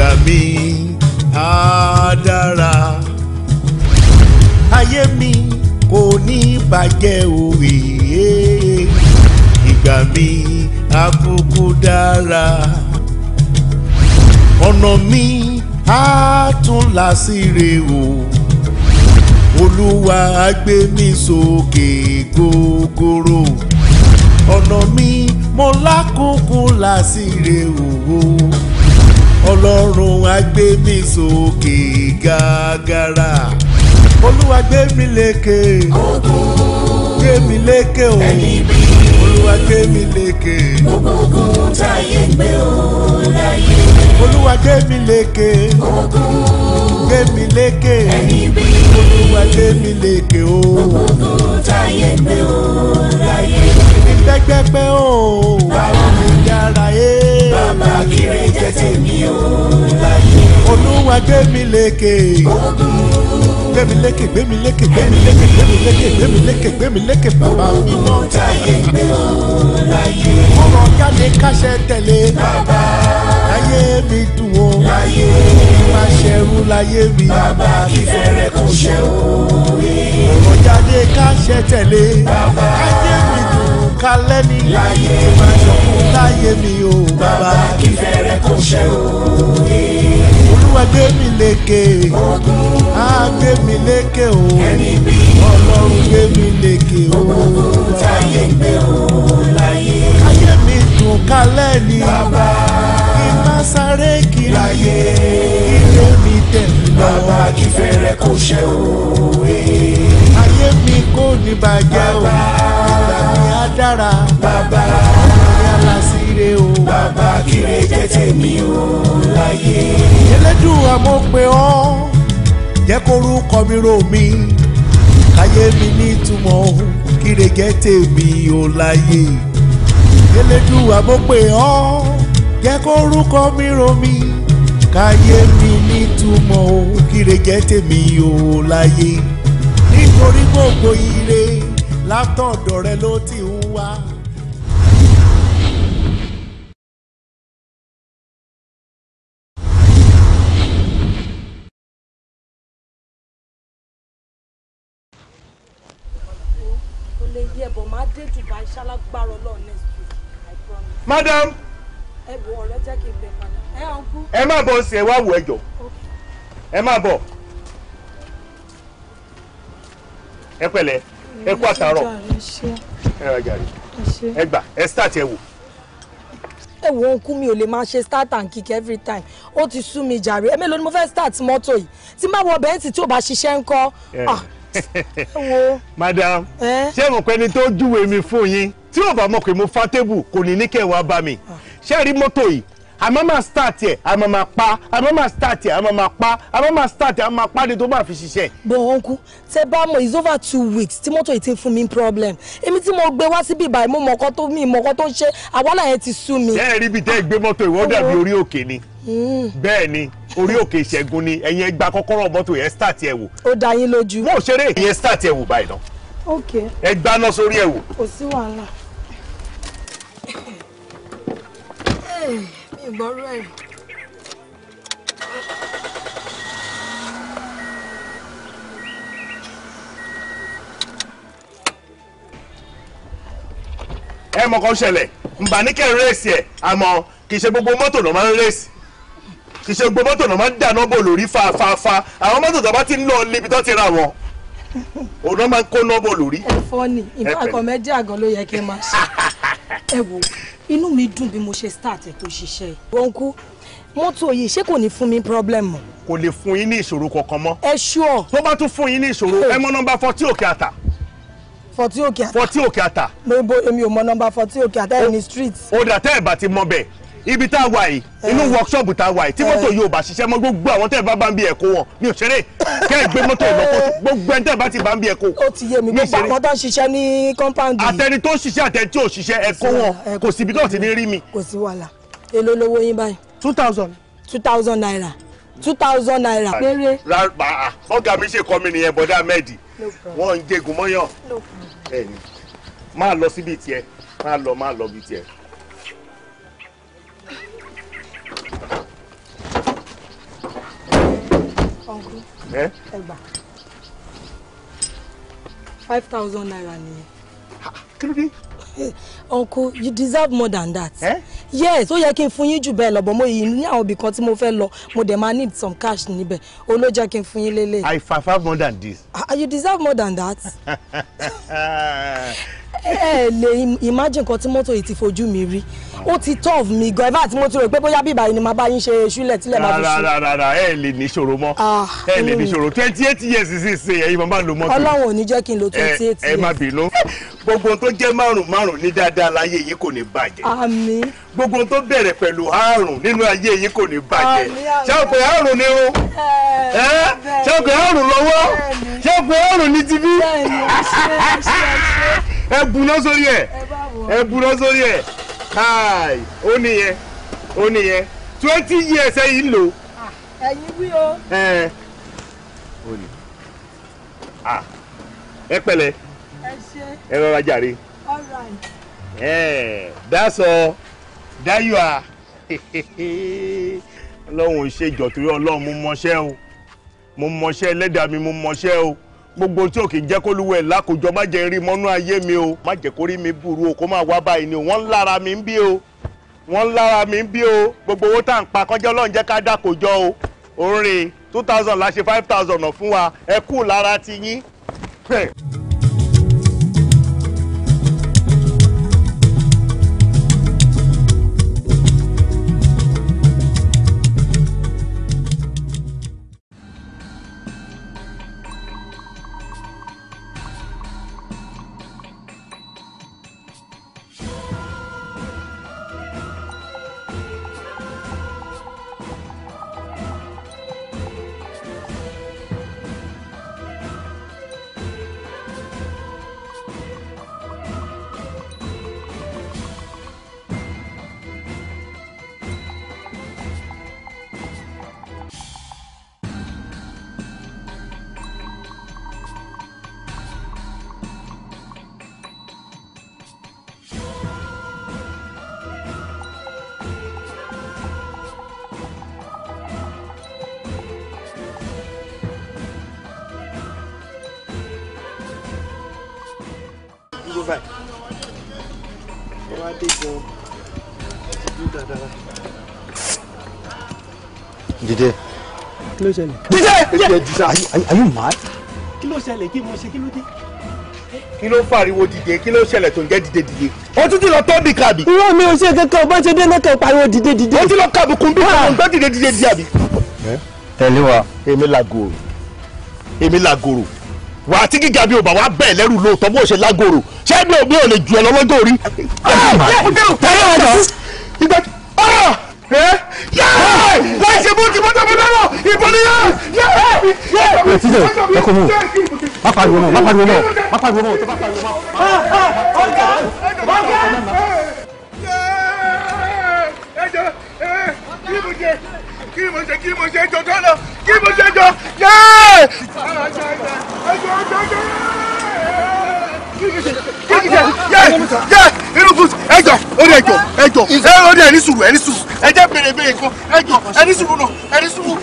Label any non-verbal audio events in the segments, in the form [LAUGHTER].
ìgbà mi á dára ayé mi kò ní bàjẹ́ òwe ìgbà mi á kúkú dára ọ̀nà mi á tún láṣìírí o olúwa á mi sókè gogoro ọ̀nà mi mo lákòókò láṣìírí òwò ọlọ́run á gbé mi sókè gàgàrà olúwa gbé mi lékè gbé mi lékè o olúwa gbé mi lékè gbogbo ogun táyé gbé o láyé olúwa gbé mi lékè gbé mi lékè olúwa gbé mi lékè o gbogbo ogun táyé gbé o láyé. ìdẹ́gbẹ́pẹ́ o àwọn mi dára yé bàbá kiri jẹ́ tèmi o láyé. olúwa gbé mi lékè. ogun gbẹmí lékè gbẹmí lékè gbẹmí lékè gbẹmí lékè gbẹmí lékè gbẹmí lékè bàbá mi. mo ta yé gbé o láyé. ọ̀rọ̀ jáde káṣẹ tẹ̀lé. bàbá láyé mi dùn o. láyé má ṣẹrú láyé mi. bàbá kífẹ́ rẹ kò ṣe o. ọ̀rọ̀ jáde káṣẹ tẹ̀lé. bàbá kalẹ̀ ni láyé má jọkún láyé mi o bàbá kífẹ́ rẹ kò ṣe o. olúwa gbé mi lékè ogun á mi lékè o ẹni bí ọlọ́run gbé mi lékè o. ogun táyé gbé o láyé. káyé mi dùn kalẹ̀ ni bàbá má sáré kiri láyé ilé mi tẹ̀ lọ. bàbá kí fẹ́rẹ̀ kò ṣe òwe. ayé mi kò ní bàjẹ́ o. Baba mi á dára. bàbá yàrá síre o. Baba kiri jẹ́ tèmi o láyé. Elédùà mo pè ọ́ jẹ́ kórúkọ mi rò mí káyé mi nítumọ̀ ohun kiri jẹ́ tèmi o láyé. Elédùà mo pè ọ́ jẹ́ kó orúkọ mi romi káyé mi nítumọ̀ o kíre jẹ́ tèmi o láyé nítorí gbogbo ire látọ̀dọ̀ rẹ ló ti ń wá. madam ẹ má bọ̀ sí wá wò ẹjọ́ ẹ má bọ̀ ẹ pẹ̀lẹ́ ẹ kú àtàárọ̀ ẹ gbà ẹ start ẹ wò. ẹ wo nkú mi ò lè máa ṣe start and kick every time ó ti sú mi jàre ẹ mélòó ni mo fẹ́ start mọ́tò yìí tí n bá wọ bẹ́ǹtì tí ò bá ṣiṣẹ́ ńkọ́ eh. ah. madam eh? ṣé mo pẹ́ni tó júwe mi fún yín tí ò bá mọ̀ pé mo fa tébù kò ní ní kẹ́ ẹ̀ wá bá mi. Ah ṣé rí mọ́tò yìí àmọ́ máa start ẹ̀ àmọ́ máa pa àmọ́ máa start ẹ̀ àmọ́ máa pa àmọ́ máa start ẹ̀ àmọ́ máa pa ni tó máa fi ṣiṣẹ́. bò ọ̀nkú tẹ bá mọ it's over two weeks tí mọ́tò yìí ti fún mi problem èmi tí mo gbé wá síbí báyìí mo mọ ọkọ tó mi mọ ọkọ tó ń ṣe àwálà yẹn ti sú mi. bẹ́ẹ̀ rí bíi tẹ́ ẹ gbé mọ́tò ìwọ́n dàbí orí òkè ni hmm. bẹ́ẹ̀ ni orí òkè ìṣẹ́gun ni ẹ̀yin ẹ gba kọ́kọ́rọ́ mọ́tò yẹn start ẹ̀ wò. ó dá yín lójú. mo ṣeré ìyẹn start ẹ̀ wò báyìí náà. ok ẹ gbaná sórí ẹ̀ wò. kò sí wàhálà mi ì gbọ́rú ẹ̀. ẹ mọ kan ṣẹlẹ̀ nbà ní kẹ́ rẹ́ẹ̀sì ẹ̀ àmọ́ kì í ṣe gbogbo mọ́tò ló máa ń rẹ́ẹ̀sì kì í ṣe gbogbo mọ́tò ló máa ń dáná bò lórí fàáfàáfà àwọn mọ́tò tó bá ti ń lọ níbi tó ti ra wọn òun náà máa ń kó náà bò lórí. ẹ fọ́ ni ìbá àkọ́ àgọ́ ló yẹ kí n máa ṣe. [LAUGHS] ẹ wo inú mi dùn bí mo ṣe start ètò ìṣiṣẹ́ ọ̀nkú mọ́tò yìí ṣé kò ní fún mi problem mọ́. kò lè fún yín ní ìṣòro kankan mọ́. ẹ ṣúọ. tó bá tún fún yín ní ìṣòro ẹ mọ nọ́mbà forty òkè àtà. forty òkè àtà. forty òkè àtà. mo bo èmi ò mọ nọ́mbà forty òkè àtà ẹ ní street. ó dà tẹ́ ẹ̀ bá ti mọ bẹ́ẹ̀ ibi tá a wà yìí inú eh. workshop tá a wà yìí tí mọ́tò eh. yóò bá ṣiṣẹ́ mọ́ gbogbo àwọn tẹ́ ẹ bá bá ń bí ẹ̀kọ́ wọn mi ò ṣeré kẹ́ ẹ gbé mọ́tò ìlọ́kọ́ gbogbo ẹni tẹ́ ẹ bá ti bá ń bí ẹ̀kọ́. ó ti yé mi gbogbo àwọn tó ń ṣiṣẹ́ ní compound yìí. àtẹni tó ń ṣiṣẹ́ àtẹni tí ò ṣiṣẹ́ ẹ̀kọ́ wọn kò síbi náà ti ní rí mi. kò sí wàhálà èló lówó yín báyìí. two thousand. two thousand naira two thousand naira péré. ọ̀gá mi ṣe kọ́ mi nìyẹn bọ́dá mẹ́ẹ̀dì wọ́n ń jẹ́gun mọ́yàn máa lọ síbi tiẹ̀ máa lọ máa lọ bí tiẹ̀. ọ̀nkú eh? ẹgbà five thousand naira nìyẹn. kí ló eh, uncle you deserve more than that. Eh? yes ó yẹ kí n fún yín jù bẹ́ẹ̀ lọ bọ́ mo yìí ní àwọn ibì kan tí mo fẹ́ lọ mo dẹ̀ máa need some cash níbẹ̀ ó ló jẹ́ kí n fún yín lélẹ̀. i far far more than this. Ah, ah you deserve more than that. [LAUGHS] ẹ lè imagine nǹkan tí mọ́tò yìí ti fojú mi rí ó ti tọ́ mi gan ẹ bá ti mọ́tò rẹ̀ pé bóyá bíbá yìí ni màá bá yín ṣe ṣúlẹ̀ tílẹ̀ máa fi ṣe. rárá rárá ẹ lè ní ìṣòro mọ́ ah, ẹ lè ní mm. ìṣòro twenty eight years sì ṣe ẹ̀yin màmá lo mọ́tò. ọlọ́run ò ní jẹ́ kí n lo twenty eight years. ẹ má bínú gbogbo tó jẹ́ márùn márùn ní dáadáa láyé yìí kò ní bàjẹ́. àmín. gbogbo tó bẹ̀rẹ̀ pẹ̀lú àrùn nínú ayé yìí kò ní bàjẹ́. ṣàpè àrùn ni o ṣàpè àrùn lọ́wọ́ ṣàpè àrùn ní tibí ẹ bù náà sórí ẹ ẹ bù náà sórí ẹ káì ó nìyẹn ó nìyẹn twenty years ẹ yìí lò. ẹ̀yin wí o. ẹ ò ní ẹ pẹ̀lẹ́ ẹ rọra jàre. all right. ẹ that's all that you are ọlọ́run ò ṣe ìjọ torí ọlọ́run mo mọṣẹ́ o mo mọṣẹ́ ẹlẹ́dàá mi mo mọṣẹ́ o gbogbo tí o kì í jẹ́ kó lákòjọ má jẹ́ rí mọ́nú ayé mi o má jẹ́ kó rí mi burú o kó má wá báyìí ni wọ́n lára mi ń bí o wọ́n lára mi ń bí o gbogbo owó tá à ń pa kọ́jọ́ lọ́n jẹ́ ká dàkójọ o orin two thousand la five thousand fún wa ẹ kú lára ti yín. dìde. Kilo. ló ṣẹlẹ̀. dìde dìde are you mad. Kilo ló ṣẹlẹ̀ kí mo ṣe kí ló dé. kí ló fàriwo dìde kí ló ṣẹlẹ̀ tó ń jẹ́ dìde dìde. o tún ti lọ tọ́ bí kàbí. irọ́ mi ò ṣe kankan bá ṣe dé náà kẹ́ pariwo dìde dìde. o ti lọ kàbùkù bí kàbùkù gbọ́ dìde dìde dìde àbí. tẹ̀lé wa. èmi làgòrò èmi làgòrò wà á tí gíga bí o bá wà bẹ́ẹ̀ lẹ́rù lóòótọ́ bó ṣe lágòrò ṣé mi ò ò lè ju ẹ lọ́lọ́gọ́ orí. wọ́n ṣe bó ti mọ́tò mi lọ́wọ́ ìbọn ni yá. ẹ kò mú má pariwo náà má pariwo náà má pariwo náà tó bá pariwo náà. ó dẹ̀ jọ ẹ jọ ẹ ó dẹ̀ ẹni sùúrù ẹni sùúrù ẹ jẹ́ bèrè bèrè kan ẹ jọ ẹni sùúrù náà ẹni sùúrù.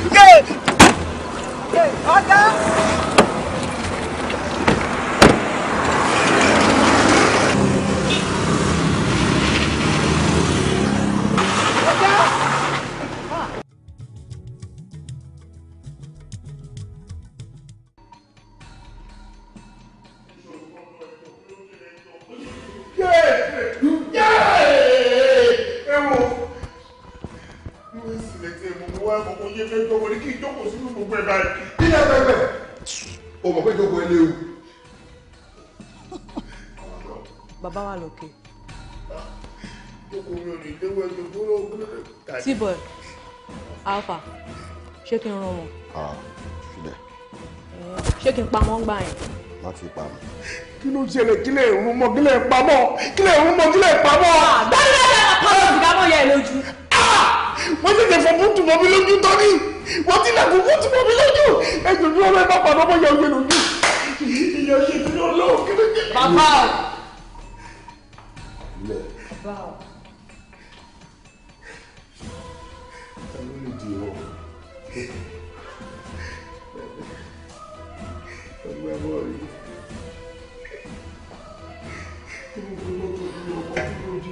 ṣé kí n ràn wọ́n. filẹ̀. ṣé kí n pa wọ́n gbà yẹn. má ti pa mọ́. kí ló ṣẹlẹ̀ kí lè rún mọ́ kí lè pamọ́ kí lè rún mọ́ kí lè pamọ́. dáadáa dáadáa pàmò ìdámọ̀ yẹn lójú. Ah! wọ́n tètè fọ́ bùtù mọ́ mi lójú tán ni wọ́n ti lẹ́kùn bùtù mọ́ mi lójú ẹ̀jọ̀ ní ọlọ́ ẹ̀ bá padà ọmọ yẹn òye lójú. ìyẹn ṣe ti ní ọlọ́ọ̀ kí ló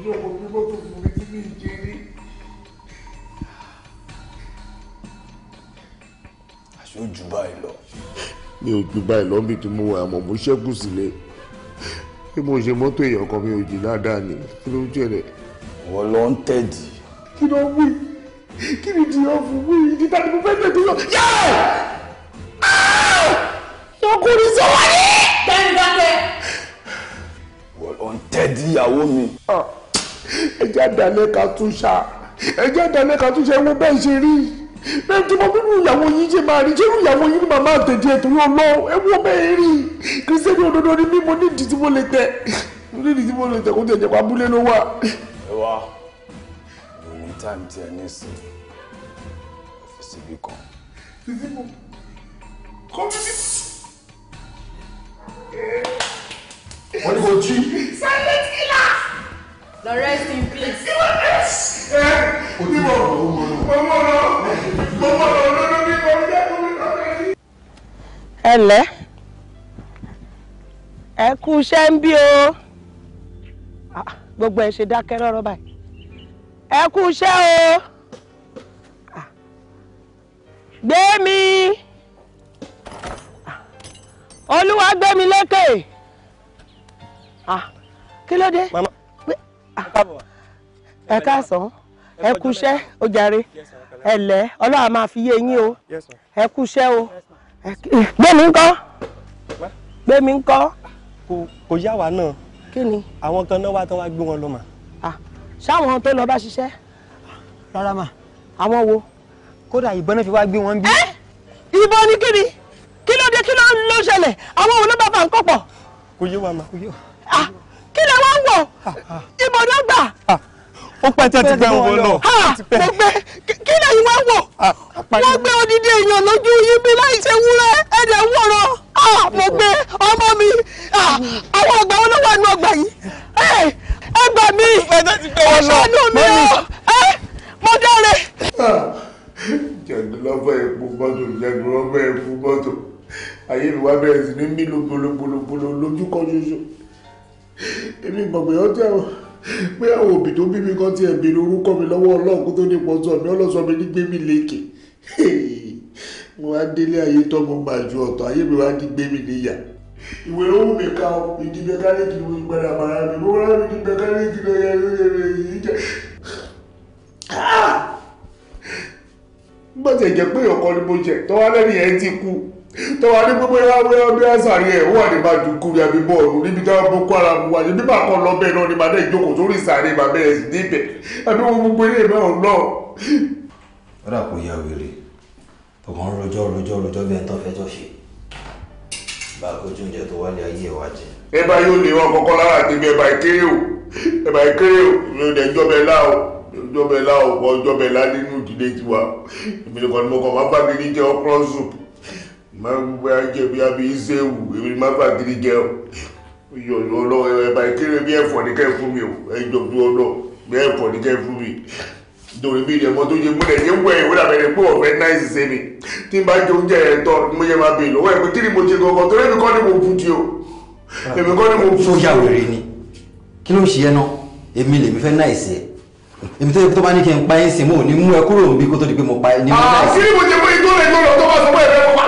jókòó bí mọ́tò fún mi tí mi jẹ rí. àṣé ó báyìí lọ. mi ò jù báyìí lọ bí tí mo wà àmọ́ mo ṣẹ́kù sílẹ̀ bí mo ṣe mọ́tò èèyàn kan mi ò jì dáadáa ni kí ló ń jẹ̀rẹ̀. wọ́n lọ ń tẹ̀dí. kí ló wí kí ni di ọ̀fun wí ìdí tàbí mo fẹ́ tẹ̀dí lọ. yẹ́ẹ̀ ọkùnrin sọ wáyé. tẹ́lifásẹ̀. wọ́n lọ ń tẹ̀dí ìyàwó mi ẹjẹ́ àdàlẹ́ ká tún ṣá ẹjẹ́ àdàlẹ́ ká tún ṣe wo bẹ́ẹ̀ ṣe rí bẹ́ẹ̀ tí mo bínú ìyàwó yín ṣe máa rí ṣé irú ìyàwó yín ni màmá àtẹ̀dí ẹ̀ torí ọlọ́ ẹ wo bẹ́ẹ̀ rí kìrìsìtẹ́nì òdodo ni mí mo ní ìdí tí mo lè tẹ̀ mo ní ìdí tí mo lè tẹ̀ kó tẹ̀ jẹ̀pá abúlé ló wà. ẹ wá ìròyìn táìmù tí ẹ ní sí ọ́fíìsì bí kan. kọ́mí What do you go Silent lọ rest in peace. onímọ̀ ọmọ lọ ọmọ lọ lọ́dún ní ọjọ́ ìkọ́ni. ẹ lẹ́ ẹ kú iṣẹ́ ń bí o ah, gbogbo ẹ ṣe dákẹ́ rọ́rọ́ báyìí ẹ kú iṣẹ́ o ah, gbé mi ah, olúwa gbé mi lékè kí ló dé. mama ẹ káàsán ẹ kúṣẹ́ ó jàre ẹ lẹ́ ọlọ́run máa fi yé yín o ẹ kúṣẹ́ o gbẹ̀mí ńkọ́ gbẹ̀mí ńkọ́. kò yá wa náà. kí ni. àwọn kan náà wá tán wá gbé wọn lọ mà. ṣáwọn tó lọ bá ṣiṣẹ́. rárá mà. àwọn wo. kódà ìbọn náà fi wá gbé wọn bí. ẹ ìbọn ni kí ni kí ló dé kí ló ń lọ ṣẹlẹ̀ àwọn wo ló bá pọ̀. kò yé wa mà kò yé wa o ìmọ̀dọ́ gbà. ó pẹ́ tí wọ́n ti gbẹ́ wọn lọ. mo gbé kí lẹ́yìn wá wò ah, wọ́n gbé odidi èèyàn lójú yín bí láì ṣe wúrẹ́ ẹ̀dẹ̀ ń wọ̀rọ̀ mo gbé ọmọ mi àwọn ọgbà wọn ló wà nù ọgbà yìí ẹ gbà mí ọ̀ṣọ́nù mi o mo dáre. jẹ̀gbọ́n lọ́fọ̀ epo mọ́tò jẹ̀gbọ́n lọ́fọ̀ epo mọ́tò ayé mi wá bẹ̀rẹ̀ sí ní mí lóbolóbolóbolo lójú kan ṣoṣo èmi gbàgbé ọjọ́ ẹ̀wọ̀n pé àwọn òbí tó bí mi kan ti ẹ̀ béèrè orúkọ mi lọ́wọ́ ọlọ́run kó tó ní pọ́ńsọ̀ mi ọlọ́sọ mi ní gbé mi lékè [LAUGHS] mo wá délé ayé tó mo máa ju ọ̀tọ̀ ayé mi wá ní gbé mi níyà ìwé ohun mi ka ọ ìdí mẹkáníìkì mo gbẹdà màrà mi mo rà mí ní mẹkáníìkì lọ yẹ lóye rẹ yìí jẹ. bó ah! jẹ́ pé ọkọ ni mo jẹ tọ́wọ́ lẹ́nu yẹn ti kú tọ́wọ́ ní gbogbo ẹ̀rọ awúrẹ́ ọdún ẹ̀sàrí ẹ̀ wọ́n ní máa dùn kúrẹ́ àbí bọ́ọ̀lù níbi tí wọ́n boko haram wà ní bíbá kan lọ bẹ́ẹ̀ náà ní màdá ìjókòó sórí ìsàrí màmá ẹ̀ sì níbẹ̀ àbí wọ́n gbogbo ilé ìbẹ́ ọ̀hún náà. rárá kò ya wèrè ọkàn rọjọ́ rọjọ́ rọjọ́ bí ẹni tó fẹ́ jọ ṣe bá a kojú oúnjẹ tó wálé ayé ẹ̀ wá jẹ. ẹ bá yóò lè wọn kọ́kọ́ lára àtẹ̀bí ẹ bá ìkéré o ẹ bá ìkéré o lóde ìjọba ẹ láò ìjọba ẹ láò ọjọba ẹ lá nínú ìdílé tiwa ìbílẹ̀ kan ní mo kàn máa bá mi máa gbogbo ajẹ bí abẹ ìṣèwù èmi máa fà gidi jẹ ọ yọ̀yọ̀ lọ ẹ̀bà ìkéré bí ẹ̀fọ́ ní kẹ́ fún mi o ẹjọ́ bí ọlọ́ bí ẹ̀fọ́ ní kẹ́ fún mi nítorí bí ìdẹ̀mọ́ tó ṣe múlẹ̀ ṣe ń wẹ̀ ìwé làbẹ̀ rẹ̀ pé ọ̀fẹ́ náà ṣiṣẹ́ mi tí n bá jẹ oúnjẹ rẹ̀ tọ́ ni mo yẹ máa bèèrè lọ́wọ́ ẹ̀ pé kí ni mo ṣe gangan torí èmi kọ́ ni mo bu ti o èmi kọ́ ni mo bu. sójà wèrè ni kí ló ń ṣe ẹnu ẹ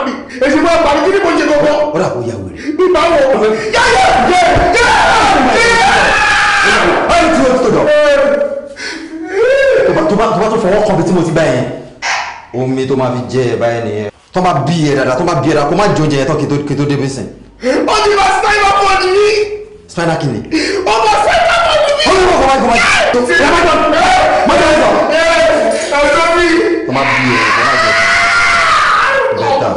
mi èsì máa bà kí ni mo ṣe gbogbo. ó dà kó ya wèrè. bí màá wọ ọmọ yá yá yẹ yẹ yẹ. báyìí tí o ti tọ̀dọ̀ tó bá tó fọwọ́ kan bí tí mo ti bá yẹn. omi tó máa fi jẹ ẹ báyìí nìyẹn. tó máa bí ẹ dada tó máa bí ẹ dada kó má jọ jẹ ẹ tán kí tó débi sìn. ó ti bá sinai bá pọ̀ nìyí. sinai kí ni. ó bá sinai bá pọ̀ nìyí. ó ní kò kọ́ máa kọ́ máa jọ. ẹ má jọ má jọ ẹ jọ. ẹ ẹ ẹ ọjọ́ mi. tó máa bí ẹ tó máa jọ ẹ. bẹ́ẹ̀ ta.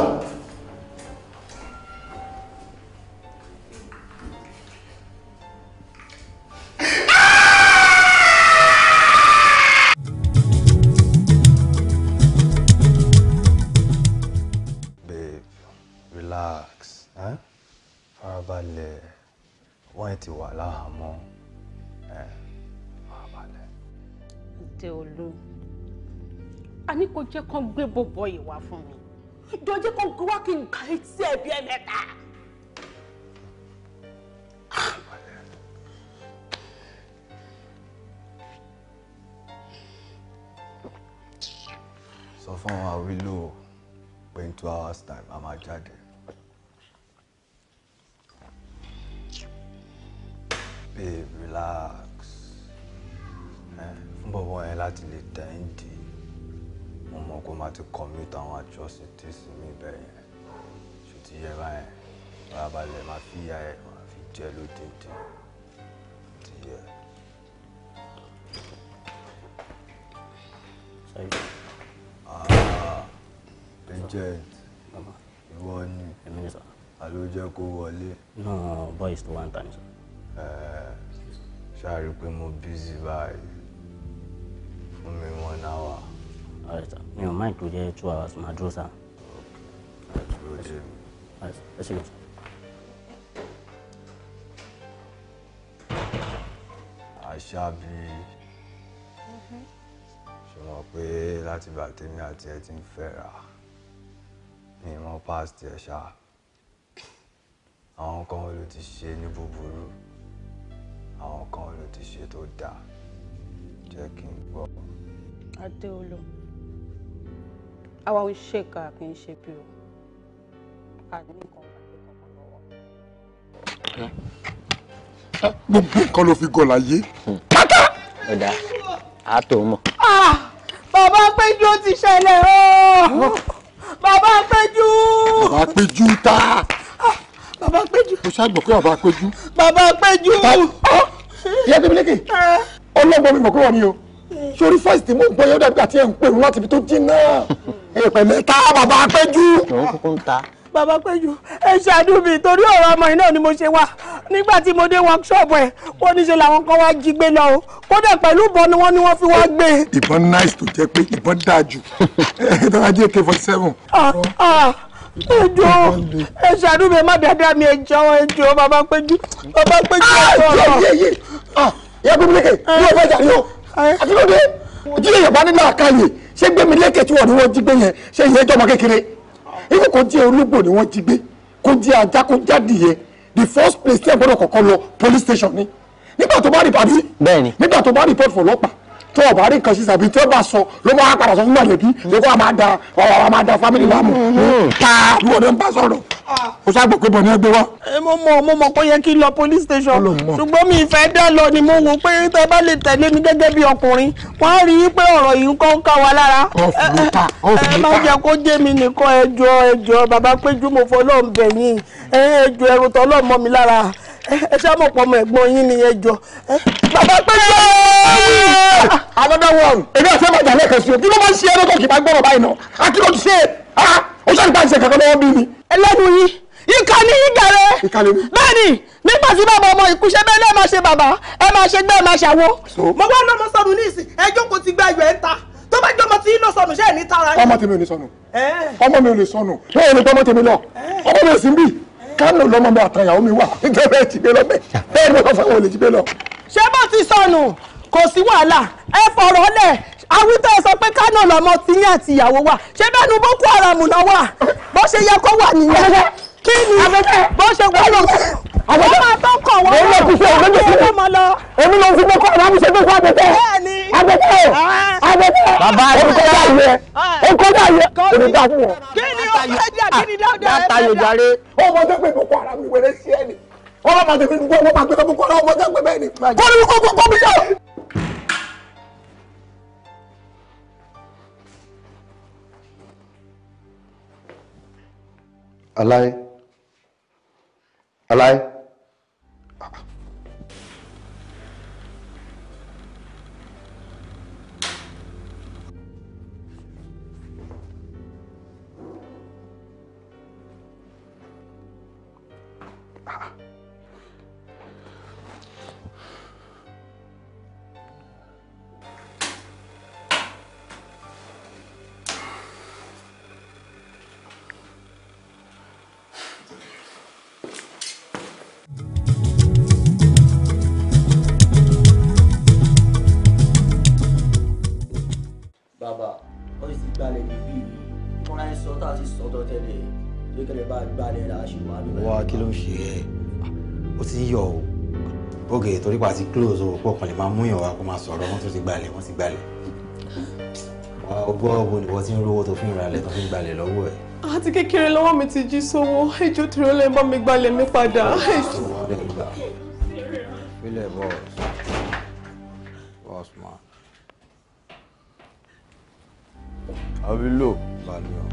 ẹ̀ ti wà láhàámọ́ ẹ̀ máa balẹ̀. Adéolú a ní kò jẹ́ kán gbé bọ̀bọ̀ yìí wá fún mi jọ jẹ́ kán gbé wá kí n kà é sí ẹ̀bí ẹ̀ mẹ́ta. sọ fún àwọn awílò pé hours time a máa jáde. babe relax fún bọ̀bọ̀ yẹn láti lè tẹ̀ ń dì mo mọ̀ kó máa ti commute àwọn atrocities mi bẹ́ẹ̀ yẹn ṣe ti yẹ báyẹn farabalẹ̀ máa fi ya ẹ̀ máa fi jẹ́ lódìndí ti yẹ. Ah, agent ìwọ ni àló jẹ́ kó wọlé. náà boys tó wá ń ta ni sọ. Eh, ṣáà rí i pé mo busy báyìí fún mi one hour. alright mi ò mind tó jẹ́ two hours máa dúró sáà. ok ẹ dúró dé mi. ẹ ṣe gbọ́dọ̀. Àṣàbí ṣe mọ̀ pé láti ìgbà tèmi àti ẹ ti ń fẹ́ra mi mọ́ past ẹ̀ ṣá àwọn kan ló ti ṣe ní búburú àwọn kan ló ti ṣe tó dáa jẹ́ kí n gbọ́. adéolú àwa ò ṣèkà kì í ṣe bí o a ní nǹkan pàdé kankan lọ́wọ́. Ah, gbogbo nǹkan ló fi gọ̀ láyé. Hmm. pátá. ọ̀dà a tó mọ̀. Ah, bàbá péjú ó ti ṣẹlẹ̀ o ah. bàbá péjú. bàbá péjú tá a bàbá péjú. o ṣàgbọ̀ pé bàbá péjú. bàbá péjú. Ah! ìyá gbẹmílẹ́kẹ̀ ah! ọlọ́gbọ́n mi mọ̀ kúrò ni o sórí fásitì tí mò ń gbọ́ yóò dàbí àti ẹ̀ ń pèrò láti ibi tó jìnnà èèpẹ̀ [LAUGHS] mẹ́ta bàbá péjú. òun kúkú ń ta bàbá péjú ẹ ṣàánú mi torí ọ̀rọ̀ ọmọ yìí náà ni mo ṣe wá nígbà tí mo dé workshop ẹ̀ wọ́n ní ṣe làwọn kan wá jí gbé lọ o kódà pẹ̀lú ìbọn ni wọ́n ní wọ́n fi wá gbé. ìbọn nice tó jẹ́ pé ìbọn dáa jù [LAUGHS] ẹ ẹ forty seven. Ah, ẹjọ ẹṣẹ àdúgbò má dáadáa mi ẹjọ ẹjọ bàbá péjú Ah, péjú ẹjọ ọ̀rọ̀. Ah, ìyá gbẹmí lékè ní ọgbà ìjà yóò àti lóde jíjẹ yorùbá nínú àkàyè ṣé gbẹmí lékè tí wọn ni wọn jí gbé yẹn ṣé ìyẹn jọmọ kékeré ikú kò jẹ ológbò ni wọn jí gbé kò jẹ ajá kò jáde yẹ the first place tí ẹ gbọ́dọ̀ kọ́kọ́ lo police station ni nígbà tó bá rí pàdé nígbà tó bá report fọ́lọ́pàá tó ọba rí nǹkan ṣe tàbí tó bá sọ ló máa padà sọ fún mọ̀lẹ́bí lóko a máa da ọ̀rọ̀ a máa da family láàmú mm-hmm. ta ló ní bá sọ̀rọ̀ o sábà pé bọ̀ni ẹgbẹ́ wa. Eh, mo mọ mo mọ kó yẹ kí n lọ police station ṣùgbọ́n mi ìfẹ́ dá lọ ni mo wò pé tẹ bá lè tẹ̀lé mi gẹ́gẹ́ bí ọkùnrin wọ́n á rí i pé ọ̀rọ̀ yìí ń kọ́ ń ká wa lára ẹ eh, eh, má jẹ́ kó jẹ́ mi nìkan ẹjọ́ ẹjọ́ bàbá péjú mo fọ́ ọlọ́run bẹ̀yìn ẹjọ́ ẹrù tọ́lọ́ mọ́ mi lára ẹ ṣe àmọ̀ pọ̀ ọmọ ẹ̀gbọ́n yín ni ẹjọ́ bàbá péjọ another one èmi àti ẹ̀ máa jà lẹ́ẹ̀kan sí o kí ló máa ń ṣe ẹ̀rọ tó kì í máa gbọ́rọ̀ báyìí náà akíló ti ṣe ó ṣàǹgbà ṣe kankan lọ́wọ́ bí mi. ẹlẹ́nu yìí ìkà ni yín gàrẹ́ bẹ́ẹ̀ ni nígbà tí bàbá ọmọ ìkúṣẹ́ bẹ́ẹ̀ lẹ́ẹ̀ máa ṣe bàbá ẹ máa ṣe gbẹ́ ẹ máa ṣàwọ́. mo wá lọ́mọ sọnù ní ìsìn ẹjọ́ kò ti gba ìwẹ̀ ń ta tó bá jọmọ tí iná sọnù ṣẹ́ẹ̀ ní tara. ọmọ tèmi ò ní sọnù ọmọ mi ò lè sọnù bẹ́ẹ̀ ni gbọ́mọ tèmi lọ ọmọ mi ò sí ń bì kánò lọ́mọ mi àtàyàwó mi wà ìjọba ẹ̀ ti gbé lọ bẹ́ẹ̀ bẹ́ẹ̀ ni wọ́n fáwọn olè ti gbé lọ. ṣé bó ti sọnù kò sí wàhálà ẹ fọ̀rọ̀ lẹ̀ àwítọ́ sọ pé kánò lọ́mọ tiyín àtìyàwó wà ṣé bẹ́ẹ̀ ni boko haram náà wà bó ṣe yẹ kó wà nìyẹn kí ni bó ṣe wọ́n lọ wọ́n máa tó kàn wọ́n lọ wọ́n kí ló mọ̀ lọ. èmi ló ń fi gbọ́kọ̀ àwọn àmúṣe gbọ́kọ̀ àbẹ̀tẹ̀ àbẹ̀tẹ̀ ah. àbẹ̀tẹ̀ bàbá àbẹ̀tẹ̀ àyẹ òkúta àyẹ òní dá fún wọn. kí ni ó fẹ́ jà kí ni dáadáa ẹ̀ bàtà yóò jáde. ó mọ tó pé gbọ́kọ̀ ara mi wẹ̀rẹ̀ sí ẹ̀ ni wọ́n máa tẹ̀lé gbogbo wọn máa gbé gbogbo ọ̀rọ̀ ọmọdé àgbẹ̀ bẹ́ẹ̀ ni. bọ́ọ̀lù gbogbo kọ́ mi yá. aláì. 拜拜。bàbá ó sì gbalẹ̀ níbí ìmọ̀ra ẹ̀ sọ́tà ti sọ́tọ̀ tẹ́lẹ̀ lókèlè bá gbalẹ̀ rà ṣì wà lórí. wá kí ló ń ṣe ẹ ó ti yọ o oge torí pa ti close o pọ̀ kàn lè máa mú ìyàwó akó máa sọ̀rọ̀ wọ́n tún ti gbalẹ̀ wọ́n ti gbalẹ̀ ọgbọ́n ọgbọ́n ni wọ́n ti ń rówó tó fi ń ralẹ̀ tó fi ń gbalẹ̀ lọ́wọ́ ẹ̀ àti kékeré lọ́wọ́ mi ti jí sówó ẹjọ́ tí ó lè bá mi gbalẹ̀ mi padà. ilé bọ́ọ̀sì bọ́ọ̀sì máa. àbílò balùwẹ̀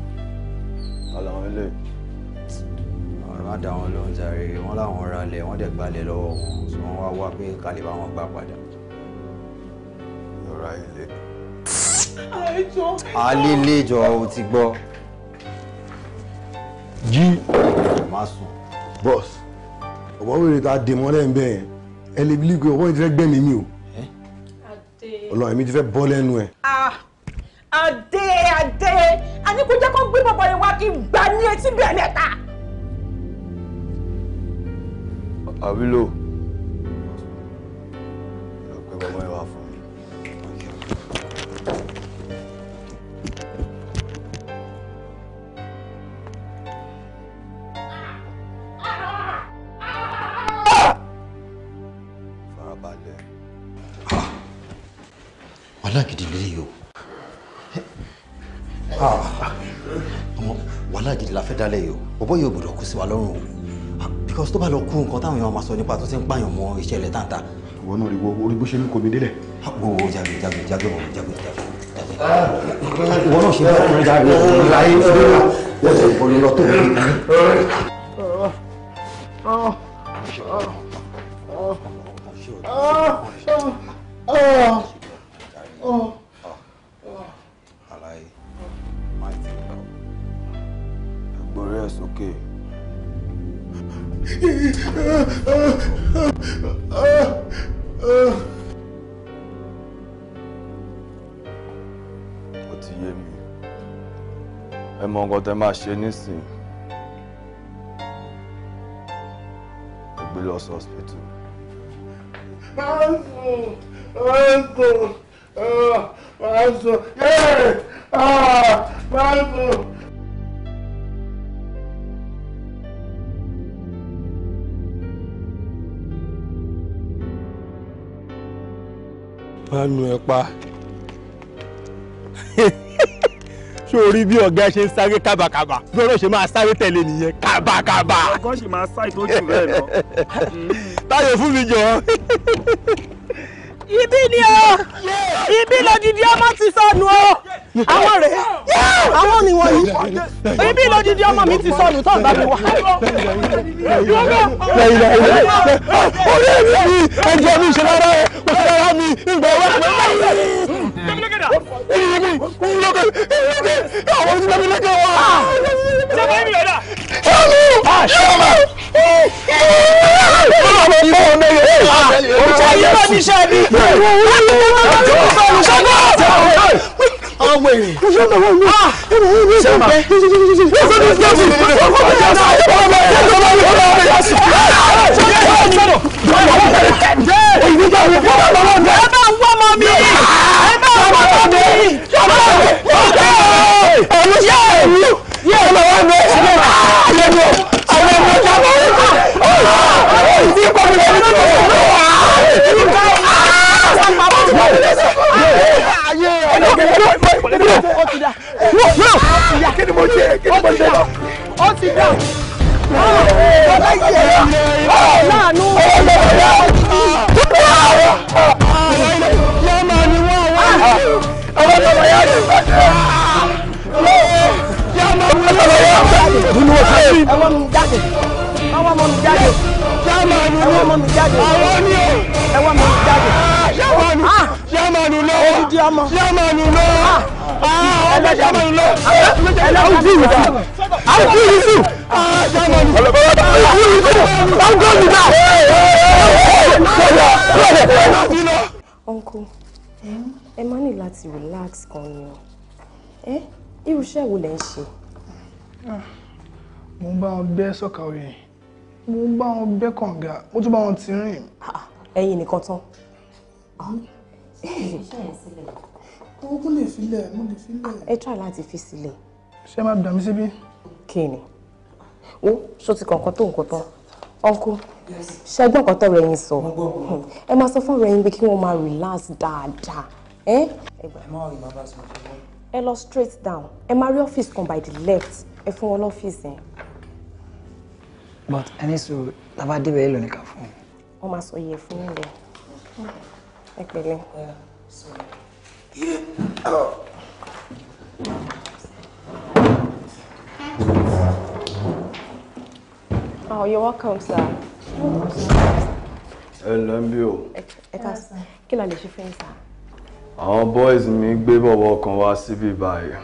àlàwọn ilé. àwọn àdá wọn ló ń jàre wọn làwọn ra lẹ̀ wọn dẹ̀ gbalẹ̀ lọ́wọ́ wọn tí wọn wá wá pé kálí bá wọn gbà padà. lọ́ra ilé. àlejò ò ti gbọ́. jí má sùn. bọ́s ọ̀bọ̀ wèrè ta dè mọ́lẹ̀ ń bẹ̀ yẹn ẹ lè bí lè gbé ọ̀bọ̀ yìí ti fẹ́ gbẹ̀mí mi o ọlọ́run mi ti fẹ́ bọ́ lẹ́nu ẹ̀. Ah adé adé àní kò jẹ́ kó gbé bọ̀bọ̀ yẹn wá kí n gbà ní etí bẹ̀rẹ̀ mẹ́ta. àbílò. Ah, bọ̀bọ́ yóò gbọ́dọ̀ kú sí wa lọ́rùn o ah, because tó bá lọ kú nǹkan táwọn èèyàn máa sọ nípa tó ti ń pààyàn mọ iṣẹ́ ilẹ̀ táǹtà. ìwọ náà rí wo orí bó ṣe ń kó mi délẹ̀. wo jago jago jago bọ̀ jago jago. ìwọ náà ṣe bẹ́ẹ̀ ọ̀rẹ́ jago ìlà ayé ìfúnná wọ́n ti ń bọ̀ lọ́tọ̀ nǹkan tẹ máa ṣe nísìnyí ẹ gbé lọ sí hospital. máa ń sùn máa ń sùn máa ń sùn máa ń sùn. Bánu ẹ pa. tó rí bí ọ̀gá ẹ ṣe ń sáré kábàkàbà bí ọlọ́ọ̀ ṣe máa sáré tẹ̀lé nìyẹn kábàkàbà. ọgọ́ ṣì máa sá ìtọ́jú rẹ̀ lọ. táyọ̀ fún mi jọ. ibi ni o ibi lòdìdí ọmọ ti sọnù o àwọn rèé àwọn nìwọ̀nyí ibi lòdìdí ọmọ mi ti sọnù tó ń bá mi wá. orí mi ẹjọ́ mi ṣe lára ẹ̀ kò ara mi ìgbà wà dà. ìyẹ̀mí ńlọkẹ ńlọkẹ àwọn tí bẹ́ẹ̀ mi lẹ́kẹ̀ wá. ṣé bẹ́ẹ̀ mi lọ́dà. ṣáàlù ṣáàmà. Ọlọ́run mọ ọ̀nà yẹn. Oṣù ayé bá mi ṣe ẹbí. Àwọn èrè. Sẹ́mbà. Ẹ bá ń wọ́n mọ́ mi ọmọ ọmọ mi ọmọ mi. wọ́n mi jáde. àwọn ni o. ẹ wọ́n mi jáde. sẹ́mánù sẹ́mánù ah! lọ. odidi ọmọ. sẹ́mánù lọ. Ah! Ah! ọmọ sẹ́mánù lọ. àwọn ojú ìwé àwọn ojú ìwé fún. sẹ́mánù. àwọn ojú ìwé fún. àwọn ojú ìwé fún. uncle ẹ máa ní láti relax kan ni o irú iṣẹ́ wo lẹ ń ṣe. mo ń bá ọ gbẹ́ sọ́kà oyin mo bá wọn bẹ́ kànga mo tún bá wọn ti rìn. ẹ̀yin nìkan tán. Ah, owó kò lè filẹ̀ mo lè filẹ̀. ẹ try láti fi sílẹ̀. ṣé máa dàmí síbí. kí ni o ṣó ti kọ̀ọ̀kan tó nǹkan tán uncle ṣẹgbọn kan tọrọ ẹ̀yin sọ ẹ máa sọ fún ẹ̀yin pé kí wọn máa relax dáadáa ẹ ẹ lọ straight down ẹ máa rí ọ́fíìsì kan by the left ẹ fún wọn lọ́fíìsì yẹn but ẹni sùúrù làbá débẹ̀ èlò nìkan fún un. wọ́n máa sọ iye fún un bẹ́ẹ̀ ẹ pẹ̀lẹ́. Oh, you're welcome, sir. Ẹ ǹlẹ́ bí o. Ẹ ká sọ, kí la lè ṣe boys me gbé bọ̀bọ̀ kan wá síbí báyìí.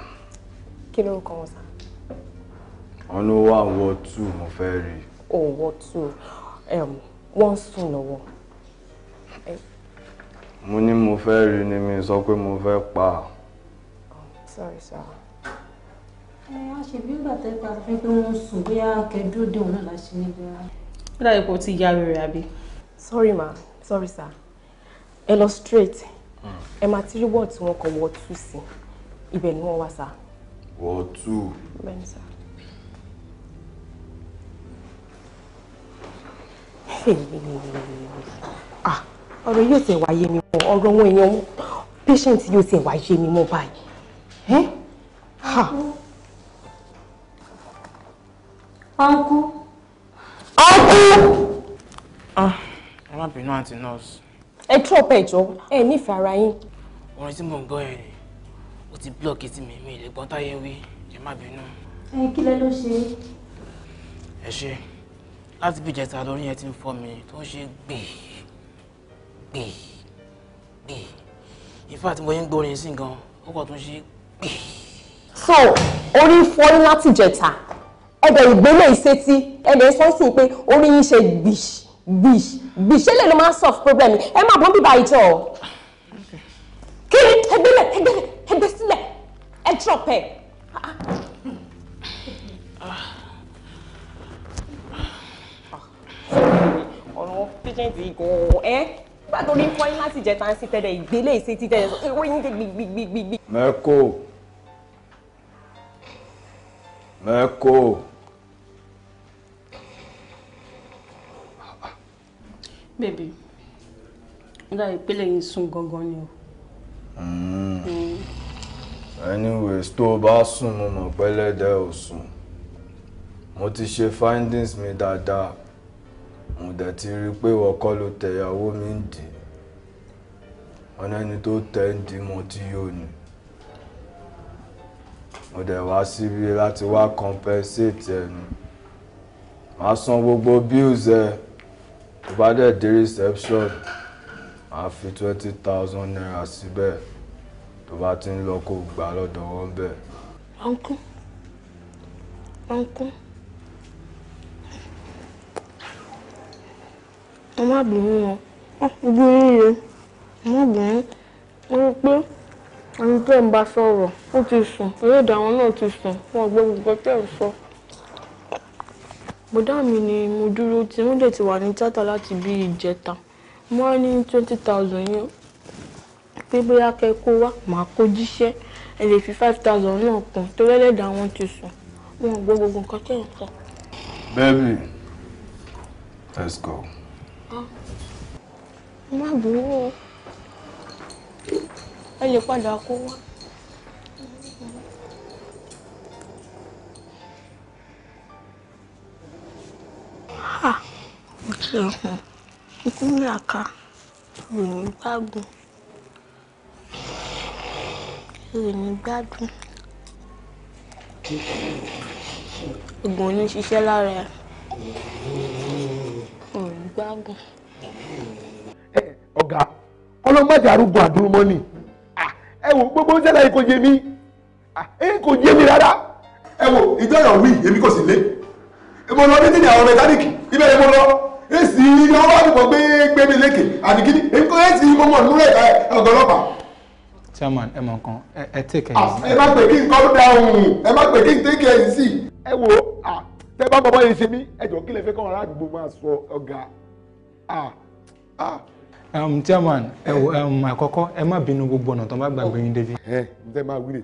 Kí ló ń kọ́ wọn sá? Wọ́n ló wà wọ́n tù mo or what to um, wọ́n sùn lọ́wọ́. mo ní mo fẹ́ rí ni mi sọ pé mo fẹ́ pa. Oh, sorry sir. ẹ á ṣe bí ìgbà pa fẹ́ pé wọ́n sùn sorry ma sorry sir Illustrate lọ straight hmm. ẹ máa ti rí wọ́ọ̀tì wọn kan wọ́ọ̀tù sí ibẹ̀ ni wọ́n wá sá. wọ́ọ̀tù. bẹ́ẹ̀ ni sá. Ah, ọ̀rọ̀ yóò tẹ̀ wáyé mi mọ́ ọ̀rọ̀ wọn èèyàn patient yóò tẹ̀ wáyé mi mọ́ báyìí. ọ̀nkú. ọ̀nkú. arábìnrin náà àti nọ́ọ̀sì. ẹ tú ọ̀pẹ ìjọ ẹ nífẹ̀ẹ́ ara yín. orin tí mò ń gbọ́ ẹ̀ rè ó ti blọ́ọ̀kì tí mi mi lè gbọ́n táyé wí ẹ má bínú. ẹ kí lẹ ló ṣe. ẹ ṣe láti bí ìjẹta lórí yẹn ti ń fọ́ mi tó ń ṣe gbè gbè gbè in fact mo ń gbórin sí gan ó kàn tún ṣe gbè. so orí fọ́ yín láti ìjẹta ẹ̀dẹ̀ ìgbélé ìṣètì ẹ̀dẹ̀ sọ́sìn pé orí yín ṣe gbìṣ gbìṣ gbìṣ ṣé lè ló máa solve problem ẹ má bọ́n bíbá ìjọ kí ni ẹgbẹ́lẹ̀ ẹgbẹ́lẹ̀ ẹgbẹ́ sílẹ̀ ẹ drop ẹ. Ah, ah. Ah. àwọn patient yìí gan-an ẹ́ nígbà tó ní fọyín láti jẹta ń mẹ́kò mẹ́kò. bèbí nígbà ìpínlẹ̀ yìí sùn gangan ni o. Hmm. anyways tó o bá sùn mo mọ̀ pẹ́lẹ́dẹ́ ò sùn mo ti ṣe findings mi dáadáa mo dẹ̀ ti rí i pé wọ́n kọ́ ló tẹ ìyàwó mi ń dì wọ́n ẹni tó tẹ̀ ń dì mo ti yóò ní mo dẹ̀ wá síbi láti wá compensate ẹnu màá san gbogbo bills ẹ tó bá dẹ̀ dé reception màá fi twenty thousand naira síbẹ̀ tó bá ti ń lọ kó gbà lọ́dọ̀ wọn bẹ́ẹ̀. uncle uncle. wọn má bínú wọn ibi oríire wọn má bínú wọn rí pé ẹni tẹ́ ń bá sọ̀rọ̀ ó ti sùn eré ìdáwọn náà ti sùn wọn gbọ́ gbogbo tẹ́ ń sọ. bọ̀dá mi ni mo dúró tí wọ́n dẹ̀ ti wà ní tíátà láti bí ìjẹta mo wá ní twenty thousand yẹn pé bóyá kẹ́ kó wá màá kó jíṣẹ́ ẹ lè fi five thousand náà kún torí ẹlẹ́dàá wọn ti sùn wọn gbọ́ gbogbo nǹkan tẹ́ sọ. baby let's go má burú o ẹ lè padà kó wá. mo ti ọkàn ikú ní àká ìròyìn gbádùn ìròyìn gbádùn oògùn ní ṣiṣẹ́ lára ìròyìn gbádùn ọ̀gá ọlọ́mọdé arúgbó àdúró mọ́nì ah, ẹ wò gbogbo oúnjẹ láyé kò yé mi ẹ ah, kò yé mi rárá. ẹ wò ìjọyọ̀ mi èmi kò sì lé mo lọ ní àwọn mẹkáníìkì ibẹ̀ mo lọ èsì ni wọ́n wá dùbọ̀ mi lékè àdìgídì èmi kò èsì mo mọ̀ nínú ẹ̀ka ọ̀gá ọlọ́pàá. chairman ẹ mọ nǹkan ẹ take ẹ ah, ẹ má pè kí n kọ́ da ohun ẹ má pè kí n take ẹ sí. ẹ wo tẹ bá bọ́ bọ́ um, chairman ẹ wò um, àkọ́kọ́ ẹ má bínú gbogbo ọ̀nà tó bá gbàgbé yín débi. ẹ ǹjẹ́ máa wílè.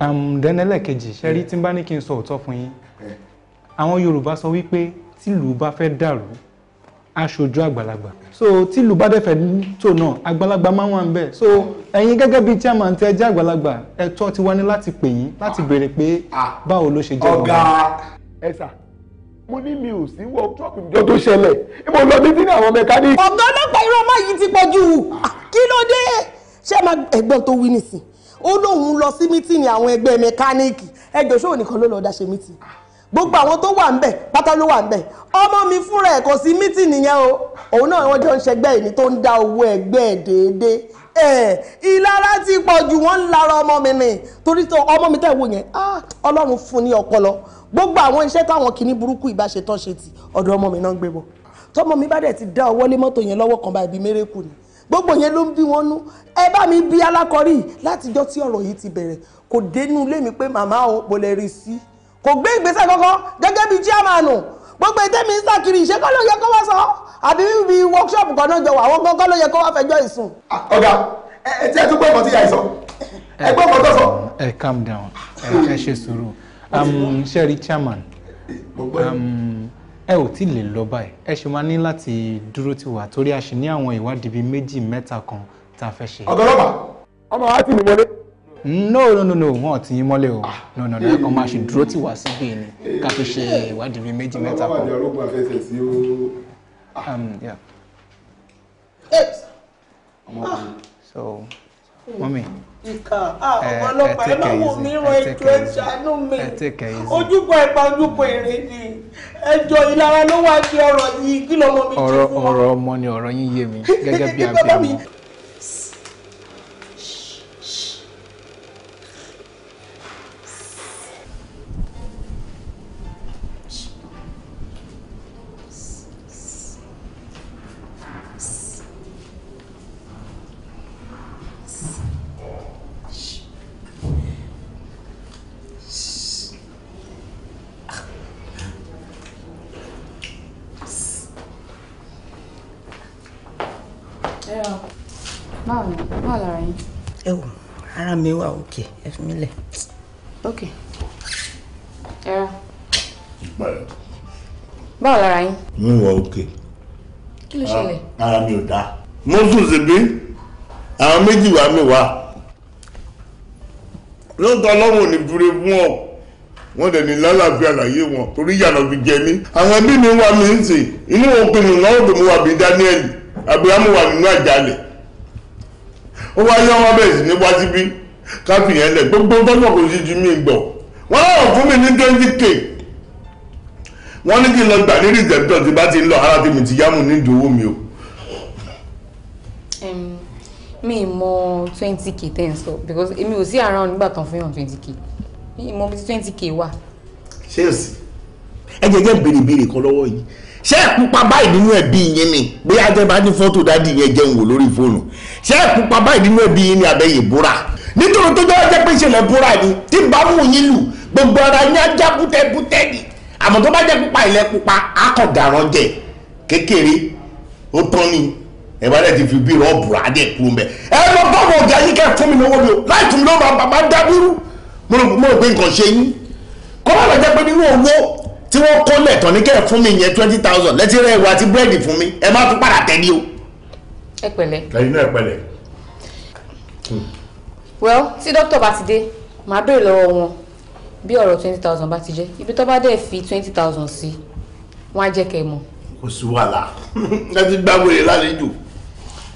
Um, then ẹlẹ́ẹ̀kejì ṣẹ́rí tí n bá ní kí n sọ òótọ́ fún yín àwọn Yorùbá sọ wípé tìlú bá fẹ́ dàrú aṣojú àgbàlagbà so tìlú bá dẹ̀fẹ̀ tó náà àgbàlagbà máa ń wà ń bẹ̀ so ẹ̀yin gẹ́gẹ́ bíi chairman tẹ́ jẹ́ àgbàlagbà ẹ̀tọ́ ti wá ní láti pè yín lati ah. béèrè pé ah. báwo ló ṣe jẹ́ ọ̀gá. ọ̀gá ẹ sà mo ní mi ò sí wọ truck ìjọ tó ṣẹlẹ̀ mo lọ ní sínú àwọn mẹkáníìkì. ọ̀gá ọlọ́pàá irọ́ máa yìí ti pọ̀ jù kí ló dé ṣé máa ẹ̀gbọ́n tó wí nìsín ó lóun lọ sí mítìnì àwọn ẹgbẹ́ mẹkáníìkì ẹgbẹ́ ṣóò nìkan ló lọ́ọ́ dá ṣe mítìnì gbogbo àwọn tó wà ń bẹ̀ pátá ló wà ń bẹ̀ ọmọ mi fúnra ẹ̀ kò sí mítìnì yẹn o òun náà wọ́n jọ ń ṣẹgbẹ́ ẹni tó ń dá owó ẹgbẹ́ ẹ̀ déédéé ẹ̀ ìlara ti pọ̀ jù wọ́n ń lara ọmọ mi ni torí tó ọmọ mi tẹ̀ wò yẹn ọlọ́run fún ní ọpọlọ gbogbo àwọn iṣẹ́ táwọn kìíní burúkú ìbáṣetán ṣe ti ọ̀dọ̀ ọmọ mi náà ń gbé bọ̀ tọmọ mi bá dẹ̀ ti dá ọwọ́ lé mọ́tò yẹn lọ́wọ́ kan báyìí bí mérekù ni gbogbo yẹn ló ń bí wọn nú ẹ bá mi bí alákọ̀rí látijọ́ tí ọ̀rọ̀ yìí ti bẹ̀rẹ̀ kò dénú lé mi pé màmá o mo lè rí sí i kò gbé ìgbésẹ̀ kankan gẹ́gẹ́ bíi chairman gbogbo ètè mi ń sàkiri ìṣẹ́kọ́ ló yẹ kó wá sọ àbí bíbi workshop kan náà jọ wà àwọn kankan ló yẹ kó wá fẹjọ́ ìsùn. Ah, ọ̀gá ẹ ti ẹ tún gbọ́ ọ̀kan tí yà ìsọ ẹ gbọ́ ọ̀kan tó sọ. ẹ calm down ẹ ṣe sùúrù um, ṣẹ́rí chairman um, ẹ ò tí lè lọ báyìí ẹ ṣe máa ní láti dúró tiwa torí a ṣì ní àwọn ìwádìí bíi méjì mẹ́ta kan tá a fẹ́ ṣe. ọ̀gá no no no no wọn ti yín mọ́lẹ̀ o ah. no no no ẹ kàn máa ṣe dúró tì wá síbí ni ká fi ṣe ìwádìí bíi méjì mẹ́ta kan. Ah. Um, ah. so mọ́mí ìkà àwọn ọlọ́pàá ẹ máa wò mí ran ètò ẹ ṣàánú mi ojúbọ ẹ̀pà ojúbọ èrè ni ẹjọ́ ìlara ló wá di ọ̀rọ̀ yìí kí lọ́mọ mi jẹ́ fún wa. ọ̀rọ̀ ọmọ ni ọ̀rọ̀ yín yé mi gẹ́gẹ́ bí abiyamọ. [LAUGHS] mi wà òkè ẹ fi mí lẹ̀. ok ẹ̀rọ. báwo lára yín. mi wà òkè. kí ló ṣẹlẹ̀. Ah, ara mi ò dáa. mo sùn síbí àwọn méjì wà mí wá lóòótọ́ ọlọ́run ò ní dúró fún ọ wọ́n dẹ̀ ní lálàáfíà láyé wọn torí ìyànà fi jẹ mí. àwọn ẹbí mi wà mí ń sè inú wọn pinnu náà tó mú wa bí Daniel Abrahamu wà nínú àjálẹ̀ ó wáyé ọmọ bẹ́ẹ̀ sì ní wá síbí káfí yẹn gbogbo tọ́jú kò sí ju mí gbọ̀ wọ́n náà fún mi ní twenty k wọ́n ní kí n lọ gbà ní rìsẹ̀pítọ̀ tí bá ti lọ ara tèmi ti yá mu ní ìdòwò mi o. mi mọ twenty k tẹ́ ń because èmi ò sí around nígbà tán fún yàn twenty k mi mọ bí twenty k wà. ṣé o sì ẹ jẹ́ jẹ́ bèrè bèrè kan lọ́wọ́ yìí ṣé ẹ̀ pupa báyìí nínú ẹbí yín ni bóyá jẹ́ bá ní fọ́tò dádì yẹn jẹun wò lórí fóònù ṣé ẹ̀ pupa báyìí nínú ẹbí yín ni abẹ́yẹ búra nítorí tó jẹ́ ọjọ́ pé ìṣẹ̀lẹ̀ búra ni tí bá mú yín lù gbogbo ara yín ajá bútẹ́bútẹ́ ni àmọ́ tó bá jẹ́ pupa ilẹ̀ pupa akọ̀dàrán jẹ kékeré ó tán ni ẹ bá dẹ̀ ti fi bí rọ́ọ̀bù rà á dẹ̀ kú mbẹ́ ẹ lọ bọ́ọ̀bù ọ̀gá yín kẹ́ fún mi lówó mi o láì tún mi lówó bàbá dábírú mo rò pé nǹkan ṣe yín kọ́ tí wọ́n kó lẹ̀tọ̀ ní kẹ́ẹ̀ fún mi yẹn twenty thousand lẹ́tí rẹ̀ ìwà àti búrẹ́dì fún mi ẹ má tún padà tẹ̀ ní o. ẹ pẹ̀lẹ́. ẹ̀yin náà ẹ pẹ̀lẹ́. well tí dókítà bá ti dé màá béèrè lọ́wọ́ wọn bí ọ̀rọ̀ twenty thousand bá ti jẹ́ ibi tó bá dẹ̀ fi twenty thousand sí wọ́n á jẹ́ kẹ́ ẹ mọ̀. kò sí wàhálà ẹ ti gbá wèrè lálejò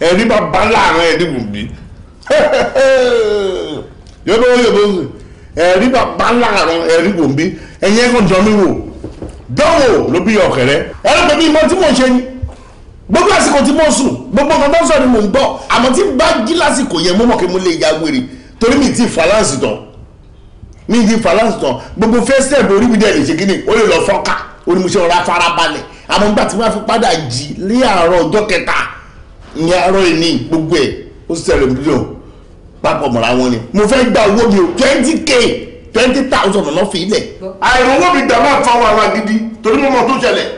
ẹ̀rí bàbá láàrin ẹ̀ níbùn bí [LAUGHS] yóò bá wọ́n yóò bá wọ́n ẹ̀rí bàbá láàrin ẹ̀rí bùn bí ẹ̀yẹ́ kàn jọ mí wò dánwò ló bí ọ̀kẹ́rẹ́ ẹ̀rọ pé bí mo tí mò ń ṣe ni gbogbo àsìkò tí mo sùn gbogbo nǹkan tó ń sọ ni mò ń gbọ́ àmọ́ tí bá jí lásìkò yẹn mo mọ̀ kí mo lè ya wèrè torí mi ti fàlánsì tán mi ti fàlánsì tán gbogbo fẹ́sítẹ̀bù orí mi lè ṣe kí ni ó lè lọ fọ́nká onímọ̀ṣẹ́ ọ̀rá farabalẹ̀ àmọ́ nígbà tí wọ́n fi padà jí ní àárọ̀ ọjọ́ kẹta ní àárọ̀ ìní gbogbo ẹ̀ ó sì tẹ̀lé mi papọ̀ mọ̀ra wọn ni mo fẹ́ gba owó mi o twenty k twenty thousand ọ̀nà fi ilẹ̀. àìrówó mi dàmú àfáwọn ara gidi torí mo mọ tó ṣẹlẹ̀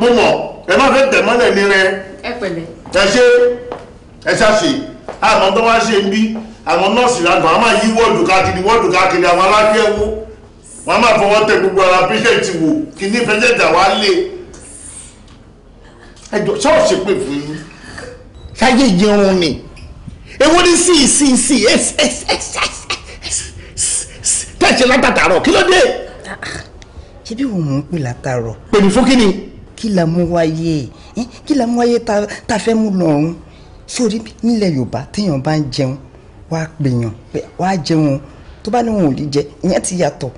mo mọ ẹ má fẹ́ tẹ̀ mọ́lẹ̀ ní rẹ. ẹ pẹ̀lẹ́. ẹ ṣe ẹ ṣàṣe àmọ́ tó wá ṣe ń bí àwọn nọ́ọ̀sì làgbà á máa yí wọ́ọ̀dù káàkiri wọ́ọ̀dù káàkiri àwọn aláfíà wo wọ́n máa fọwọ́ tẹ gbogbo ara píṣẹ́ǹtì wò kí ní píṣẹ́ǹtì àwa lé ẹjọ ṣọ́ọ̀ṣì pè fún yín ṣáyé jẹun ni èwo ni sí sí sí ẹs ẹs ẹs ẹs tẹ̀sí látàtàrọ̀ kí ló dé. ṣé bí òun ń pè látàrọ̀. pèmí fún kí ni. kí la mú wáyé kí la mú wáyé tá a fẹ́ mú lọ ọ̀hún sórí nílẹ̀ yorùbá téèyàn bá ń jẹun wàá pèèyàn wàá jẹun tó bá ní òun ò lè jẹ ìyẹn ti yàtọ̀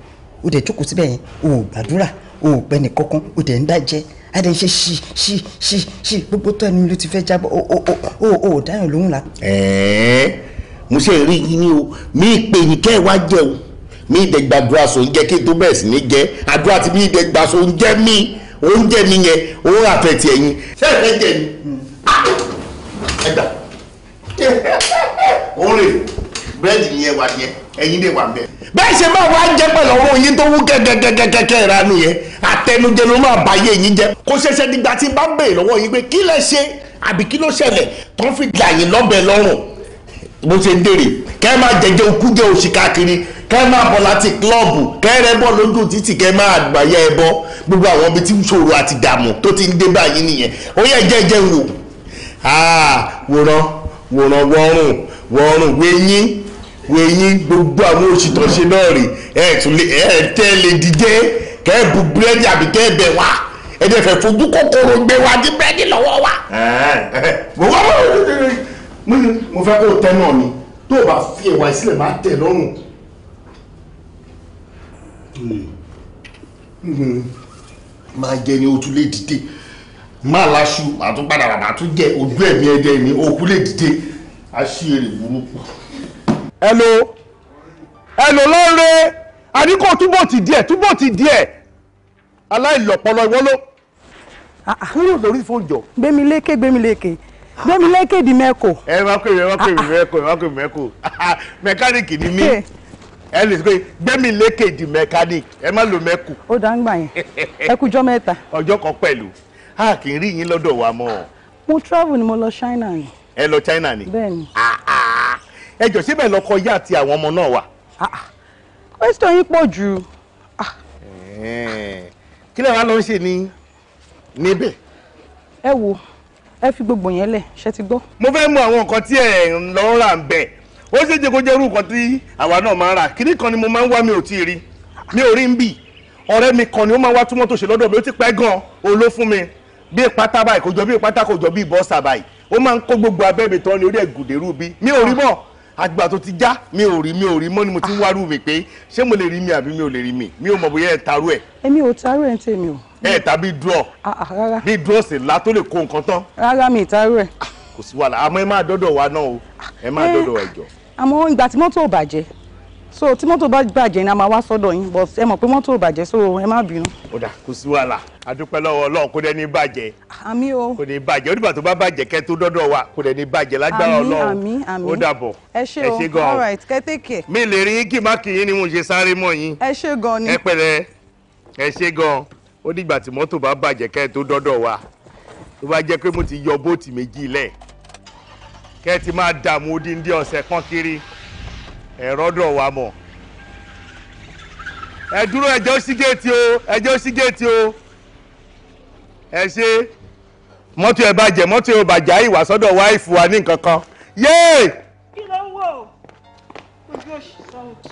o dẹ̀ jókòó síbẹ̀ yẹn o ò gbàdúrà o ò pẹ́ nìkankan o dẹ̀ ń dájẹ́ a ṣe ṣì ṣì ṣì ṣì gbogbo tó ẹni ló ti fẹ́ jábọ̀ o o o o ò lóhùn la. ẹ̀ẹ́ mo ṣe rí yín ni o mi ìpè yín kẹ́ ẹ wá jẹun mi ìdẹ gbàdúrà sọ ń jẹ kí n tó bẹ̀rẹ̀ sí ní jẹ àdúrà tí mi ìdẹ gbà sọ ń jẹ mí oúnjẹ mi yẹn òun àfẹ̀tì ẹ̀yìn sẹ́ẹ̀fẹ̀ jẹ ni ah! ẹgbà òun [LAUGHS] rè búrẹ́dì ni ẹ wà jẹ ẹ̀yin dẹ̀ wà ń bẹ. bẹ́ẹ̀ ṣe máa wá jẹ́ pẹ̀lú ọwọ́ yín tó wú kẹ́kẹ́kẹ́kẹ́ ìranu yẹn àtẹnujẹ ló máa bá yé yín jẹ kó ṣẹ̀ṣẹ̀ dìgbà tí bá bèè lọ́wọ́ yín pé kí lẹ ṣe àbí kí ló ṣẹlẹ̀ tó ń fi gbà yín lọ́bẹ̀ lọ́rùn bó ṣe ń dèrè kẹ́ máa jẹjẹ okú jẹ òṣì káàkiri kẹ́ máa bọ̀ láti klọ́ọ̀bù kẹ́rẹ́ bọ̀ lójú títì kẹ́ máa àgbáyé ẹbọ gbogbo àwọn ibi tí ṣòro àti dààmú tó ti ń dé báyìí nìyẹn ó yẹ jẹ́jẹ́ wò ah, wòran wòran wọ́rùn wọ́rùn wẹ́yìn wẹ́yìn gbogbo àwọn oṣù náà rè ẹ̀ tún lè ẹ̀ tẹ́ lè dìde kẹ́ bu búrẹ́dì àbí kẹ́ bẹ̀ wá ẹ̀ dẹ̀ fẹ́ fojú kòkòrò gbé wá dí búrẹ́dì lọ́wọ́ wa. mo fẹ́ kó tẹ́ náà ni tó o bá fi ẹ̀wà ìsílẹ̀ máa tẹ̀ lọ́rùn Hmm. máa jẹ ni o tún lè dìde máa láṣu máa tún padà wà máa tún jẹ ojú ẹ̀mí ẹ̀dẹ̀ ni o kú lè dìde aṣèrè burúkú. ẹ̀lò ẹ̀lò lọ́rẹ́ àníkò túbọ̀ tì díẹ̀ túbọ̀ tì díẹ̀ aláìlọ́pọlọ ìwọ ló ah, ah. kúrò lórí fóúnjọ. gbẹmí lékè gbẹmí lékè di mẹ́kò. ẹ má pè mí ẹ má pè mí mẹ́kò ẹ má pè mí mẹ́kò [LAUGHS] mẹkáníìkì ni mí ẹ lè sọ pé gbẹ́mi lékè di mechanic ẹ má lo mẹ́kù. ó dá ń gbà yẹn ẹ kújọ́ mẹ́ta. [LAUGHS] ọjọ́ kan pẹ̀lú a kì í rí yín lọ́dọ̀ wa mọ́. mo travel ni mo lọ China ni. ẹ lọ China ni. bẹ́ẹ̀ni. ẹ jọ síbẹ̀ lọkọ yá àti àwọn ọmọ náà wà. question yín pọ̀ jù. kí lè wá lọ ń ṣe ní níbẹ̀. ẹ wo ẹ fi gbogbo yẹn lẹ̀ ṣe ti gbọ́. mo fẹ́ mú àwọn nǹkan tí ẹ̀ ń lọ rà ń bẹ̀ ó ṣe jẹ́ kó jẹ́ irú nǹkan tí àwa náà máa ń rà kíní kan ni mo máa ń wá mi ò tí ì rí mi ò rí ń bì ọ̀rẹ́ mi kan ni ó máa wá túmọ̀ tó ṣe lọ́dọ̀ mi ó ti pẹ́ gan o ló fún mi bí ìpátá báyìí kò jọ bí ìpátá kò jọ bí ìbọ́sà báyìí ó máa ń kó gbogbo abẹ́ mi tán ni orí ẹ̀gùdẹ̀rú bí mi ò rí mọ́ àgbà tó ti já mi ò rí mi ò rí mọ́ ni mo ti ń wárú mi pé ṣé mo lè rí mi àbí mi ò lè rí mi mi ò mọ̀ bóyá ẹ̀ tarú ẹ̀. èmi ò tarú ẹ̀ ń tèmi o. ẹ ta bí dúrọ̀ ah, ah, bí dúrọ̀ sì la tó lè kó nǹkan tán. rárá mi ì tarú ẹ̀. kò sí wàhálà àmọ́ ẹ máa dọ́dọ̀ wa náà o ẹ máa eh, dọ́dọ̀ ẹ̀jọ̀ àmọ́ ìgbà tí mọ́tò ò bàjẹ́ so tí mọ́tò bá bàjẹ́ ni a máa wá sọ́dọ̀ yín but ẹ mọ̀ pé mọ́tò ò bàjẹ́ so ẹ má bínú. ó dà kó sí wàhálà adúpẹ́ lọ́wọ́ ọlọ́run kó dẹ̀ ní bàjẹ́. àmì o kò ní bàjẹ́ onígbà tó bá bàjẹ́ kẹ́ tó dọ́dọ̀ wa kò dẹ̀ ní bàjẹ́ lágbára ọlọ́run ó dàbọ̀ ẹ ṣé o ẹ ṣé gan all right kẹ́ take care. mi lè rí yín kí má kì í ni mo ṣe sáré mọ́ yín. ẹ ṣé wa tó bá jẹ́ pé mo kẹ́ ẹ ti máa dààmú odindi ọ̀sẹ̀ kan kiri ẹ̀rọ dọ̀ wá mọ̀ ẹ dúró ẹjẹ́ ó sí géètì o ẹjẹ́ ó sí géètì o ẹ ṣe mọ́tò ẹ bàjẹ́ mọ́tò ẹ bàjẹ́ àìwá sọ́dọ̀ wáìfù wa ní nǹkan kan yéè. kí ló ń wò gbójú òṣì sọ́ọ̀tù.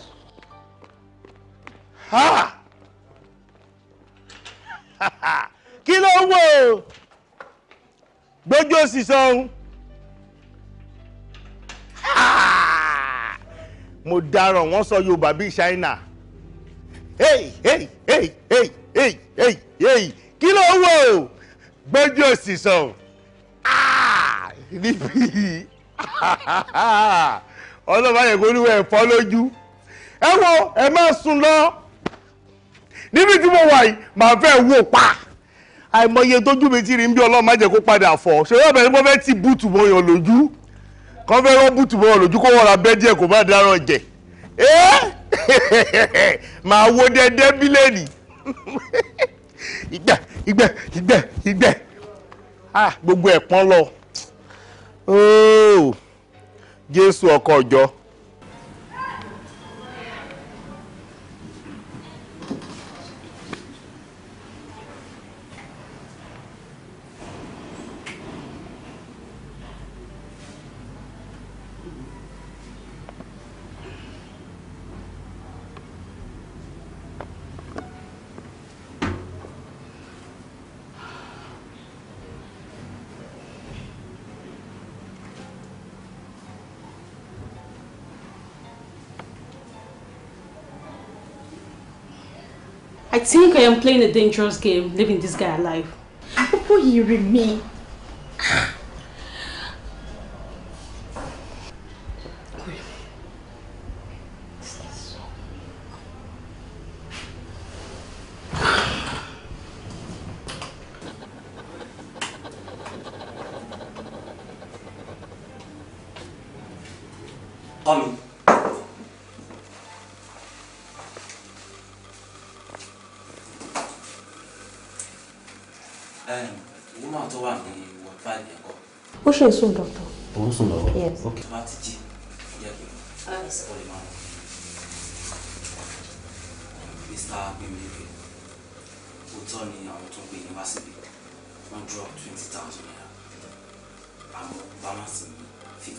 mo dáràn wọ́n sọ yorùbá bíi ṣáínà hey hey hey hey hey hey hey kí ló wò ó gbẹ́jú òsì sọ ah, níbí ọlọ́ba yẹn kò níwọ̀ ẹ̀ fọ́ lójú ẹ wo ẹ má sùn lọ níbi tí mo wà yìí màá fẹ́ wò pa àìmọye tójú mi ti rí bí ọlọ́run má jẹ́ kó padà fọ́ ṣé yóò bẹ̀rẹ̀ bọ́ fẹ́ ti búùtù mọ́yàn lójú kọ́ fẹ́ rọ́ bùtù bọ́ lójú kó wọ́n ra bẹ́ẹ̀ díẹ̀ kó má dáràn jẹ màá wo dẹ́dẹ́ bílẹ̀nì ìgbẹ́ ìgbẹ́ ìgbẹ́ ìgbẹ́ gbogbo ẹ̀ pọ́n lọ jésù ọkọ̀ ọjọ́. I think I am playing a dangerous game, leaving this guy alive. Àkókò you rí me? Tommy. ṣe ń sùn dọ́tọ̀. ó ń sùn lọ́wọ́ ok. tó bá ti jí ìyá pé ó lè máa wọ mr gbẹmílẹ́fẹ̀ òótọ́ ni àwọn drop twenty thousand naira àmọ́ balance mi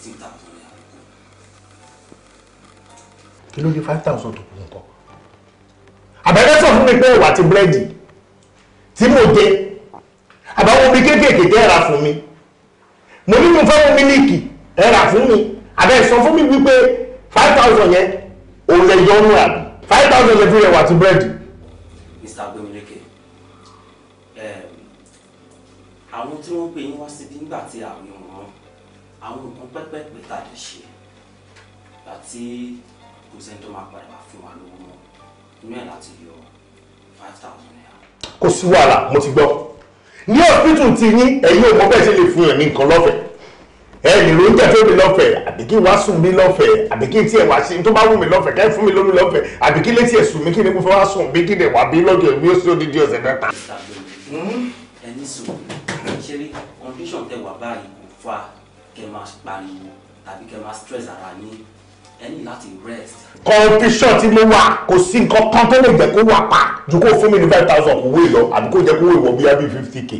kí ló dé five thousand tó kù nǹkan àbẹ̀rẹ̀ sọ fún mi pé ẹ̀wà àti búrẹ́dì tí mo jẹ àbáwọn omi kéékèèké tẹ́ ra fún mi mo fẹ́ mu mílíkì ẹ rà fún mi àbẹ sọ fún mi wípé five thousand yẹn òun lè yọ ọ́nù àbí five thousand lè fi rẹ̀ wà ti búrẹ́dì. Mr. Agbemileke eh, àwọn tí wọ́n gbé yín wá síbi nígbà tí àwọn ìwọ̀n àwọn nǹkan pẹ́pẹ́pẹ́ tá a lè ṣe àti kò sẹ́ni tó máa padà wá fún wa lówó mọ́ inú ẹ̀ láti yọ five thousand naira. kò sí wàhálà mo ti gbọ́ ní ọ̀fíìtù ti yín ẹ̀yin ò mọ bẹ́ẹ̀ ṣe lè fún yàn nǹkan lọ́fẹ̀ẹ́ ẹ̀ẹ́dì ló ń jẹ́ tó mi lọ́fẹ̀ẹ́ àbí kí wàá sùn mí lọ́fẹ̀ẹ́ àbí kí tiẹ̀ wá sí tó bá wù mí lọ́fẹ̀ẹ́ kẹ́ fún mi lómi lọ́fẹ̀ẹ́ àbí kí létí ẹ̀ sùn mí kí ni mo fẹ́ wá sùn bí kí ni wà bí lọ́jọ́ ìwé oṣù tó dídí ọ̀sẹ̀ mẹ́ta. ẹni sùn ṣe rí condition tẹ wà báyìí kò fa kẹ́ máa pariwo tàbí kẹ́ máa stress ara yín ẹni láti rest. condition tí mo wà kò sí nǹkan kan tó lè jẹ́ kó wà pa ju kó fún mi ní five thousand kó wé lọ àbí kó jẹ́ kó wé wọ bí i fifty k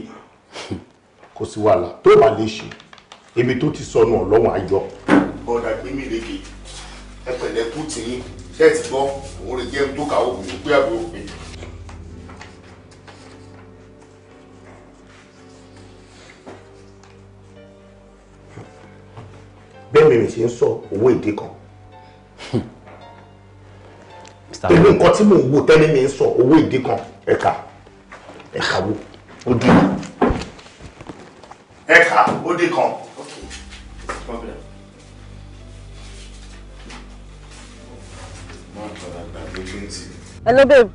kò sí lá, tó bá lè ṣe ibi tó ti sọnù ọlọ́run àjọ. bọ́dà gbé mi lékè ẹ pẹ̀lẹ́ kú tìyín ṣẹ́ẹ̀tì gbọ́ òun lè jẹ́ tó kà ó kù pé àbúrò pé. bẹ́ẹ̀ mi mi ṣe ń sọ owó ìdí kan èmi nǹkan tí mò ń wo tẹ́lẹ̀ mi ń sọ owó ìdí kan ẹ̀ka ẹ̀ka wo ó dín kan. ẹ̀ka ó dín kan. Hello babe.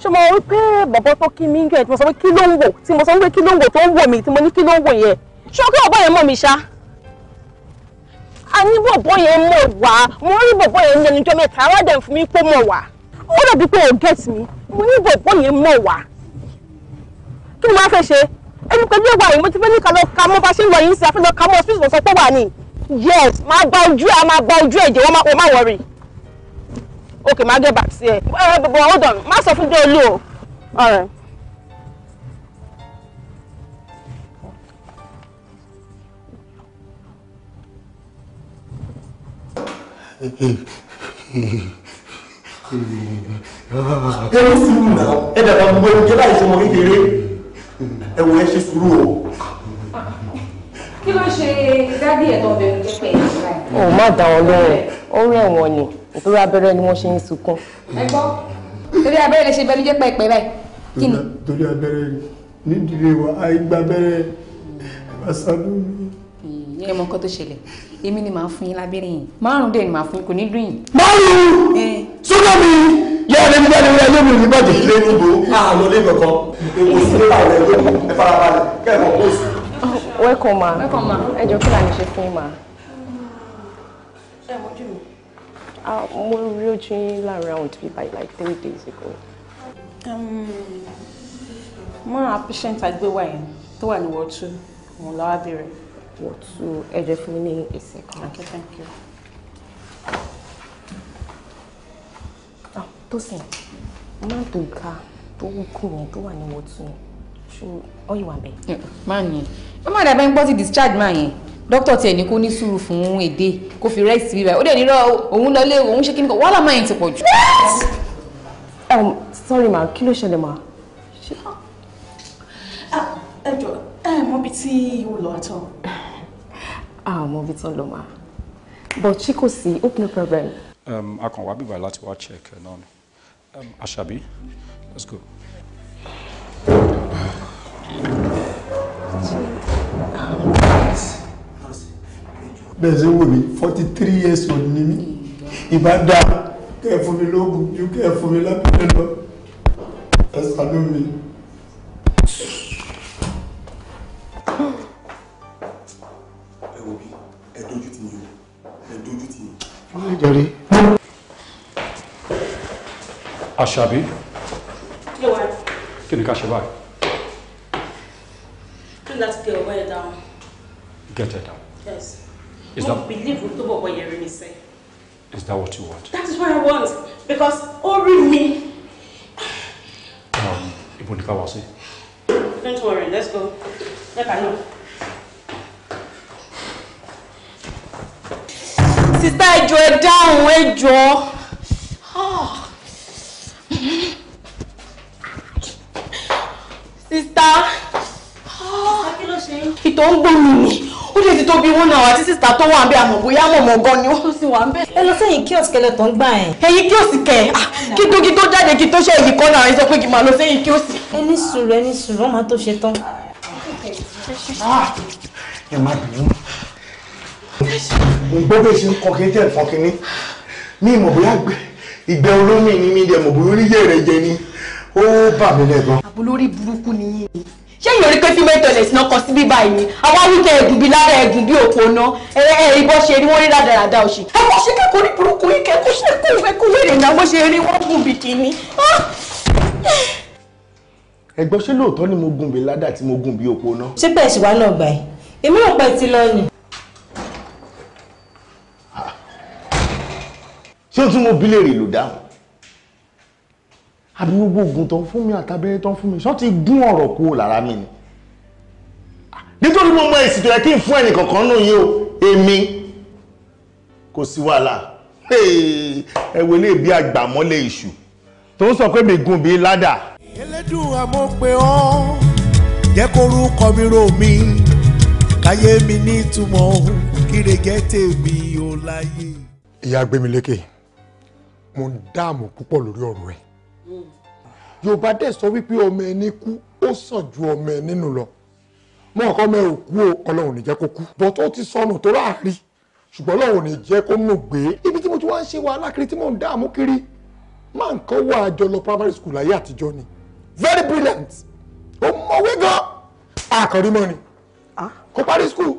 Ṣé mo rí pé bọ̀bọ̀ tó kí mi ń gẹ̀ tí mo sọ pé kí ló ń wò tí mo sọ pé kí ló ń wò tó ń wò mí tí mo ní kí ló ń wò yẹn? Ṣé o kí bọ̀bọ̀ yẹn mọ̀ mi ṣá? A ní bọ̀bọ̀ yẹn mọ̀ wá, mo rí bọ̀bọ̀ yẹn ní ẹnujọ́ mẹ́ta, ara dẹ̀ fún mi pé mọ̀ wá. Ó dàbí pé o get mi, mo ní bọ̀bọ̀ yẹn mọ̀ wá. Kí ni màá fẹ́ ṣe? ẹni pẹ̀lú ẹwà yìí mo ti fẹ́ ní ká lọ ka mọ́ bá ṣe ń lọ yìí ń àfi lọ ka mọ́ hospital sọ pé wà ní yes máa gba ojú ẹ máa gba ojú ẹ jẹ wọ́n máa wọ̀rì okay máa get back sí ẹ ẹ hold on má sọ fún Déolú o ọ̀rẹ́. ẹ lọ sí ìlú náà ẹ dàgbà gbogbo ẹni jẹ báyìí sọmọ kékeré ẹ̀wọ̀n ẹ ṣe sùúrù o. kí ló ṣe dádì ẹ̀tọ́ bẹ̀rù jẹ́ pẹ̀lú ìgbà yìí. ọ̀ má dá wọn lọ́rùn ó rẹ̀ wọ́n ni nítorí abẹ́rẹ́ ni wọ́n ṣe ń sunkún. ẹ gbọ́ torí abẹ́rẹ́ lè ṣe bẹ̀rù jẹ́ pẹ̀pẹ̀ báyìí kí ni. torí abẹ́rẹ́ nídìílé wa àìgbà abẹ́rẹ́ àṣàlù mi. ẹ mọ nǹkan tó ṣẹlẹ̀ èmi ni màá fún yín lábẹ́rẹ́ yìí márùn-ún dẹ̀ ni màá fún yín kò ní dùn yín. márùn-ún sọ́dọ̀ mi yóò ní bíbá ni wọn yóò mú nígbà jẹ. ilé níbo àlọ ah, lé kankan èkó sílé àwọn ẹgbẹ́ mi ẹ fara balẹ̀ kẹ́kọ̀ọ́ pọ́sì. welcome ma welcome ma ẹ jọ kí là ní ṣe fún ma. ṣé ẹ mọ́jú mi. mo rí ojú yín láàrin àwọn òbí by like three days ago. Um, mo ràn patient àgbéwá yẹn tó wà ní wọ́ọ̀tù òun làwọn abẹ́rẹ́. wọ́ọ̀tù ẹ̀jẹ̀ fún mi ní a second. okay thank you. Tosin máa tó ga tó kù yẹn tó wà ní wọ́tún yẹn ṣó ọ yìí wà bẹ́ẹ̀. máa yẹn ó má dàbẹ́ ń gbọ́ sí discharge máa yẹn dókítà tiẹ̀ ní kó ní sùúrù fún èdè kó fi rest bíbá ó dẹ̀ nírọ̀ òun lọlé òun ṣe kí ni kò wàhálà máa yẹn ti pọ̀ jù. Um, sorry ma kí ló ṣẹlẹ̀ ma. Ah, ẹ jọ ẹ mọ ibi tí o lọ àtọ. a ah, mọ ibi tí wọn lọ ma but chikosi open no problem. Um, a kàn wá bíbá láti wá check náà Um, Ashabi, let's go. bẹ́ẹ̀ ṣe wò mí forty three years old ni mí ìbá dá kẹ́ ẹ̀ fún mi lóògùn ju kẹ́ ẹ̀ fún mi lábẹ́rẹ́ lọ ẹ ṣàánú mi. ẹ wo bí ẹ dojú ti yín ẹ dojú ti yín. jẹ́rìí. Àṣàbí. Kí ni ká ṣe báyìí? Kí ni láti get your boy down? Get her down? Yes. Is Mo that... believe with Tobo Boye Remi say. Is that what you want? That is what I want. Because Ori me. Um, Ibo ni ká Don't worry, let's go. Let her know. Sister, ẹ jọ̀ọ́ ẹ dáhùn, ẹ jọ̀ọ́. Oh sista ìtọ̀ ń gbómi mi ó lè ti tó bí wọ́n náà àti sista tó wà ń bẹ àmọ́ bóyá mọ̀mọ́ gan ni wọ́n tún sì wà ń bẹ. ẹ lọ sẹ́yìn kíọ̀sì kẹlẹ̀ tó ń gbà ẹ̀. ẹ̀yin kíọ̀sì kẹ̀ kí tó kí tó jáde kí tó ṣe èyí kọ́ náà ẹ sọ pé kí n máa lọ sẹ́yìn kíọ̀sì. ẹ ní sùúrù ẹ ní sùúrù ọmọ tó ṣe tán. ẹ má bínú gbọ́dọ̀ ṣe ń kọ́ kí n tẹ̀ fọ́ ní ìmọ̀ bóyá gbẹ̀rẹ̀ ìgbẹ́ olómi ni mi dẹ̀ mọ̀ bóyá oníyẹ̀ rẹ̀ jẹ ni ó bà mí lẹ́gbọ́n. àbúlórí burúkú ni yín ni ṣé ìyórí pé fí mẹ́tọ̀ lẹ̀ síná kan sí bíbá yìí ni àwa wíkẹ́ ẹ̀gùn bíi lára ẹ̀gùn bíi òpó ná ẹ ẹ ìbọn ṣe rí wọ́n rí rádaràda òṣì. ẹ kò ṣe kẹ́kọ̀ọ́ ní burúkú yìí kẹ́kọ̀ọ́ ṣe kú ẹkú wẹ̀rẹ̀ náà bó ṣe rí wọ́n gùn bì kínní. Ah! ẹ gbọ́ ṣé lóòótọ́ ni mo gùn bíi ládà ṣé o tún mo bílèrè lò dáhùn àbí gbogbo oògùn tó ń fún mi àtàbẹ́rẹ́ tó ń fún mi ṣọ́ ti gún ọ̀rọ̀ kú lára mi ni nítorí mo mọ èsì tó yẹ kí n fún ẹnì kankan nù yìí o èmi kò sí wàhálà ẹ wo ilé bí àgbàmọ́lẹ̀ èṣù tó ń sọ pé mi gùn bíi ládà. elédùn àmọ́ pé ọ́ jẹ́ kó orúkọ mi rò mí káyé mi nítumọ̀ kírege tèmi ò láyé. ìyá gbémilékè mo ń dáàmú púpọ̀ lórí ọ̀rọ̀ ẹ̀ yorùbá dẹ̀ sọ wípé ọmọ ẹni kú ó sàn ju ọmọ ẹ nínú lọ mọ ọkọ mẹ ò kú o ọlọ́run ní jẹ́ kó kú bọ tó ti sọnù tó láàrí ṣùgbọ́n ọlọ́run ní jẹ́ kó nù gbé ibi tí mo ti wá ń ṣe wàhálà kiri tí mò ń dààmú kiri máa ń kọ́ wá àjọ lọ primary school láyé àtijọ́ ni very brilliant ó mọ̀wé gan àkànrí mọ́ ni ah. kó parí school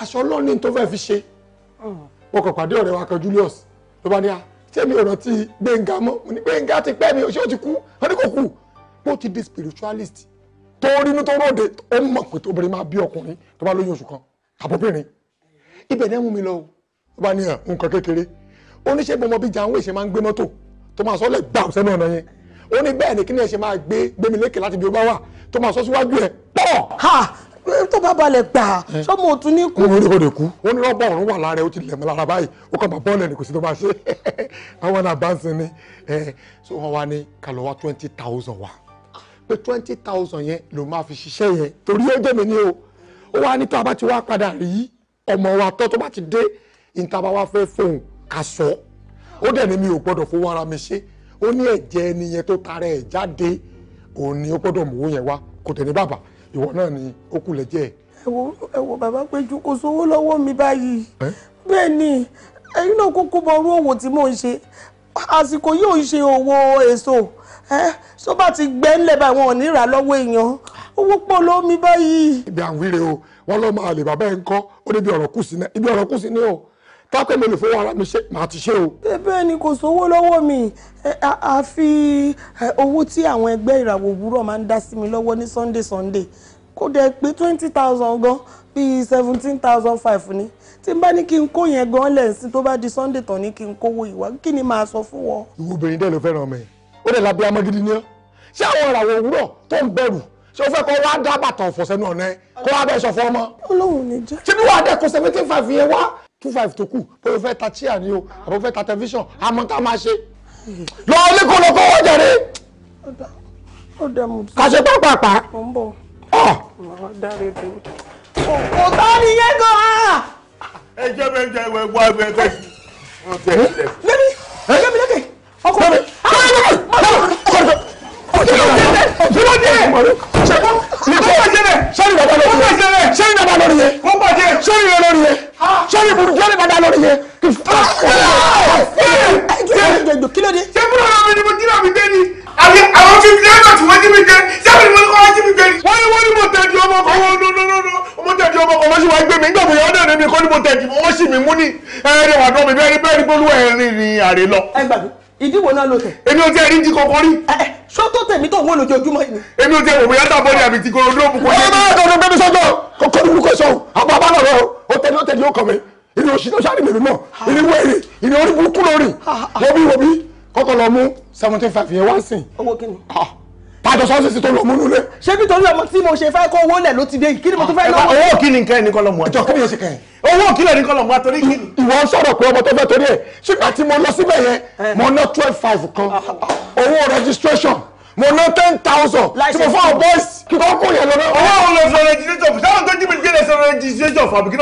aṣọ ọlọ́run ní tó fẹ́ fi ṣe hmm. mo kàn pàdé ọ̀rẹ́ wa kan Julius ló bá ní a ah, tẹ́mi ọ̀rọ̀ ti gbẹ̀ngà mọ́ mo ní gbẹ̀ngà ti pẹ́ mi ṣé ó ti kú ó ní kò kú bó ti di spiritualist tó rínú tó ròde ó mọ̀ pé tóbìnrin máa bí ọkùnrin tó bá lóyún oṣù kan àbóbìnrin ibẹ̀ ní ẹ̀mú mi lọ ó bá ní hàn nǹkan kékeré oníṣègùn ọmọ bíi jàǹwé ṣe máa ń gbé mọ́tò tó máa sọ lẹ̀ gbà sẹ́nu ọ̀nà yẹn ó ní bẹ́ẹ̀ ni kí ni ẹ ṣe máa gbé gbémi lékè láti bí ó bá wà tó máa sọ síwájú ẹ̀ pọ̀ tó bá balẹ̀ gbà sọ́mọ òtún ní kú. ó lè kú ó ní rọ́bà ọ̀run wà lára ẹ ó ti lẹ̀ mọ́ lára báyìí ó kàn bá bọ́ọ̀lù ẹni kò sí tó máa ṣe [LAUGHS] àwọn náà bá ń sin ni so wọn wá ní kàlọ́ twenty thousand wa pé twenty thousand yẹn ló máa fi ṣiṣẹ́ yẹn torí ó jẹ́ mi ní o ó wá ní tó a bá ti wá padà rí ọmọ wa tọ́ tó bá ti dé ìta bá wá fẹ́ fóun kà sọ ó dẹ̀ ní mi ò gbọ́dọ̀ fowó ara mi ṣe ó ní ẹ̀jẹ̀ ẹni yẹn tó tara ẹ̀ jáde òun ni ó gbọ́dọ̀ mú yẹn wá kò tẹ̀ ní ìwọ náà ni ó kulẹ̀ jẹ́. ẹ wo ẹ wo bàbá péjú kò sówó lọ́wọ́ mi báyìí bẹ́ẹ̀ ni ẹ̀yin náà kúkú mọ orú òwò tí mò ń ṣe àsìkò yóò ṣe òwò èso tó bá ti gbẹ́ ńlẹ̀ bá wọn ò ní rà lọ́wọ́ èèyàn owó pọ̀ lómi báyìí. ibi à ń wíre o wọn lọ máa lè bàbá ẹ ń kọ ó débi ọ̀rọ̀ kù sí náà ibi ọ̀rọ̀ kù sí náà o kápẹ́ mi nìfowó ara mi ṣe màá ti ṣe o. bẹ́ẹ̀ ni kò sówó lọ́wọ́ mi àfi owó tí àwọn ẹgbẹ́ ìràwọ̀ òwúrọ̀ máa ń dá sí mi lọ́wọ́ ní sunday sunday kó dẹ̀ pé twenty thousand gan bíi seventeen thousand five ni tí n bá ní kí n kó yẹn gan lẹ́sìn tó bá di sunday tán ní kí n kówó ìwà kí ni màá sọ fún wọn. ìwọ obìnrin dẹ́ ló fẹ́ràn ọmọ ẹ̀ ó dẹ̀ lábẹ́ amagídí ni ọ́ ṣé àwọn ìràwọ̀ òwúrọ̀ tó ń bẹ̀rù ṣé o fẹ́ kó wá dá ọ̀fọ̀ sẹ́nu ọ̀nà ẹ̀ kó wá bẹ́ẹ̀ sọ fún ọmọ. olóhùn ni jẹ́. ṣé bí wàá dẹ́ seventeen five yẹn wá two five tó kù bóyá o fẹ́ ta chair ni o àbò fẹ́ ta television àmọ́ tá a máa ṣe lọ́wọ́ ní kò lọ kó wọ́n jàre. kàṣẹ pápápá. kò tó nìyẹn gan-an. ẹ jẹ́ bẹ́ẹ̀ jẹ́ ìwé wá ẹgbẹ́ ẹgbẹ́ yìí. lẹ́mi lẹ́mi lẹ́kẹ̀ ọkọ mi. Ah! dúró díẹ̀ ṣẹ́gun ní kò bàjẹ́ sọ́ni bàbá lórí yẹ sọ́ni bàbá lórí yẹ kò bàjẹ́ sọ́ni yẹ lórí yẹ sọ́ni burú jọ́ni bàbá lórí yẹ. kílódé. ṣé búrọ̀ náà mi ni mo dínà mi dé ni. àwọn fi fi lẹ́yìn tí wọ́n jí mi dé ṣé mi ni mo kọ́ jí mi dé ni. wọ́n ní wọ́n ní mo tẹ̀ di ọmọ kan wọ́n nọ nọ nọ mo tẹ̀ di ọmọ mi mú ni ẹ̀ẹ́dẹ̀ wà náà mi bẹ́ẹ̀ ni bẹ́ẹ̀ ni gbólúwẹ̀ ẹ̀rin ni àrè lọ. ẹ gbàgbé ìdíwọ̀ náà ló tẹ̀. èmi ò tẹ́ ẹni tí kankan rí. sọ́tọ̀ tèmi tó wọ́n lójoojúmọ́ yìí. èmi ò tẹ́ òwe yàtọ̀ bọ́dẹ̀ àbí ti kọ̀ọ̀dọ̀ òkú kọjá. ẹ máa dọ̀dọ̀ gbẹ́mí sọ́jọ́ kọ́kọ́ nínú kọ́ sọ́hún àpò àbá lọ́rọ̀ ó tẹ̀lé ó tẹ̀lé ó kọ̀wé ìní òsì náà sáré mèrè náà ìní wẹ̀rẹ̀ ìní orí burúkú lórí wọ́bí wọ́bí kọ́kọ́ lọ mú seventy five yẹn wá sìn. owó kí ni pàjọ sọ́sìsì tó lọ mú nulẹ̀. ṣé nítorí ọmọ tí mo ṣe fẹ́ kó owó lẹ̀ ló ti dé yìí kí ni mo tún fẹ́ lọ́wọ́. owó kí ni nǹkan ẹni kọ́ lọ́mọ àjọ kí ni oṣù kẹ́yìn. owó kí lẹ́ni kọ́ lọ́mọ àtọ́rí kí ni. ìwọ ń sọ̀rọ̀ pé ọmọ tó fẹ́ torí ẹ̀ ṣùgbọ́n tí mo lọ síbẹ̀ yẹn eh. mo ná twelve five kan owó registration mo ná ten thousand tí mo fọ́ boys kí wọ́n kó yẹn lọ́nà. owó lọ sọ registration sáwọn tó jìbìtì jẹ́ lẹ registration fàbí kí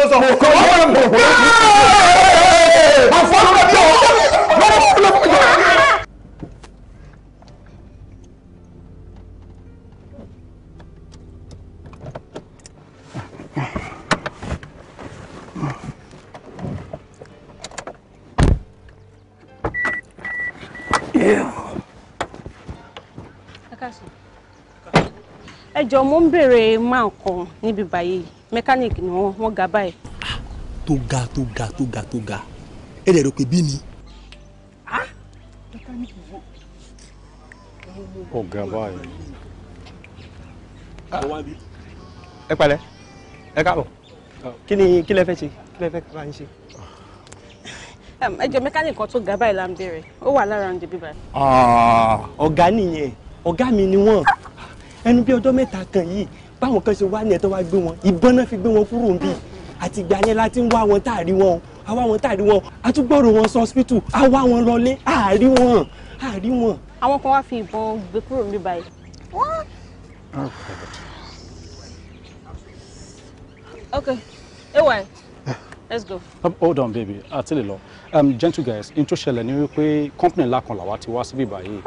ẹ jọ mo ń béèrè máa kan níbi báyìí mẹkáníìkì ni wọ́n ga báyìí. tó ga tó ga tó ga tó ga ẹ dẹ̀ rò pé bí ni. ó ga báyìí. Ah. ẹ pẹ̀lẹ́ ẹ káàbọ̀ kí ni kí lẹ fẹ́ ṣe kí lẹ fẹ́ kí Um, ẹjọ mẹkáníìkì kan tó ga báyìí là ń béèrè ó wà lára oúnjẹ bíbá. Ah, ọ̀gá nìyẹn ọ̀gá mi ni wọ́n ẹnu bí ọjọ́ mẹ́ta kan yìí báwọn kan ṣe wá ní ẹ̀tọ́ wá gbé wọn ìbọn náà fi gbé wọn kúrò níbí àti ìgbà yẹn láti ń wá wọn táàrí wọn àwa wọn táàrí wọn àtúgbọ̀rọ̀ wọn sọ hospital àwa wọn lọlé àárí wọn àárí wọn. àwọn kan wá fi ìbọn gbé kúrò níbí báyìí. Oh, ok ewa ẹ let's go. Um, hold on baby àti lè lọ um, gentle guys n tó ṣẹlẹ̀ ni wípé company ńlá kan làwa ti wá síbí báyìí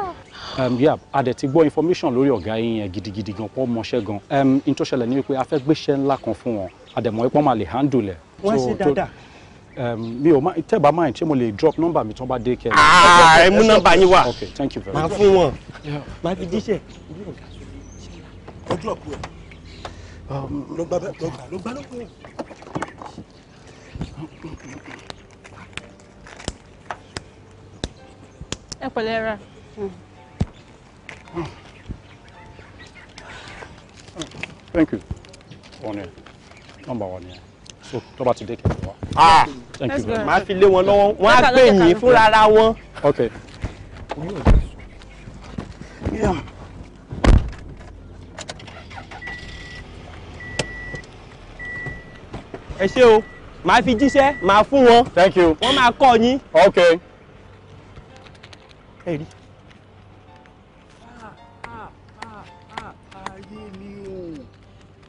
um, yeah a dẹ̀ ti gbọ́ information lórí ọ̀gá yín yẹn gidigidi gan pọ̀ mọṣẹ́ gan um, n tó ṣẹlẹ̀ ni wípé a fẹ́ gbéṣẹ́ ńlá kan fún wọn a dẹ̀ mọ̀ ipọ́n máa lè handle ẹ̀. wọ́n ṣe dáadáa um, mi ò máa tẹ́ bá mind ṣé mo lè drop nọ́mbà mi tán bá dé kẹ́. Ah, ẹ mú nọ́mbà yín wá máa fún wọn máa fi jíṣẹ́. ọjọ́ ọ̀pọ̀ ẹ̀ ló gbà ló gbà ló gbà ẹ pẹ̀lẹ́ ra. thank you one year number one year so tó bá ti dé kẹfẹ wa. Ah! thank you very much. màá fi lé wọn lọ́wọ́ wọn á pè yín fúnra wọn. okay. Yeah. ẹ ṣé o màá fi jíṣẹ́ màá fún wọn. thank you. wọ́n máa kọ́ yín. ok. ẹ rí.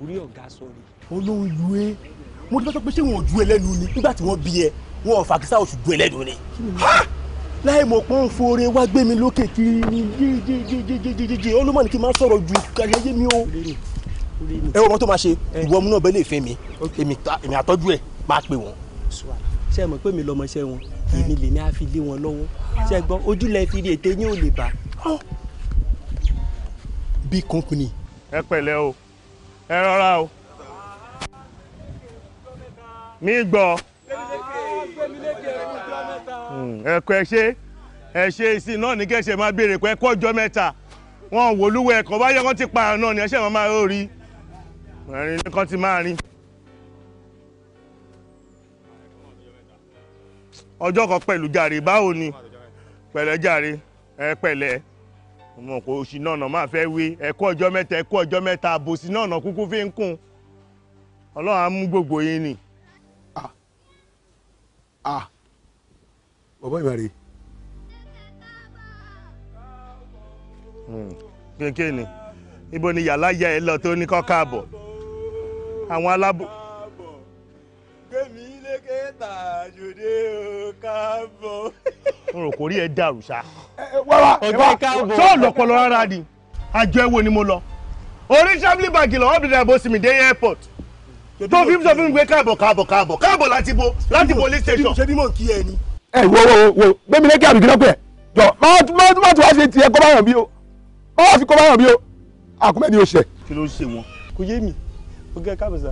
orí ọ̀gá sọ ni. olóhùn ìlú ẹ mo ti bá sọ pé ṣé wọn ò ju ẹlẹ́nu ni nígbà tí wọ́n bí ẹ wọn ò fàkísà oṣù ju ẹlẹ́nu ni. láì mọ̀ pọ́n fore wá gbé mi lókè kiri ni jíjíjíjíjíjíjí olúmọ̀ kí n máa sọ̀rọ̀ ju kàyáyé mi o. ẹ wọ́n tó máa ṣe ìwọ ọmú bẹ́ẹ̀ lè fẹ́ mi èmi àtọ́jú ẹ̀ máa pè wọ́n ṣe mọ̀ pé mi lọ́mọṣẹ́ wọn èmi lèmi á fi lé wọn lọ́wọ́ ṣe gbọ́ ojúlẹ̀ fi rí ètè yín ò bá. bí company. ẹ pẹ̀lẹ́ o ẹ rọra o mi gbọ́ hmm, ẹ kọ ẹ ṣe ẹ ṣe ìsìn náà ní kẹsẹ̀ máa béèrè pé ẹ kọ́ ọjọ́ mẹ́ta wọn wò lúwẹ̀ ẹ̀kọ́ wọn ti pààyàn náà ni ẹ ṣẹ̀ máa rí ẹ̀rín ní kan ti máa rin. ọjọ́ kan pẹ̀lú jàre báwo ni pẹ̀lẹ́ jàre ẹ pẹ̀lẹ́ mo kò sí náà nà máa fẹ́ wé ẹ ọjọ́ mẹ́ta ẹ ọjọ́ mẹ́ta àbòsí náà nà kúkú fi ń kún ọlọ́run á mú gbogbo yín ni. dókítà jòdè o káàbọ̀. n rò kórí ẹ dàrú sa. wàrà ọjọ́ káàbọ̀ sọ ọ̀dọ̀pọ̀lọ rárá ni àjọ ẹ̀wò ni mo lọ orí sábìlì bàgì lọ́wọ́ bìrẹ̀ bó sì mí dé airport tó fi sọ fún mi pé káàbọ̀ káàbọ̀ káàbọ̀ káàbọ̀ láti bo láti police station. ṣé bí mo kí ẹ ni. ẹ wo wo wo gbẹmí lẹkẹ àbí kílọpẹ jọ máa máa máa tún wá ṣe tiẹ̀ kó bá yàn bí o máa fi kó bá yàn bí o àkúmẹ ni o ṣe. kí ló ń ṣe wọn. kò yé mi ọgá kábọ̀sà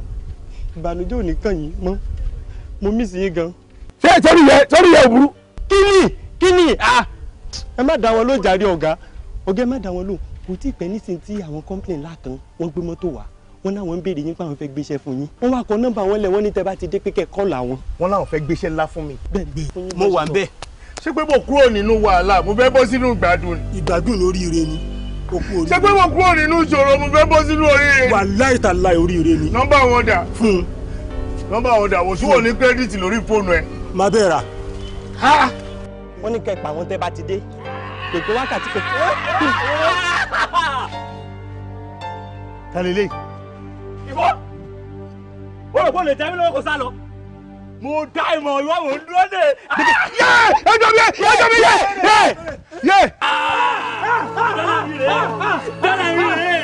ìbànújẹ́ ò ní kàn yín mọ́ mo miss yín gan. ṣé torí yẹ torí yẹ òbúrú. kí ni kí ni ẹ má dá wọn ló jàre ọ̀gá ọ̀gá ẹ má dá wọn lò kò tí ì pẹ́ nísìnyí tí àwọn kọ́ńpìlì ńlá kan wọ́n gbé mọ́tò wá wọn láwọn ń béèrè yín pé àwọn fẹ́ gbéṣẹ́ fún yín wọ́n wá kọ nọ́mbà wọn lẹ̀ wọ́n ní tẹ́ bá ti dé pé kẹ́ kọ́ọ̀lù àwọn. wọ́n láwọn fẹ́ gbéṣẹ́ ńlá fún mi. bẹ́ẹ̀ni mo wà bẹ́ẹ̀. ṣé pé mo kúrò nínú wàhálà mo fẹ́ bọ́ sínú ìgbádùn ni. ìgbádùn lóríire ni okú oríire. ṣé pé mo kúrò nínú ìṣòro mo fẹ́ bọ́ sínú oríire. wàláì tàláì oríire ni. nọ́mbà wọn dà. fún un nọ́mbà àwọn dàwọ̀ sí wọn ní kírẹ́dìtì lórí fóònù ẹ. má bẹ́ẹ̀ rà. wọ́n ní kẹ́ pa àwọn tẹ́ bá ti dé pèpè wákàtí pèpè. tàlélẹ́. ìbọn ó rò pé olè tẹ́ mi lọ́wọ́ kó sá lọ mo dá ìmọ̀ ìwọ mò ń dúró dé. yé ẹjọ́ mi yé ẹjọ́ mi yé yé yé. dára yìí rè é.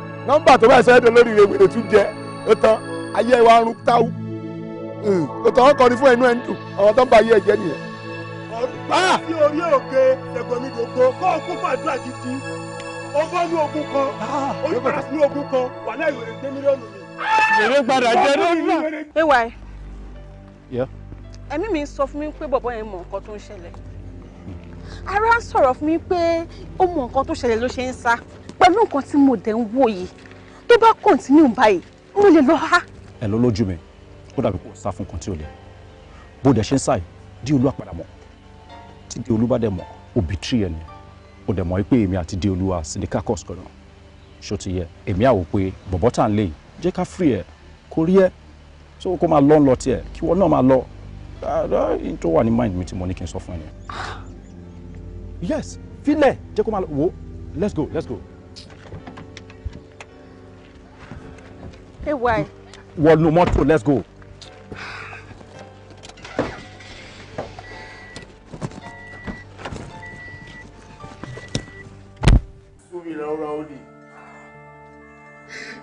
nọ́mbà tó bá ṣe é lórí ìwé ìwé tún jẹ ó tán ayé wa ń táwù hmm, ó tán ọkọ ni fún ẹnu ẹ ń dùn àwọn tó ń ba ayé ẹ jẹ nìyẹn. ọ̀rọ̀ ah! sí orí òkè ṣègbọ̀nmi gbogbo kó o kún fàdúrà gidi ó bọ́ ní ogun kan ó ah! ní padà sí ogun kan wà náà ìwé dé mílíọ̀nù mi. ìwé padà jẹ lórí. ewa ẹ ẹ̀mí mi sọ fún mi pé bọ̀bọ̀ yẹn mọ nǹkan tó ń ṣẹlẹ̀ ara ń sọ̀rọ̀ fún mi pé ó mọ nǹkan tó ṣẹlẹ̀ ló ṣe ń sá pẹ̀lú nǹkan tí mo dẹ̀ ń wò yìí tó bá kọ̀ǹtínú báyìí mo lè lọ ha. ẹ ló lójú mi ó dàbí kó o sá fún nǹkan tí o lè bó dẹ̀ ṣe ń sáì dí olú àpàdà mọ̀ tí dí olú bá dẹ̀ mọ̀ òbí tírì ẹ̀ ni ó dẹ̀ mọ̀ pé èmi àti dí olú wa sí ní kákọ́s kan náà ṣó ti yẹ èmi àwò pé bọ̀bọ̀ tà ń lè jẹ́ ká fìrì ẹ̀ kó rí ẹ̀ tó kó máa lọ́ ń lọ tiẹ̀ kí wọ́n náà máa lọ tó wà ní mind mi tí mo ní kí n sọ fún ẹ nìyẹn yes filẹ̀ jẹ́ kó máa lọ wò let's go let's go. ẹ wá no wọnú mọ́tò let's go.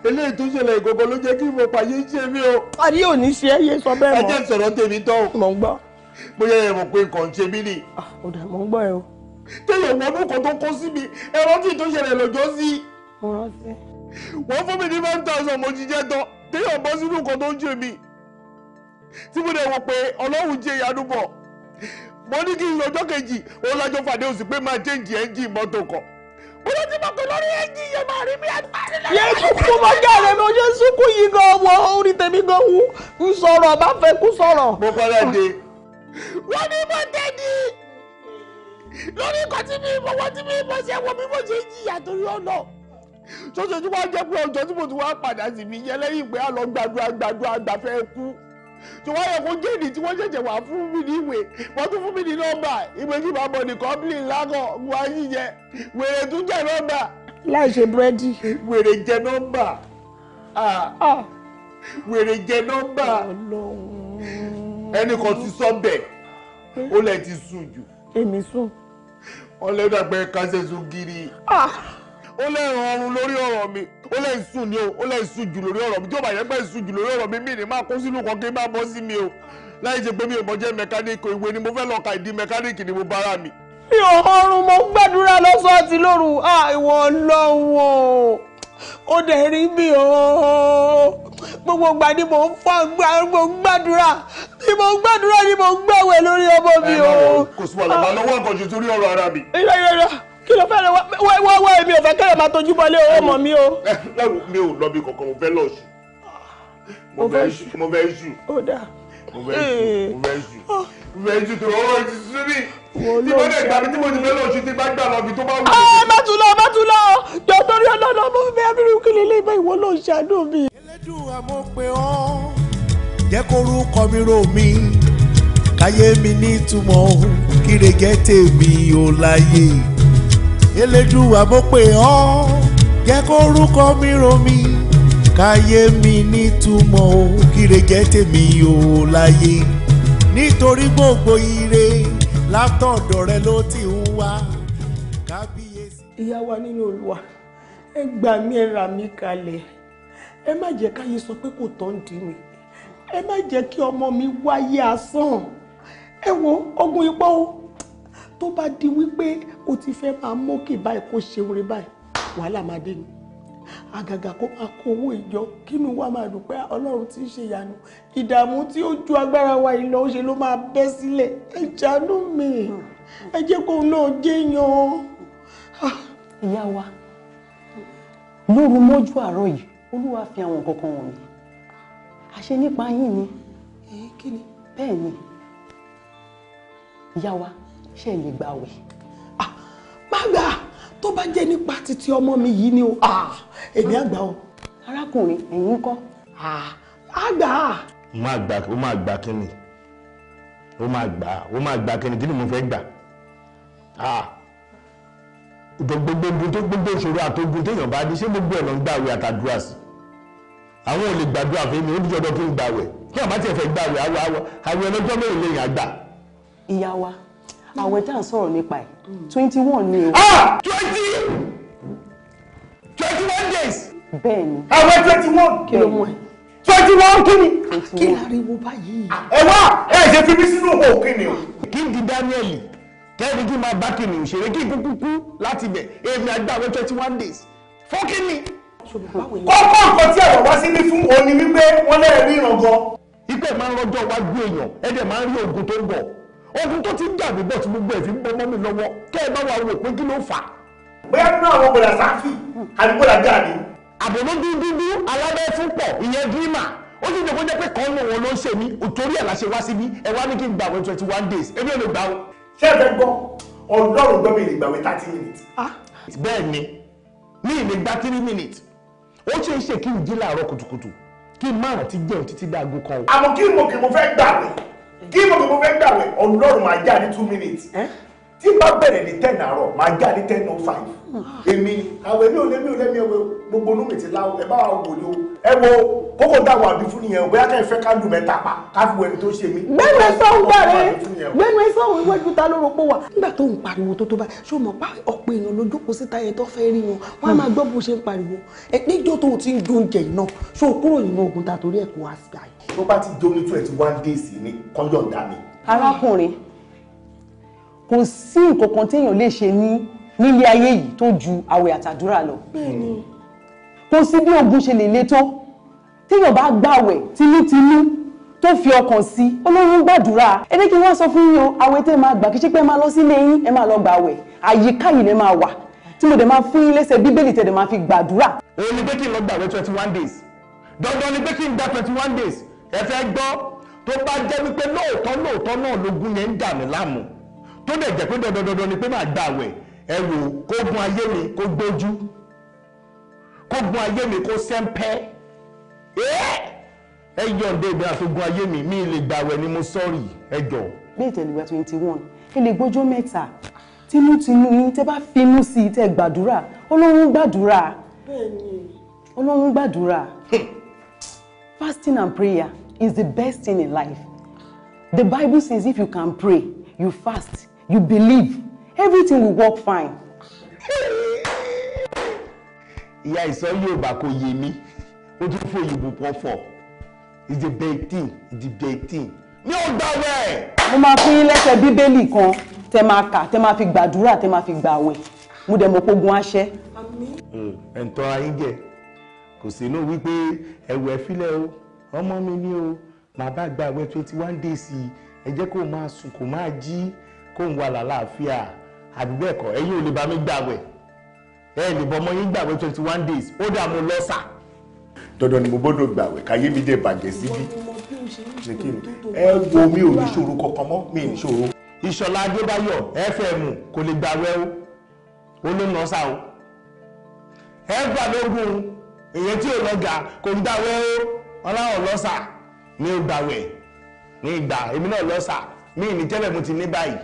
eléyìí tó ṣẹlẹ̀ ìgbọ̀ngàn ló jẹ́ kí mo pàyé ṣe mí o. àdí ò ní ṣe é yé sọ bẹ́ẹ̀ mọ́. ẹ jẹ́ sọ̀rọ̀ tèmi tán o. mò ń gbọ́. bóyá ẹ mọ̀ pé nǹkan ń ṣe mí ni. ọ̀dà ah, mò ń gbọ́ ẹ o. téèyàn wọnú kan tó kó sí mi ẹ rántí tó ṣẹlẹ̀ lọ́jọ́ sí. mo rántí wọ́n fún mi ní five thousand mo jíjẹ́ tán téèyàn bọ́ sínú nǹkan tó ń jẹ mí tí mo dẹ̀ wò pé ọlọ́run jẹ ìyanu bọ̀ mo ní kí n lọ́jọ́ kejì ó lájọ́ fàdé oṣù pé máa jẹ́ǹjì ẹ́ǹjì mọ́tò kan mo ló ti mọ̀ pé lórí ẹ́ǹjì yẹn máa rí mi àgbáyé lọ́wọ́. yẹ kúkú mọ jàre mi ò ṣe sunkún yìí gan wọ orí tèmi gan wú ń sọ̀rọ̀ bá fẹ́ kú sọ̀rọ̀. mo fẹ́rẹ̀ dé. wọ́n ní mo tẹ́ni lórí ikọ̀ tí mi ìbọn wọ́n tí mi ìbọn ṣe wọ́n mi mo ṣe jìyà torí ọ̀nà ṣoṣooṣù wá jẹ́ pé ọjọ́ tí mo ti wá padà sí mi yẹ lẹ́yìn pé a lọ gbàdúrà gbàdúrà àgbàfẹ́ kú tí wọ́n yẹ kó jẹ́ni tí wọ́n ṣẹ̀ṣẹ̀ wá fún mi ní ìwé wọ́n tún fún mi ní nọ́mbà ìwé tí màá bọ̀ ní kọ́ńpìlì lákọ̀ wá yíyẹ wèrè tún jẹ́ nọ́mbà. láì ṣe búrẹ́dì. wèrè jẹ nọ́mbà ah, wèrè jẹ nọ́mbà ẹnì kan ti sọ bẹ́ẹ̀ ó lẹ ti sùn jù. èmi sùn. ọlẹ́dàgbẹ́ kásẹ̀ sùn gírí. ah ó lẹ́ràn ọrùn lórí ọ̀rọ̀ mi ó lẹ́yìn sùn ni o ó lẹ́yìn sùn jù lórí ọ̀rọ̀ mi tí ó bá yẹ pé sùn jù lórí ọ̀rọ̀ mi mí ni máa kó sínú kan kí n máa bọ́ sí mi o láì ṣe pé mi ò mọ jẹ́ mẹkáníìkì ìwé ni mo fẹ́ lọ ka ìdí mẹkáníìkì ni mo bára mi. mi ò ọrùn mo gbàdúrà lọ́sọ̀ àti lóru ìwọ ọlọ́wọ́ ó dẹ̀ rí mi o gbogbo ìgbà ni mò ń fọ́ gbàdúrà ni mo ń gbàdúrà ni mo ń gbàwẹ̀ lórí ọmọ mi o. kò sí wàhálà máa lọ wá nǹkan jù torí ọ̀rọ̀ ara mi kí ló fẹ́ lọ wá wá èmi ò fẹ́ kẹ́lẹ̀ máa tójú bọ́lé owó mọ̀ mí o. lẹ́rù [LAUGHS] eh, mi ò lọ́bi kankan mo fẹ́ lọ ṣù mo fẹ́ ṣù mo fẹ́ ṣù mo fẹ́ ṣù eh. mo fẹ́ ṣù tó owó ti sú mi tí mo lè gbà mí tí mo ti fẹ́ lọ ṣù tí bá gbà lọ bí tó bá wù. Ah, ẹ má tún lọ má tún lọ jọ torí mo fẹ́ abirú kí lè lè bá ìwọ lọ ṣàánú mi. elédùn àmọ́ pé ọ́ jẹ́ korúkọ mi rò mí káyé mi nítumọ̀ kírègé tèmi ò láyé elédùwà mo pè ọ́ jẹ́ kó orúkọ mi romi káyé mi nítumọ̀ o kíre jẹ́ tèmi o láyé nítorí gbogbo ire látọ̀dọ̀ rẹ ló ti ń wá kábíyèsí. ìyá wa nínú olúwa ẹ gbà mí ẹ rà mí kalẹ̀ ẹ má jẹ́ káyé sọ pé kò tọ́ dì mí ẹ má jẹ́ kí ọmọ mi wáyé asán ẹ wo ogun ipá o tó bá di wípé o ti fẹ́ máa mókè báyìí kó ṣe orin báyìí wàhálà máa dé ni àgàgà kó máa kó owó ìjọ kínú wa máa dùn pé ọlọ́run ti ń ṣe ìyanu ìdààmú tí ó ju agbára wa yìí lọ ṣe ló máa bẹ́ sílẹ̀ ẹ jàánú mi ẹ jẹ́ kó náà jẹ́yàn. ìyá wa lóru mọ́jú àárọ̀ yìí olúwa fi àwọn nǹkan wọ̀nyí àṣẹ nípa yín ni bẹ́ẹ̀ ni ìyá wa ṣe lè gbà wẹ̀ má gbà tó bá jẹ́ nípa títí ọmọ mi yìí ni o èmi àgbà o arákùnrin ẹ̀yin kọ́ àgbà. ó máa gbà ó máa gbà kí ni ó máa gbà ó máa gbà kí ni kí ni mo fẹ́ gbà gbogbo ogun tó gbogbo ìṣòro àtogun téèyàn bá ní ṣé gbogbo ẹ̀ lọ ń gbàwé àtàdúrà sí àwọn ò lè gbàdúrà fún mi ó ní jọdọ kí n gbàwẹ̀ kí àbá tiẹ̀ fẹ́ gbàwẹ̀ àwẹ̀ ọlọ́jọ́ mẹ́rin lè yàn àgbà. ìyá wa àwẹ̀ tá à ń sọ̀rọ̀ nípa ẹ̀ twenty one ni o. ah twenty twenty one days. bẹ́ẹ̀ni. àwẹ̀ twenty one. kí ló mú ẹ. twenty one kí ni. kí láriwo báyìí. ẹ wá ẹ ṣe fi mí sínú òkò kí ni o. kí n di Daniel kẹ́ni kí n máa bá kìnìún ṣeré kí n kúkú kú láti bẹ̀ èmi àgbà àwẹ̀ twenty one days fún kí ni. kókó nǹkan tí àwọn wá sí ní fún òní wípé wọ́n lẹ́ẹ̀rí ìràngọ́. ipe máa ń rọjọ́ wájú èèyàn ẹ̀dẹ̀ máa ń rí oògùn tó ń bọ̀ ogun tó ti ń dàbí bọ̀ tí gbogbo ẹ̀ fi ń bọ́ mọ́ mi lọ́wọ́ kẹ́ ẹ bá wa wò pé kí ló fà á. bóyá nínú àwọn bọ̀dà sáfì àbí bọ̀dà jáde. àbòmọ́ dúdúdú alábẹ́ fún pọ̀ ìyẹn dírímà ó sì dẹ̀kọ́ jẹ́ pé kan ní wọn ló ń ṣe mí òtórí ẹ̀ láṣẹ wá síbí ẹ wá ní kí n gbà wẹ̀ twenty one days èmi ò lè gbà o. ṣé ẹ fẹ́ gbọ́ ọlọ́run gbọ́ mi lè gbà wẹ̀ thirty minutes. Ah. bẹ́ẹ̀ ni mi ì lè gba three minutes ó ṣe é ṣe kí n jí láàárọ̀ kùtùkùtù kí n má rántí jẹun títí dáago kan o. àmọ́ kí n mọ̀ kí mo fẹ́ gbà wẹ̀ kí mo gbogbo fẹ́ gbàwẹ̀ ọlọ́run máa já ní two minutes tí n bá bẹ̀rẹ̀ ní ten àárọ̀ máa já ní ten o oh five èmi àwọn èmi ò lé mi ò lé mi ẹwọ gbogbo inú mi ti láwọ ẹ bá wa wò ni o ẹ wo kókò dáwọ àbí fún nìyẹn o bóyá kẹ́ ẹ fẹ́ ká lù mẹ́ta pa ká fi wo ẹni tó ṣe mí. gbẹ́nu ẹ sọ̀hún gbàre gbẹ́nu ẹ sọ̀hún iwájú ta ló rọpò wà. nígbà tó ń pariwo tó tó bá ṣé o mọ̀ pa ọ̀pọ̀ èèyàn ló jókòó síta yẹn tó fẹ́ rí wọn wọn á máa gbọ́ bó ṣe ń pariwo ẹ níjó tó ti ń jóúnjẹ yìí náà ṣé o kúrò nínú ogun ta torí ẹ̀ kó wá sí àyè. tó bá ti jó ní twenty one days ní kọ́ńjọ̀ dá mi. arákùnrin kò sí nǹkan kan téèyàn lè ṣe ní nílé ayé yìí tó ju àwẹ̀ àtàdúrà lọ kò sí bí ogun ṣe lè le tó téèyàn bá gbàwẹ̀ tinútinú tó fi ọkàn sí olóyún gbàdúrà ẹ kí wọ́n sọ fún yín o àwẹ̀ tẹ́ máa gbà kí ṣe pé ẹ máa lọ sílé yín ẹ máa lọ gbàwẹ̀ àyíká yìí lẹ máa wà tí mo dẹ̀ máa fún yín lẹ́sẹ̀ bíbélì tẹ̀ dẹ̀ máa fi gbàdúrà. òun ni pé kí n lọ gbàwẹ̀ twenty one days dandan ni pé kí n gba twenty one days ẹ fẹ́ gbọ́ tó bá jẹ́ wípé lóòótọ́ lóòótọ́ náà lógún yẹn ń dà mí láàmú tó dẹ̀ jẹ́ pé dandan dandan ni pé máa gbàwẹ̀ ẹ wò kógun ayé mi kó gbójú kógun ayé mi kó sẹ́ńpẹ́ ẹ yọ̀ǹde ìgbà àtogun ayé mi mi lè gbàwẹ̀ ni mo sọ́ọ̀rì ẹ jọ. ní ìtẹ̀lẹ́gbà twenty one ẹ lè gbọ́jọ́ mẹ́ta tinútinú yín tẹ́ bá finú sí i tẹ́ gbàdúrà ọlọ́run gbàdúrà ọlọ́run gbàdúrà fasting and prayer is the best thing in life the bible says if you can pray you fast you believe everything will work fine. ìyá ìsọ Yorùbá kò yé mi ó tún fún òyìnbó pọ̀ fọ̀ it's the big thing it's the big thing mi ò gbà wẹ̀. mo máa fún yín lẹ́sẹ̀ bíbélì kan tẹ máa kà tẹ máa fi gbàdúrà tẹ máa fi gbàwẹ̀ mo dẹ̀ mọ̀ pogun aṣẹ́. Mm, ẹ̀ǹtọ́ ayé jẹ kò sínú wípé ẹ̀wù ẹ̀fílẹ̀ o ọmọ mi ni o bàbá gbàwẹ̀ twenty one days ẹ jẹ́ kó máa sùn kó máa jí kó ń wà lálàáfíà àbí bẹ́ẹ̀ kọ́ ẹ̀yin ò lè bá mi gbàwẹ̀ ẹ lè bọ́ yín gbàwẹ̀ twenty one days ó dà mo lọ sà. dandan ni mo gbọ́dọ̀ gbàwẹ̀ káyé mi dẹ̀ bàjẹ́ síbí ẹ wo mi ò ní ṣòro kankan mọ́ mi ní ṣòro. ìṣọ̀lá adébáyọ̀ fm kò lè gbàwẹ̀ o ó ló lọ sá o ẹ gbà lógún èyàn tí ò lọ́gà kò ń gbàwẹ̀ o ọláwọ̀ lọ́sà ní ìgbàwẹ̀ ní ìgbà èmi náà lọ́sà mí ní tẹ́lẹ̀ mo ti ní báyìí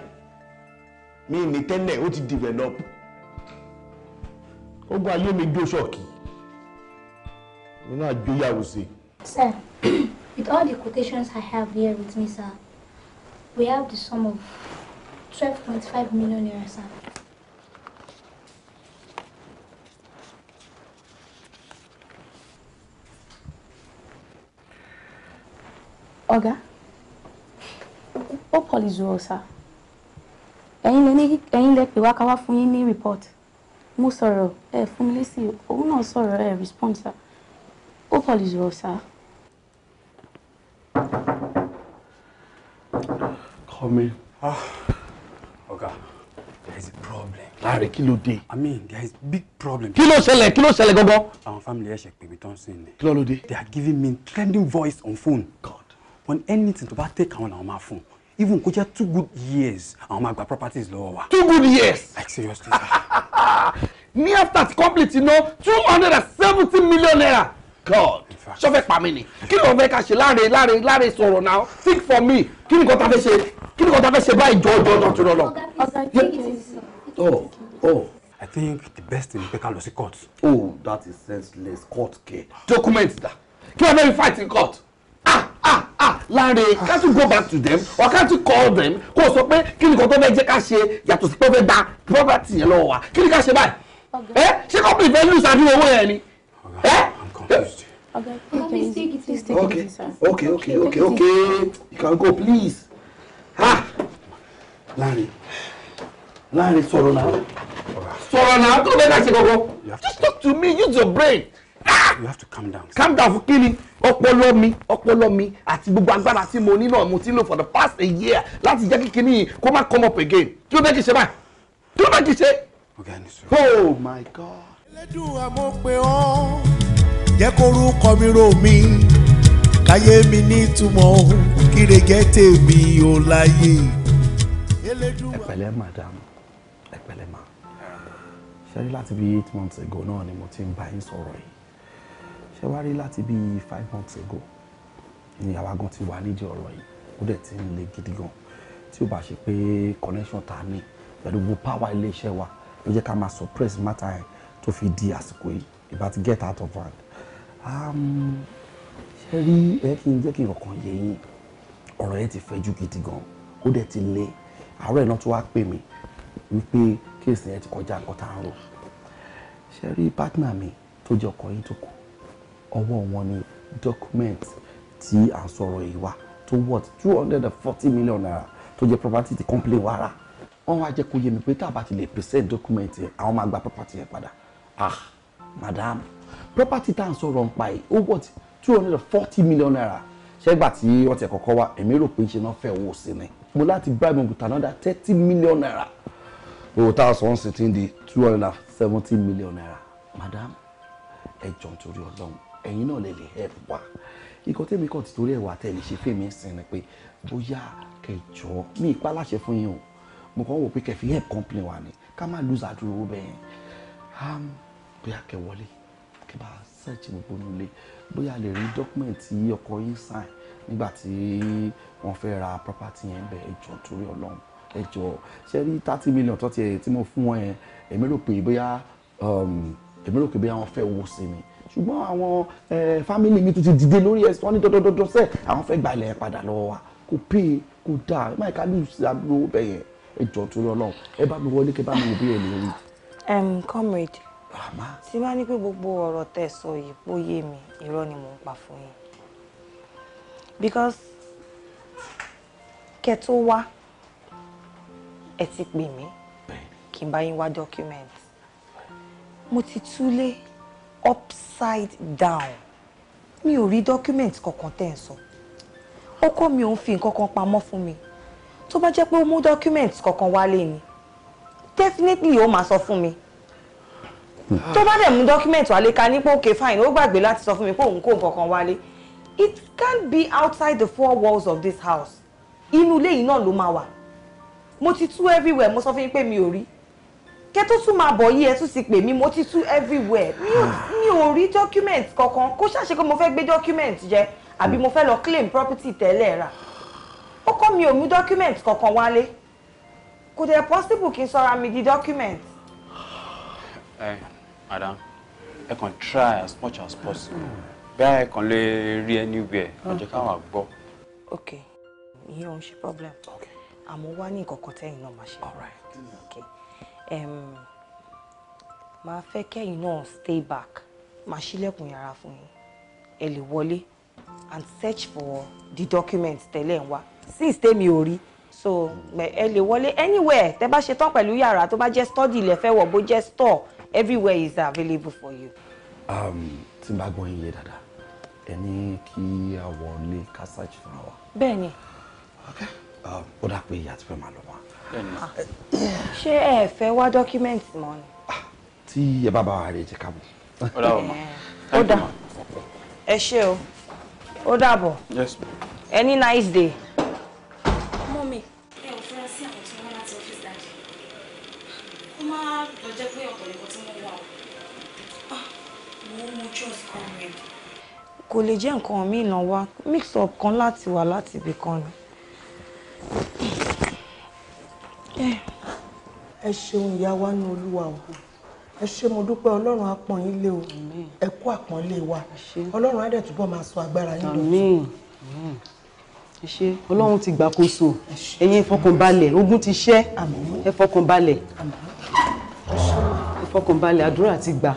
mi ní tẹ́lẹ̀ ó ti develop ogun ayé mi jó ṣọ́ọ̀kì mi náà sí. Sir, [CLEARS THROAT] with all the quotations I have here with me, sir, we have the sum of twelve point five million naira, sir. Ọ̀gá, ó pọ̀ lè zu ọ̀sà ẹ̀yin lè ní ẹ̀yin lè pè wá ká wá fún yín ní report mo sọ̀rọ̀ ẹ fún mi lésì òun náà sọ̀rọ̀ ẹ respond sir ó pọ̀ lè sọ̀rọ̀ sir. come in. ah ọ̀gá there is a problem. láàrin kí ló dé. i mean there is big problem. kí ló ṣẹlẹ̀ kí ló ṣẹlẹ̀ gangan. àwọn family ẹ̀ ṣe pè mí tán sí kí ló ló dé. they are giving me trending voice on phone. god when anything to bá take àwọn làwọn máa fún un even kó jẹ́ two good years àwọn máa gba properties lọ́wọ́ wa. two good years. like seriously. [LAUGHS] ní after ti complete ná two hundred and seventy million naira god sọfẹ pa mí ni kí ló ń fẹ́ ká ṣe láre láre láre sọ̀rọ̀ náà think for me kí ni kò tá fẹ́ ṣe kí ni kò tá fẹ́ ṣe báyìí jọjọ jọ tó lọ. oh oh. I think the best thing pe ká lọ sí court. oh that is senseless court care. documents da kí wọ́n fẹ́ fi fight in court ah ah Lanre can't you go back to them or can't you call them kó o sọ pé kí ni kan tó fẹ́ jẹ́ ká ṣe yàtọ̀ sí pé ó fẹ́ gba property yẹn lọ́wọ́ wa kí ni ká ṣe báyìí ẹ eh? ṣé company fẹ́ lùsà bí owó yẹn ni ẹ. Eh? Eh? Okay, please take it Okay, okay, okay, okay, You can go, please. Ah, Lanre, Lanre, sọ̀rọ̀ náà. Sọ̀rọ̀ náà, tó bẹ́ẹ̀ ká ṣe gbogbo. Just talk to me, use your brain you have to calm down. calm down fún kí ni ọpọlọ mi ọpọlọ mi àti gbogbo agbára tí mo ní náà mo ti lò for the past a year láti jẹ́ kí Kini yìí kó má come up again kí ló bẹ́ẹ̀ kì í ṣe báyìí kí ló bẹ́ẹ̀ kì í ṣe. oh my god. ẹlẹ́dùn àmọ́ ọ́ jẹ́ kó orúkọ mi rò mí káyé mi nítumọ̀ kírègé tèmi ò láyé. ẹ madam ẹ ma ṣe láti bí eight months ago náà ni mo ti ń bá yín sọ̀rọ̀ yìí ṣé wá rí láti bí five months ago ni àwa gan ti wà nídìí ọ̀rọ̀ yìí ó dẹ̀ ti ń le gidi gan tí ó bá ṣe pé connection ta ní pẹ̀lú gbogbo power iléeṣẹ́ wa ló jẹ́ ká máa suppress matter yẹn tó fi di àsìkò yìí ìbá get out of hand ṣe rí ẹ kí n jẹ́ kí ọkàn yẹ yín ọ̀rọ̀ yẹn ti fẹ́jú gidi gan ó dẹ̀ ti le àárọ̀ ẹ̀ náà tó wá pè mí wípé kéèsì yẹn ti kọjá nǹkan tá à ń rò ṣe rí pátínà mi tó jẹ́ ọkọ yín tó kù ọwọ́ wọn ni document tí à ń sọ̀rọ̀ yìí wá tó worth two hundred and forty million naira tó jẹ́ property ti complain wa rà wọ́n wá jẹ́ kó yé mi pé tá a bá ti lè present document yẹn àwọn máa gba property yẹn padà ah madam property tá à ń sọ̀rọ̀ ń pa yìí ó worth two hundred and forty million naira ṣẹ́gbà tí wọ́n ti kọ́kọ́ wá èmi rò pé ṣe náà fẹ́ owó sí ni mo láti bribe with another thirty million naira owó tá a sọ ń sìn tí ń di two hundred and seventy million naira madam ẹ jọ̀ọ́ nítorí ọlọ́run ẹ̀yin náà lè lè help wa ikọ̀ tẹ́mi kàn ti torí ẹ̀wà tẹ̀lé ṣe fèmí sìn ni pé bóyá kẹjọ mi ìpá láṣẹ fún yín o mo kàn wò pé kẹfì help company wa ni ká má lose àdúró bẹ́ẹ̀ bóyá kẹ wọlé kẹ bá search gbogbo nílé bóyá lè rí document tí ọkọ yín sign nígbà tí wọ́n fẹ́ ra property yẹn bẹ́ẹ̀ ẹjọ torí ọlọ́run ẹjọ ṣe rí thirty million tó ti ẹ̀ tí mo fún wọn yẹn èmi rò pé bóyá um, èmi rò pé bóyá wọ́n fẹ́ wo sí mi ṣùgbọ́n àwọn fámìlì mi tún ti dìde lórí ẹ̀sìn ní dọ́dọ́dọ́dọ́ sẹ́ àwọn fẹ́ gba ilẹ̀ padà lọ́wọ́ wa kò pè é kò dáa má ìka lù sí àbúrò bẹ̀yẹn ẹ jọ torí Ọlọ́run ẹ bá mi wọlé kẹ bá mi wò bí ẹ lè comrade ah, tí bá ní pé gbogbo ọ̀rọ̀ tẹ̀ sọ yìí póyè mi irọ́ ni mò ń pa fún yín because kẹ́ tó wá ẹ ti pè mí kí n bá yín wá document mo ti túlé upside down mi ò rí document kankan tẹ́ ń sọ ọkọ mi ò ń fi nǹkan kan pamọ́ fún mi tó bá jẹ́ pé ó mú document kankan wálé ni definitely ó máa sọ fún mi tó bá dẹ̀ mú document wálé ká ní pé òkè fine ó gbàgbé láti sọ fún mi pé òun kó nǹkan kan wálé it can't be outside the four walls of this house inú ilé yìí náà ló máa wà mo ti tú everywhere mo sọ fún yín pé mi ò rí kẹ́ tó tún máa bọ̀ yìí ẹ tún ti pè mí mo ti tú everywhere mi ò rí document kankan kó ṣàṣe pé mo fẹ́ gbé document jẹ àbí mo fẹ́ lọ claim property tẹ́lẹ̀ rà ó kọ́ mi ò mú document kankan wálé kò dẹ̀ possible kí n sọra mi di document. ẹ madam ẹ kàn try as much as possible bẹ́ẹ̀ ẹ kàn lè rí anywhere ọjọ́ káwọn àgbọ̀. ok ìyẹn ò ń ṣe problem àmọ́ wá ní nǹkan kan tẹ́yìn náà máa ṣe. all right. okay máa fẹ́ kẹ́yìn náà stay back máa ṣílẹ̀kùn yàrá fún yín ẹ lè wọlé and search for the documents tẹ́lẹ̀ ń wá since tèmi ò rí so ẹ lè wọlé anywhere tẹ́ bá ṣe tán pẹ̀lú yàrá tó bá jẹ́ study ilẹ̀ fẹ́ wọ̀ bó jẹ́ store everywhere is available for you. Um, tí n bá gbọ́ yín yé dáadáa ẹ ní kí a wọlé ká search fún wa. bẹ́ẹ̀ ok um, ó dà pé ìyá ti fẹ́ máa lọ wá. Ah. ṣé ẹ fẹ́ wá dọ́kímẹ́ǹtì mọ́ ni. Ah, tí ẹ bá bá rẹ jẹ káàbọ̀. ó dà ó dà ẹ ṣé o ó dàbọ̀ ẹ ní nice day. mọ́mi ẹ ò fura sí àwọn tí wọ́n láti ọ́fíìsì dájú kó má lọ jẹ́ pé ọ̀pọ̀ nìkan tí wọ́n wà ó wọ́n mú trust kan rẹ̀. kò lè jẹ́ nǹkan míì náà mix up kan láti wà láti ibì kan ni ẹ ṣeun ìyá wa ní olúwa o ẹ ṣé mo dúpẹ́ ọlọ́run apọ̀n yín lé o ẹ kú àpọ́nlé wa ọlọ́run á dẹ̀ túbọ̀ máa sọ agbára yín dọ̀tun. ẹ ṣé ọlọ́run ti gbàkóso ẹ̀yin ìfọkànbalẹ̀ ogun ti ṣẹ́ ẹ fọkànbalẹ̀ ẹ fọkànbalẹ̀ àdúrà ti gbà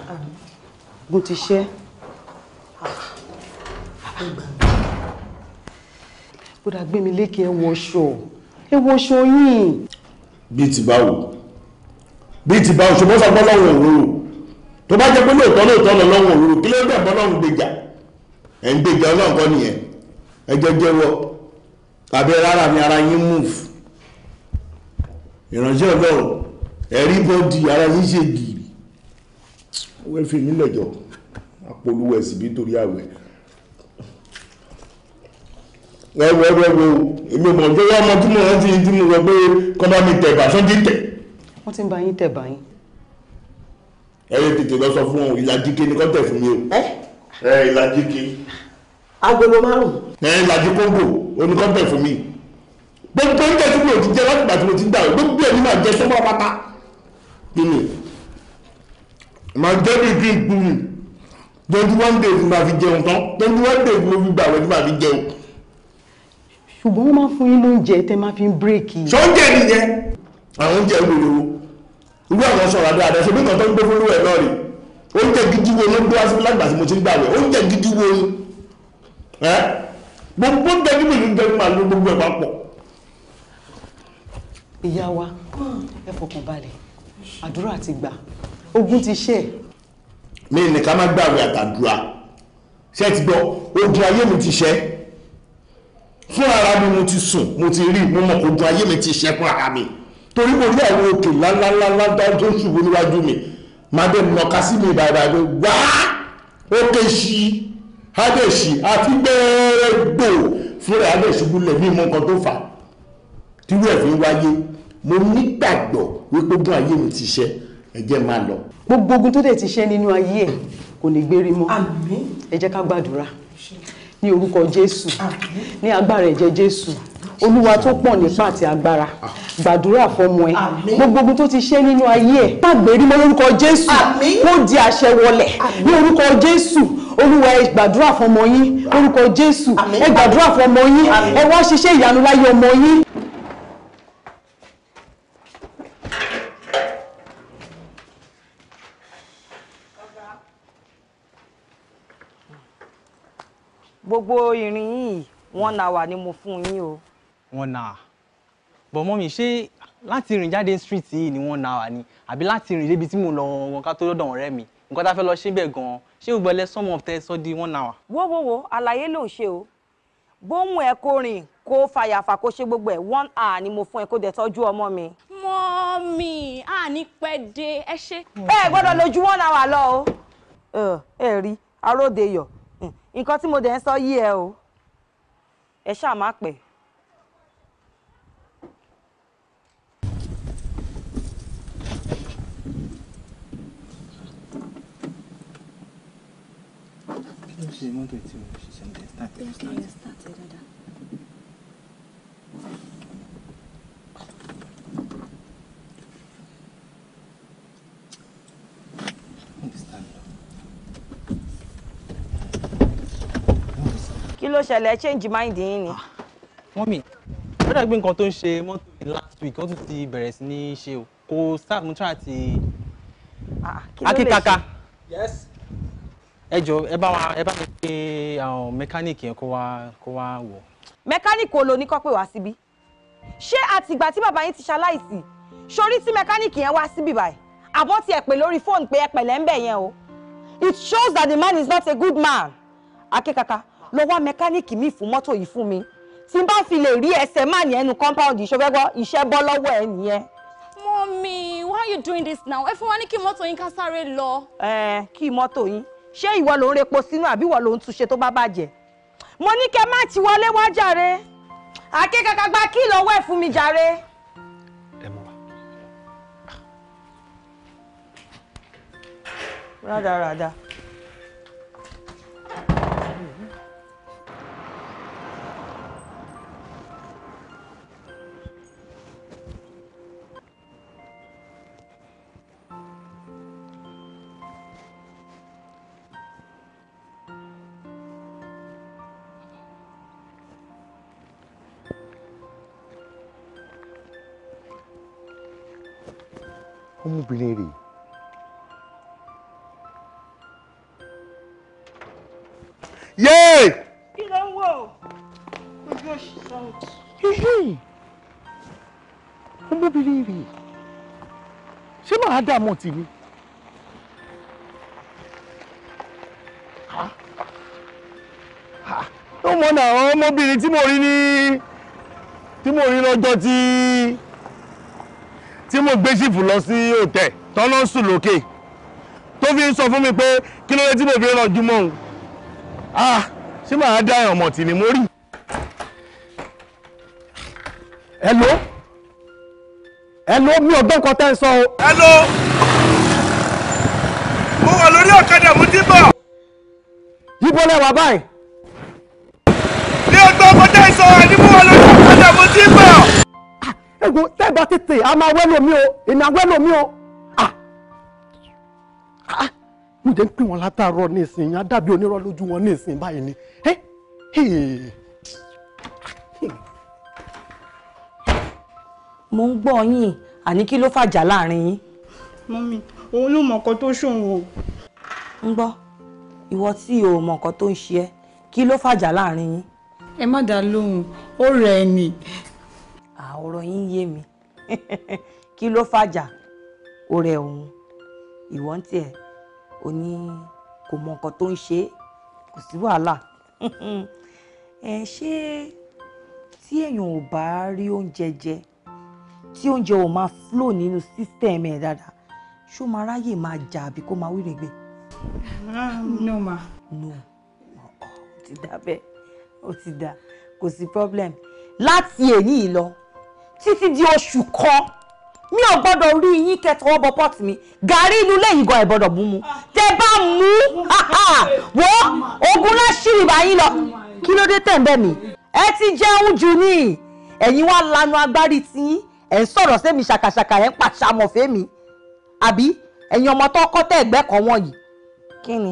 ogun ti ṣẹ́. kódà gbé mi lékè ẹ wọṣọ ẹ wọṣọ yín. bíi ti báwo bíi ti báwo ṣùgbọ́n sọ bọ́lọ́hùn òróró tó bá jẹ́ pé lóòótọ́ lóòótọ́ lọ lọ́hùn òróró kí ló dé bọ́lọ́hùn gbèjà ẹ̀ ń gbèjà ọlọ́run kọ́ nìyẹn ẹ jẹ́ ni ara yín ìrànṣẹ́ ọlọ́run ẹ̀rí ara yín ṣe ẹwọ ẹwọ ẹwọ èmi mọ̀ tó wọ́n mọ tí mo rántí tí mo rọ pé kọ́ bá mi tẹ̀ bàṣán ti tẹ̀. wọ́n ti ń ba yín tẹ̀ bá yín. ẹyẹ tètè lọ sọ fún wọn ìlàjì kí ni kò tẹ̀ fún mi o. ẹ ìlàjì kí. agolo márùn. ẹ ìlàjì kóńgò oníkọ́ tẹ̀ fún mi. gbogbo ń tẹ̀sí mi ò ti jẹ́ láti gbà tí mo ti ń dà o gbogbo ẹ̀mí máa jẹ sọ́mọ́ pátá. kí màá jẹ́ bí kí n kú mi twenty one days ni fi jẹun tán twenty one days mo fi gbà wẹ́n ni màá fi jẹun ṣùgbọ́n wọ́n máa fún yín lóúnjẹ tẹ́ máa fi ń bírèkì. sọ́njẹ nìyẹn àwọn oúnjẹ wèrè o irú àwọn sọ̀rọ̀ àdó àdó ṣebí nǹkan tó ń gbé fún rẹ̀ náà rí oúnjẹ gidi wo ló ń gbé wá síbi lágbàá tí mo ti ń gbà wẹ̀ oúnjẹ gidi wo ni gbogbo oúnjẹ gidi yìí ń jẹ́ nípa ló gbogbo ẹ̀ papọ̀. ìyá wa ẹ fọkàn balẹ̀ àdúrà ti gbà ogun ti ṣe. mi nìkan máa gbàwé àtàdúrà ṣé ti gbọ́ ogun ayé mi ti ṣe fún ara mi mo ti sùn mo ti rí mo mọ̀ ojú ayé mi ti ṣẹ́kún ara mi torí orí àwọn òkè ńláńláńlá tó ń ṣubú níwájú mi máa dé nọka sí mi bàbá mi wá òkè ṣí adéṣì àti gbẹ́ẹ́rẹ́ gbò fúnra adéṣì gúnlẹ̀ ní ìmọ̀ nǹkan tó fà tí wẹ́ẹ̀ fi wáyé mo nígbàgbọ́ wípé ogún ayé mi ti ṣẹ́ ẹ jẹ́ máa lọ. gbogbo ogun tó dẹ̀ ti ṣẹ́ nínú ayé ẹ̀ kò ní gbérí mọ́ ẹ ká gbàdúrà ní orúkọ jésù ní agbára ẹ̀jẹ̀ jésù olúwa tó pọ̀ nípa àti agbára gbàdúrà fọmọ ẹ gbogbo ogun tó ti ṣe nínú ayé ẹ pàgbérí mọ́ lórúkọ jésù kó di àṣẹ wọlẹ̀ ní orúkọ jésù olúwa ẹ gbàdúrà fọmọ yín orúkọ jésù ẹ gbàdúrà fọmọ yín ẹ wá ṣiṣẹ́ ìyanu láyé ọmọ yín gbogbo ìrìn yìí one hmm. hour ni mo fún yín o. one hour but mọ́mì ṣé láti rìn jáde street yìí ni one hour ni àbí láti rìn débi tí mo lọ wọn ká tó lọ́dọ̀ ọ̀rẹ́ mi nǹkan tá a fẹ́ lọ ṣe bẹ́ẹ̀ gan-an ṣé o gbọ́lẹ̀ sọ́mọ ọ̀tẹ́ sọ di one hour. wo wo wo àlàyé ló ṣe o bóun ẹ kó rìn kó fàyàfà kó ṣe gbogbo ẹ one hour ni mo fún ẹ kó dẹ tọ́jú ọmọ mi. mọ́mì àní pẹ́ dé ẹ ṣe. ẹ gbọ́dọ̀ lójú one hour lọ o. ẹ rí aróde yọ̀ nǹkan tí mo dẹ̀ ń sọ yí ẹ o ẹ ṣáà má pẹ́. kí ló ṣe mọ́tò tí mo ṣiṣẹ́ ń bẹ̀ start ẹ̀ start ẹ̀ dáadáa. kí ló ṣẹlẹ̀ change mind yín ni. Ah, mọ́mì ó dàgbé nǹkan tó ń ṣe mọ́tò ní last week ó tún ti bẹ̀rẹ̀ sí ní ṣe o kò start mo try ti ah, akíkaka ẹ jọ ẹ bá wa ẹ bá mi pe àwọn um, mẹkáníìkì yẹn kó wá kó wá wò. mẹkáníìkì wo ló ní kọ́ pé wá síbí ṣé àtìgbà tí bàbá yín ti ṣaláìsí sórí tí mẹkáníìkì yẹn wá síbí báyìí àbọ̀ ti ẹ̀ pè lórí fóònù pé ẹ pẹ̀lẹ́ ń bẹ̀ yẹn o it shows that the man is not a good man akíkaka lọ wá mẹkáníìkì míì fún mọ́tò yìí fún mi tí n bá fi lè rí ẹsẹ̀ má ní ẹnu compound ìṣọ́gbẹ́gbọ́ iṣẹ́ bọ́ lọ́wọ́ ẹ nìyẹn. Mommy, why you doing this now? ẹ fún wa ní kí mọ́tò yín ká sáré lọ. ẹ kí mọ́tò yín ṣé ìwọ ló ń repo sínú àbí ìwọ ló ń túnṣe tó bá bàjẹ́ mo ní kẹ́ má ti wọlé wá jàre àkékàkàgbà kí lọ́wọ́ ẹ̀ fún mi jàre. rádaràda. ọmọbìnrin rèé yéè. kí ló ń wò ojú òṣì sọ́ọ̀tì. ọmọbìnrin rèé ṣé màá dààmú tì mí. ó mọ̀ náà ọmọbìnrin tí mo rí ní tí mo rí lọ́jọ́ tí tí mo gbé ṣìfù lọ sí òtẹ̀ tọ́lọ́ sùn lókè tó fi ń sọ fún mi pé kí ló dé tí mo fi ràn jùmọ̀ òun ah ṣé màá dá ẹ̀yàn mọ̀ tì ní mo rí. hello hello mi ò gbọ́n kan tẹ́ ń sọ o. hello mo wà lórí ọ̀kadà mo ti bọ̀. ibo lẹ wà báyìí. mi ò gbọ́n kan tẹ́ ń sọ ẹni mo wà lórí ọ̀kadà mo ti bọ̀ ẹ̀gbọ́n tẹ́gbà tètè a máa wẹ́lò mi o èmi àwẹ́lò mi o mo jẹ́ ń pè wọ́n látàárọ̀ nísìnyí á dàbí onírọ̀ lójú wọn nísìnyí báyìí ni mo ń gbọ́ yín àní kí ló fàjà láàrin yín. mọ́mí òun ló mọ nǹkan tó ṣòun o. ń gbọ́ ìwọ tí o mọ nǹkan tó ń ṣe ẹ́ kí ló fàjà láàrin yín. ẹ má dá lóhùn ó rẹ̀ ẹ́ nì ọ̀rọ̀ yín yé mi [LAUGHS] kí ló fàjà ó rẹ òun ìwọ ń tiẹ̀ ó ní kò mọ nǹkan tó ń ṣe kò sí wàhálà [LAUGHS] ẹ ṣé tí èèyàn ò bá rí oúnjẹ jẹ tí oúnjẹ ò máa flow nínú system ẹ dáadáa ṣó máa ráyè máa jà àbí kó máa wíre gbé. Ah, no ma. no ó ti dà bẹ́ẹ̀ ó ti dà kò sí problem láti èyí lọ títí di oṣù kan mi ò gbọ́dọ̀ rí yín kẹtọwọ́ bọ pọ́ọ̀tì mi gàrí inú lẹ́yìn gan ẹ̀bọ̀dọ̀ mú mu tẹ bá mú wo ogun láṣìírí báyìí lọ kí ló dé tẹ̀m̀bẹ̀ mi ẹ ti jẹun jù ní ẹ̀yin wá lanu agbárí tí ẹ̀ ń sọ̀rọ̀ sẹ́mi ṣàkàṣàkà ẹ̀ ń pàṣàmọ̀ fẹ́mi àbí ẹ̀yin ọmọ tó kọ́ tẹ́ ẹ̀gbẹ́ kan wọ̀nyí kí ni.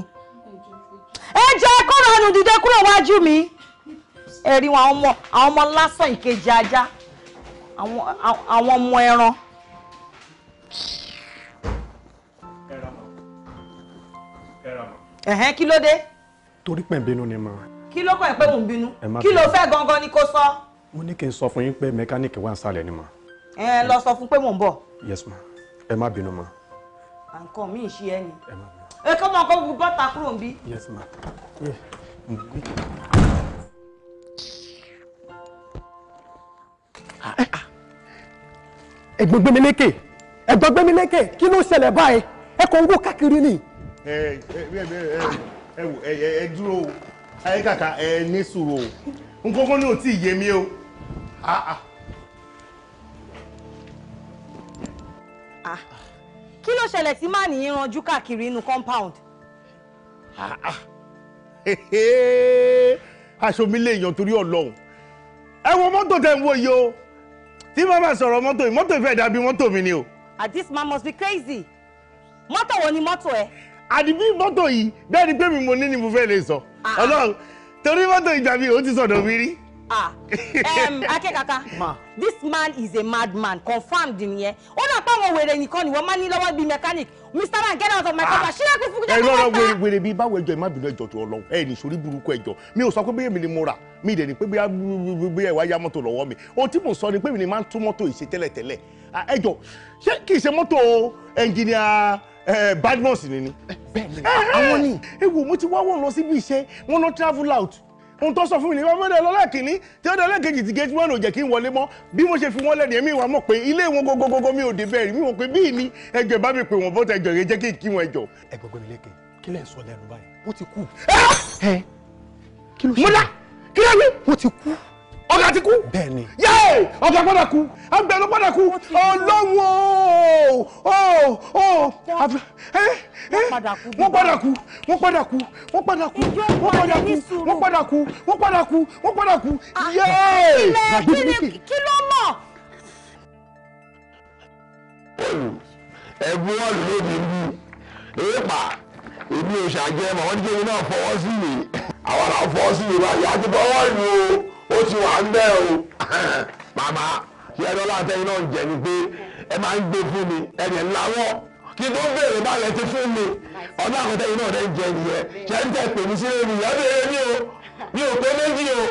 ẹ jẹ́ kọ́ra ọ̀nù dìde kúrò wájú mi ẹ̀rí àwọn ọmọ lásán ìkejì ajá àwọn ọmọ ẹran. ẹ̀hẹ́n kí ló dé. torí pẹ̀ ń bínú ni mà. kí ló kàn pé mò ń bínú kí ló fẹ́ gangan ni kò sọ. mo ní kí n sọ fún yín pé mẹkáníìkì wà ń sálẹ̀ ni mà. ẹ lọ sọ fún pé mò ń bọ̀. yes ma ẹ má bínú ma. à ń kọ́ mi ì ṣe ẹ ni. ẹ kọ́ mọ kó bọ́ta kúrò ń bí. yes ma. Yeah ẹ̀gbọ́n gbé mi lékè ẹ̀gbọ́n gbé mi lékè kí ló ṣẹlẹ̀ báyìí ẹ kò ń wò káàkiri ni. ẹ ẹ wò ẹ ẹ dúró o ayé kàkà ẹ ní sùúrù o nǹkan kan ní ò tí ì yé mi o. kí ló ṣẹlẹ̀ tí màá nìyí ranjú káàkiri inú compound. aṣọ mi lè yan torí Ọlọ́run ẹ wo mọ́tò tẹ̀ ń wo yìí o tí màmá sọ̀rọ̀ mọ́tò yìí mọ́tò ìfẹ́ dàbí mọ́tò mi ni o. ah this man must be crazy mọ́tò wo ni mọ́tò ẹ. àdìbí mọ́tò yìí bẹ́ẹ̀ ni pé mi mo ní ni mo fẹ́ lè sọ ah. ọlọ́run torí mọ́tò ìjà mi ò ti sọ̀dọ̀ mi rí. ah [LAUGHS] Ma. this man is a mad man confirmed nìyẹn ó náà pa àwọn wèrè nìkan ni wọ́n máa ní lọ́wọ́ bíi mechanic mr man get out of my ah. car ṣílẹ̀ kú fún kí n jẹ́ kí n bá ta. ẹ lọ́rọ̀ wèrè wèrè bíi báwo ẹjọ́ ẹ má bínú ẹjọ́ tó ọlọ́run ẹ nìṣorí burúkú ẹjọ́ mi ò sọ pé bẹ́ẹ̀ mi ni mo rà mi ìdẹ̀ ni pé bí ẹ wá yá mọ́tò lọ́wọ́ mi ohun tí mò ń sọ ni pé mi ni máa ń tún mọ́tò ìṣe tẹ́lẹ̀tẹ́lẹ̀ ẹ jọ ṣé kì í ṣe mọ́tò ẹnjìníà Badmus ni ni. bẹ́ẹ̀ni ah, ah, àwọn ni. ẹ wo mo ti wá wọn lọ síbi iṣẹ́ wọn lọ travel out ohun tó sọ fún mi ni wọn mọdẹ lọlá kìíní tí ó dọlẹ kejì tí gate one ò jẹ́ kí n wọlé mọ́ bí mo ṣe fi wọn lẹni èmi ìwà mọ̀ pé ilé wọn gogogogo mi ò dé bẹ́ẹ̀ mi wọ́n pé bíi ni ẹjọ́ ìbá mi pè wọn bọtà ẹjọ́ yẹn jẹ́ kí n kí wọn ẹjọ́. ẹ gbọgbẹ mi lékè kí lẹ sọ lẹ́nu báyìí wọn ti kú. Ah! ẹ kí ló ṣe. múlá kílẹ̀wé wọ́n ti kú ọ̀gá ti kú bẹ́ẹ̀ni yéé ọ̀gá padà kú àgbẹ̀ ló padà kú ọlọ́run ooo ooo wọ́n padà kú wọ́n padà kú wọ́n padà kú wọ́n padà kú wọ́n padà kú wọ́n padà kú wọ́n padà kú yéé. kí ló mọ̀. ẹ̀bùn ọ̀lù ló bí ń bú èèpà èmi ò ṣàjẹ́ mọ̀ wọ́n ní kí èmi fọwọ́ sí mi àwọn àwọn fọwọ́ sí mi báyìí àti fọwọ́ ìlú ó ti wà ń bẹ́ẹ̀ o [LAUGHS] màmá kí ẹ lọ́la àtẹ́yìn náà jẹ́ ni pé ẹ máa ń gbé fún mi ẹ̀rẹ̀ ńláwọ́ kí tó béèrè balẹ̀ ti fún mi ọ̀dọ́ àkọ́tẹ́yìn náà dẹ́n jẹ nìyẹn ṣe ń tẹ̀ pè mí sí èmi ẹ mi o mi ò pé méjì o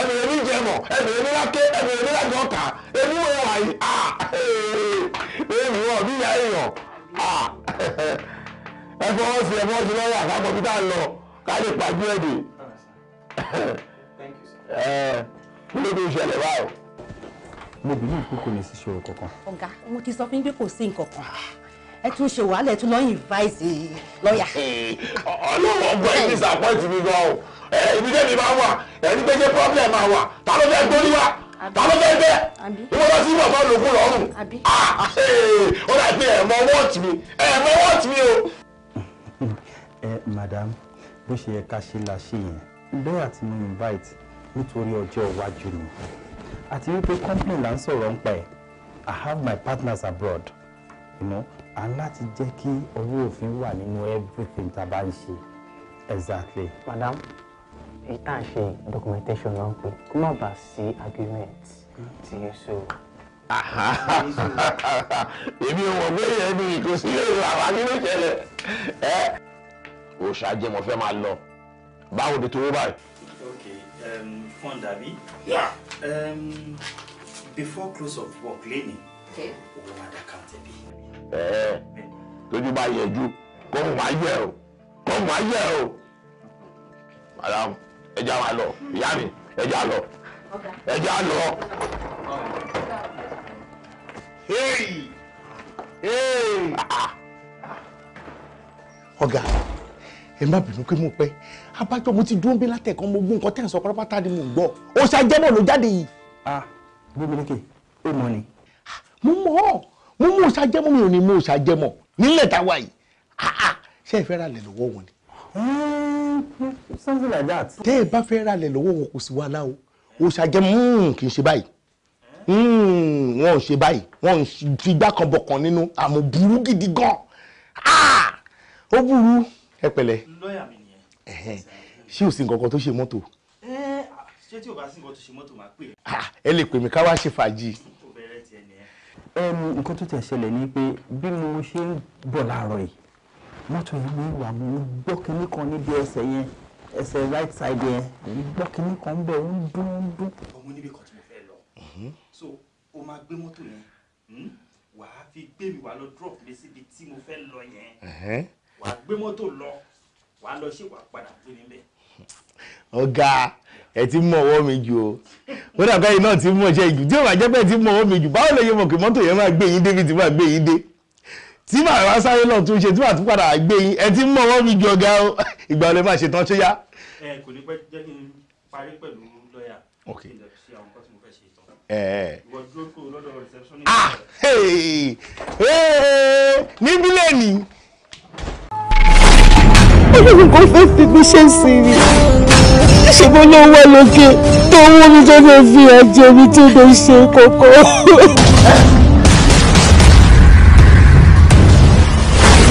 ẹ mi jẹmọ̀ ẹ bèrè mi lákẹ́ ẹ bèrè mi lákẹ́ ọ̀kà èmi wọ̀ wáyé ah [LAUGHS] èmi wọ̀ bí yà èèyàn ah. [LAUGHS] ẹ fọwọ́ sí ẹ fọwọ́ sí lọ́wọ́ àkàkọ́ bí tá a lọ ká lè pàdé ẹ̀dẹ̀. kí ló dé ìṣẹ̀lẹ̀ báyìí. mo bìlí ìkókò ní ṣíṣe kankan. ọ̀gá mo ti sọ fún yín pé kò sí nǹkan kan ẹ tún ṣe wàhálà ẹ tún lọ invite lọ́ọ̀yà. ọlọ́wọ́ ọgbọ́n ẹ̀ disappoint mi gan o ibi tẹ́mi máa wà ẹni pé ṣé problem máa wà ta ló fẹ́ gbórí wa ta ló fẹ́ bẹ́ ìwọ lọ sí bàbá olókùn lọ́rùn ah, ó dà pé ẹ̀ mọ wọ́ọ̀tì mi ẹ̀ mọ wọ́ọ̀tì mi o madam bó ṣe yẹ ká ṣe la ṣe yẹn lọ́yà tí mo invite nítorí ọjọ́ iwájú ni àti wípé company là ń sọ̀rọ̀ ń pa ẹ̀ I have my partners abroad you know And láti jẹ́ kí ọwọ́ òfin wà nínú everything tá a bá ń ṣe exactly. madam èyí tá à ń ṣe documentation náà pé kó má bàa sí argument tí yóò so èmi ò mọ̀ pé yẹn ni kò sí èrò àwọn akíní ṣẹlẹ̀ òòṣà jẹ́ mo fẹ́ máa lọ báwo ni towó báyìí. ok um, fund abi. Yeah. Um, before close of work lẹ́ni owó máa dá káńtẹ̀ bí. ẹ̀ẹ́ tójú bá yẹjú kóhùn máa yẹ o kóhùn máa yẹ o madam ẹja máa lọ ìyá mi ẹja lọ ẹja lọ. Hey! Hey! Ah, ah. ọ̀gá ẹ má bínú pé mo pẹ́ abájọ mo ti dúró bí látẹ̀kọ́ mo gbọ́ nǹkan tẹ̀ ń sọ pátápátá ni mò ń gbọ́ ó ṣàjẹ́bọ̀ ló jáde yìí. ah gbẹ́mìlẹ́kẹ̀ ó mọ ni. Ah, mo mọ̀ ọ́ mo mú ṣàjẹ́mọ̀ mi ò ní mú ṣàjẹ́mọ̀ nílẹ̀ táwa yìí ah, ah, ṣé ẹ fẹ́ ra lẹ̀ lọ́wọ́ wọn ni. Hmm, something like that. tẹ́ ẹ bá fẹ́ ra lẹ̀ lọ́wọ́ wọn kò sí wàhálà o ó ṣàjẹ́mọ̀ hmm, kì í ṣe báyìí hmm, wọn ò ṣe báyìí wọn ò fi igbá kan bọ̀kan nínú àmọ́ burú gidi gan ó burú ẹ pẹ̀lẹ́. lọ́ọ̀yà mi nìyẹn. ṣé ò sí nǹkan kan tó ṣe mọ́tò. ṣé tí o bá sí nǹkan tó ṣe mọ́tò máa pè é. ẹ lè pè mí ká wá ṣe fàájì. nǹkan tó tẹ̀ ṣẹlẹ̀ ni pé bí mo ṣe ń bọ̀ láàárọ̀ yìí mọ́tò yẹn mi wà mo ń gbọ́ kinní kan níbi ẹsẹ̀ yẹn ẹsẹ̀ right side yẹn mo ń gbọ́ kinní kan bẹ́ẹ̀ ó ń dún ó ń dún. ọmọ níbi kan tí mo fẹ́ lọ mhm. so o máa gbé mọ́tò yẹn hmm, wàá fi gbé mi wà lọ drop mi síbi tí mo fẹ́ lọ yẹn wà á mọ mi o ó dàgbà yìí náà ti mọ iṣẹ́ ìjù tí ó bá pé ti mọ ọwọ́ mi jù báwo lè yẹ mọ̀ pé yẹn máa gbé yín débi tí máa gbé yín dé tí màá wá sáré lọ tún ṣe tí màá tún padà gbé yín ẹ ti mọ ọwọ́ mi jù ọ̀gá o ìgbà wo lè máa ṣetán ṣó yá. ẹ kò ní pẹ́ jẹ́ kí n parí ẹlẹ́yìn kan fẹ́ fi mí ṣe sí mi ṣùgbọ́n ló wà lókè tó wọ́n mi tó fẹ́ fi ẹ̀jẹ̀ mi tó lè ṣe kókó.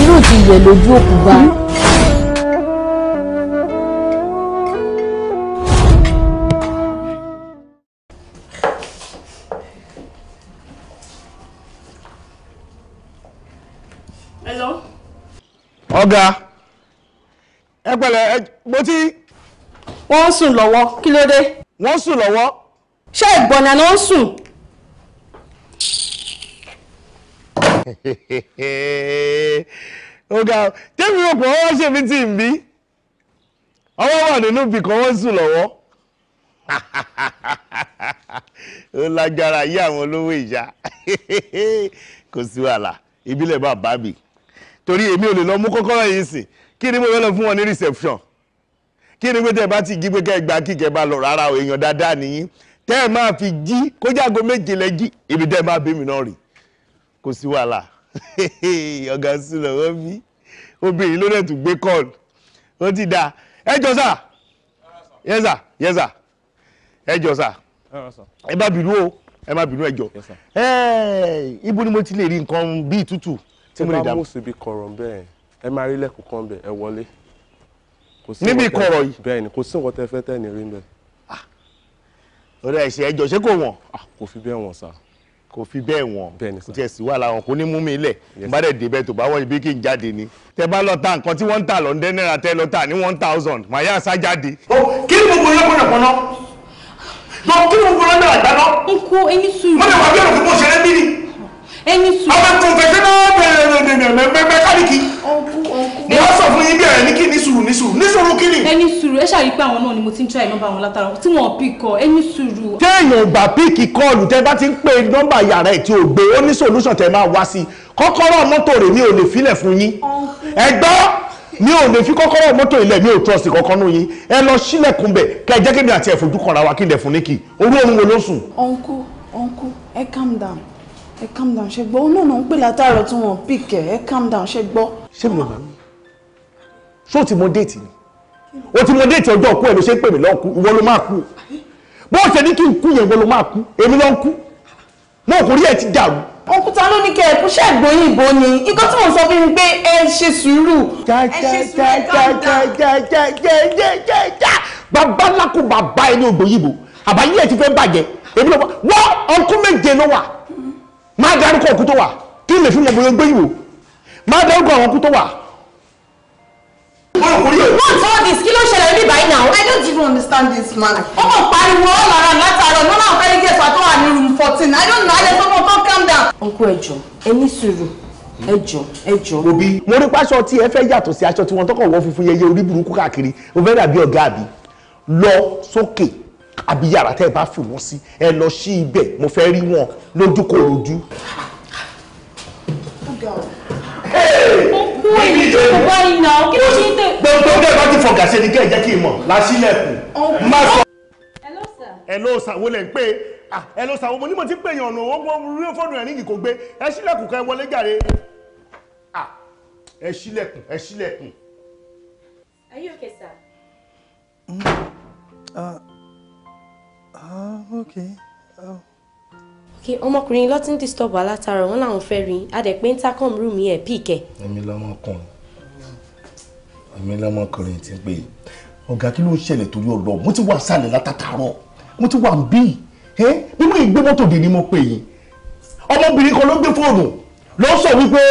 irú ti yẹ lójú òkú Hello. Ọ̀gá. Okay. ẹ pẹ̀lẹ́ mo ti. wọ́n sùn lọ́wọ́ kí ló dé. wọ́n sùn lọ́wọ́. ṣé ìgbọ̀nà ló ń sùn. ọ̀gá [LAUGHS] tẹ́mi rò pé wọ́n ṣe mí tì ń bí ọwọ́ wà nínú ibì kan wọ́n sùn lọ́wọ́ [LAUGHS] ó lágbára yí àwọn olówó ìyá [LAUGHS] kò sí wàhálà ìbílẹ̀ bàbá mi torí èmi ò lè lọ mú kọ́kọ́rọ́ yìí sìn kí ni mo fẹ́ lọ fún wọn ní reception kí ni pé tẹ́ ẹ bá ti jí pé ká ẹ gba kíkẹ́ bá lọ rárá o èèyàn dáadáa nìyí tẹ́ ẹ máa fi jí kó jágo méje lẹ jí ibi tẹ́ ẹ máa bí mi náà rì kò sí wàhálà [LAUGHS] ọ̀gá sí lọ́wọ́ bí obìnrin ló dẹ̀ tún gbé call ó ti dáa ẹ jọ sà yes sir yes sir ẹ jọ sà ẹ bá bínú o ẹ má bínú ẹ jọ ibo ni mo ti lè rí nǹkan bíi tútù tí mo lè dà. ẹ ẹ máa rí lẹ́kùn kan bẹ̀ ẹ wọlé. níbi ìkọ̀rọ̀ yìí. bẹ́ẹ̀ ni kò sí nǹkan tẹ́ fẹ́ tẹ́ ní rí bẹ́ẹ̀. orí ẹ̀sìn ẹjọ́ ṣé kò wọ̀n. kò fi bẹ́ẹ̀ wọ̀n sá. kò fi bẹ́ẹ̀ wọ̀n kò tiẹ̀ sí wàhálà wọn kò ní mú mi lẹ̀ n bá dẹ̀ débẹ̀ tó bá wọ̀ ibi kí n jáde ni. tẹ bá lọ ta nǹkan tí wọ́n ń tà lọ́ndẹ́ thousand màá yá sá jáde. kí ni gbogbo yẹn pọnà pọnà lọ kí ni gbogbo yẹn náírà gbà náà. n kò eyín sùn. mo lè wà bí ọ̀rọ̀ fún ẹni sùn. ọmọ tó fẹ́ sẹ́nà bẹ̀rẹ̀ mẹkáníìkì. mo wá sọ fún yín bí ẹ̀rẹ̀ ní kí ní sùúrù ní sùúrù ní sùúrù kí ni. ẹni sùúrù ẹ ṣàrí pé àwọn náà ni mo ti ń try nọ́mbà wọn látara tí wọn pì kọ ẹni sùúrù. téèyàn gbà píìkì kọ́ọ̀lù tẹ bá ti ń pe nọ́mbà yàrá ẹ̀ tí ò gbé ó ní solution tẹ máa wá sí kọ́kọ́rọ́ mọ́tò rẹ̀ mi ò lè filẹ̀ fún yín ẹgbọ́ mi ò lè fi kọ́kọ́rọ́ mọ́tò ilẹ̀ mi ò trust kankan nù yín ẹ lọ sílẹ̀kùn bẹ̀ kẹ́ ẹ jẹ́ kí mi àti ẹ̀ fojú kanra wa kí n dẹ̀ fún ní kì orú òun wo ló sùn. uncle uncle ẹ calm down ẹ calm down ṣe gbọ́ òun náà ń pè látàárọ̀ tí wọ́n pick ẹ ẹ calm down ṣe gbọ́. ṣé mi ò bá mi ṣé o ti mọ déètì ni o ti mọ déètì ọjọ́ òkú ẹ ló ṣe ń pè mí lọ́ọ̀kú ìwọ ló máa kú bó o ṣe ní kí n kú yẹn ìwọ ló máa kú èmi ló ń kú mo kò rí ẹ ti dàrú. òkúta ló ní kẹ ẹ kúṣẹ́ ìgbóyìn ìbò ni ikọ́ tí mo sọ fún mi pé ẹ ṣe sùúrù ẹ ṣe sùúrù bàbá ńlá kò bàbá ẹni ògbóyìnbó àbáyé ẹ ti fẹ́ bàjẹ́ èmi ló wọ́n ọkùn méje ló wà má dárúkọ òkú tó wà kí lè fi mọ̀ bóyá ìwò má dárúkọ àwọn tó wà. What's all this? Kí ló ṣẹlẹ̀ ní by now? I don't even understand this man. Ó kàn pariwo all around látàárọ̀ lọ́nà àwọn fẹ́rẹ́ gẹ̀ẹ́sì àtọ́ wà ní room fourteen. I don't know. I Ayẹ sọ́kàn kan calm down. Uncle ẹ̀jọ̀, ẹ ní sùúrù. Ẹ̀jọ̀, ẹ̀jọ̀. Òbí, mo rí páṣọ tí ẹ fẹ́ yàtọ̀ sí aṣọ tí wọ́n tọkọ̀ wọ́ funfun yẹyẹ orí burúkú káàkiri. O fẹ́ dàbí ọ̀gá àbí. Lọ sókè àbí yàrá tẹ́ ẹ bá fi wọ́n sí ẹ lọ sí ibẹ̀ mo fẹ́ rí wọn lójúkòròjú. gbogbo bẹ́ẹ̀ bá ti fọ̀gà sí ni kẹ́ ẹ jẹ́ kí n mọ̀ lásìlẹ̀kùn má sọ. ẹ ló sàwọ́ lẹ̀ ń pè é ẹ ló sàwọ́ mo ní mo ti pè yàn ọ̀nà owó rí fóònù ẹ̀ níyì kò gbé ẹ sílẹ̀kùn kẹ́ ẹ wọlé jàre ẹ sílẹ̀kùn ẹ sílẹ̀kùn. Are you okay, sir? ah okay. Oh. okay ọmọkùnrin ló ti ń disturb wa látara wọn làwọn fẹ́ rí a dẹ̀ pé intercom room yẹn pìkẹ́. èmi lọmọkùnrin èmi lọmọkùnrin ti pè ọ̀gá kí ló ń ṣẹlẹ̀ torí ọ̀dọ́ mo ti wà sálẹ̀ látàtàrọ̀ mo ti wà ń bí bí mo gbé mọ́tò dé ni mo pè yín ọmọbìnrin kan ló gbé fóònù ló sọ wípé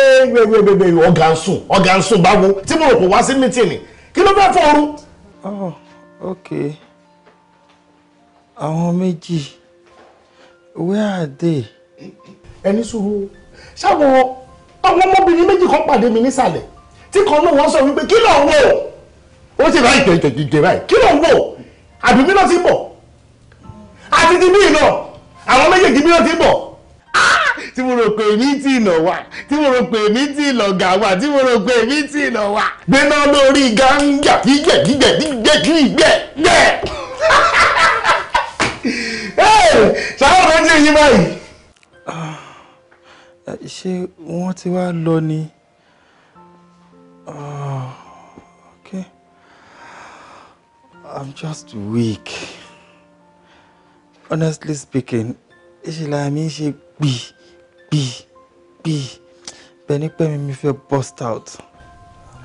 ọ̀gá ń sùn ọ̀gá ń sùn báwo tí mo rò kò wá sí mítìnì kí ló fẹ́ fọ́ọ̀rù. oh okay àwọn méjì where are they. ẹni sùúrù ṣáwọn àwọn ọmọbìnrin méjì kan pàdé mi nísàlẹ̀ tí kan náà wọ́n sọ wípé kí ló ń wò ó ti báyìí jẹjẹjẹjẹ báyìí kí ló ń wò àbí mi náà ti bọ̀ àti ti bí iná àwọn méjèèjì mi náà ti bọ̀ ah! tí mo rò pé èmi tí ìnà wà tí mo rò pé èmi tí ìlọ̀gà wà tí mo rò pé èmi tí ìnà wà gbéná lórí gángà gbígbẹ gbígbẹ gbígbẹ gbígbẹ gbẹ ṣáà ló ń jẹ báyìí. Ah, ṣé wọ́n ti wá lọ ni? Ah, okay. I'm just weak. Honestly speaking, ìṣẹ̀lẹ̀ àmì ṣe gbì gbì gbì bẹ́ẹ̀ ni pé mi fẹ́ burst out.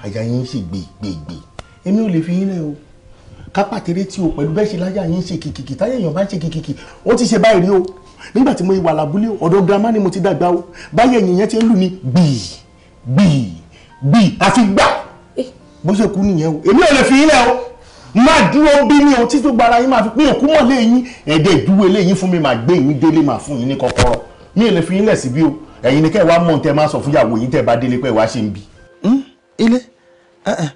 àyà yín ṣì gbè gbè gbè èmi ò lè fi yín lẹ́ o kápàtẹ́rẹ́ tí o pẹ̀lú bẹ́ẹ̀ ṣe láyà yín ṣe kìkìkì táyà èèyàn bá ń ṣe kìkìkì ó ti ṣe báyìí rí o nígbà tí mo wà lábúlé ọ̀dọ̀ girama ni mo ti dàgbà o báyà ẹ̀yìn yẹn ti ń lù ní bíi bíi bíi àfi gbà eh. bó ṣe kú nìyẹn o èmi ò lè fi ilẹ̀ o máa dúró bí ní ohun tí tó gbára yín máa fi pín òkú mọ́lé yín ẹ̀dẹ̀ dúró eléyìí fún mi máa gbé yín délé máa fún yín ní kọ́kọ́rọ́ mi ò lè fi ilẹ̀ síbí o ẹ̀yin ni kẹ́ ẹ wá mọ̀ tẹ́ máa sọ fúnyàwó yín tẹ́ bá délé pé ẹ wá ṣe ń bi. Hmm? ilé eh, eh.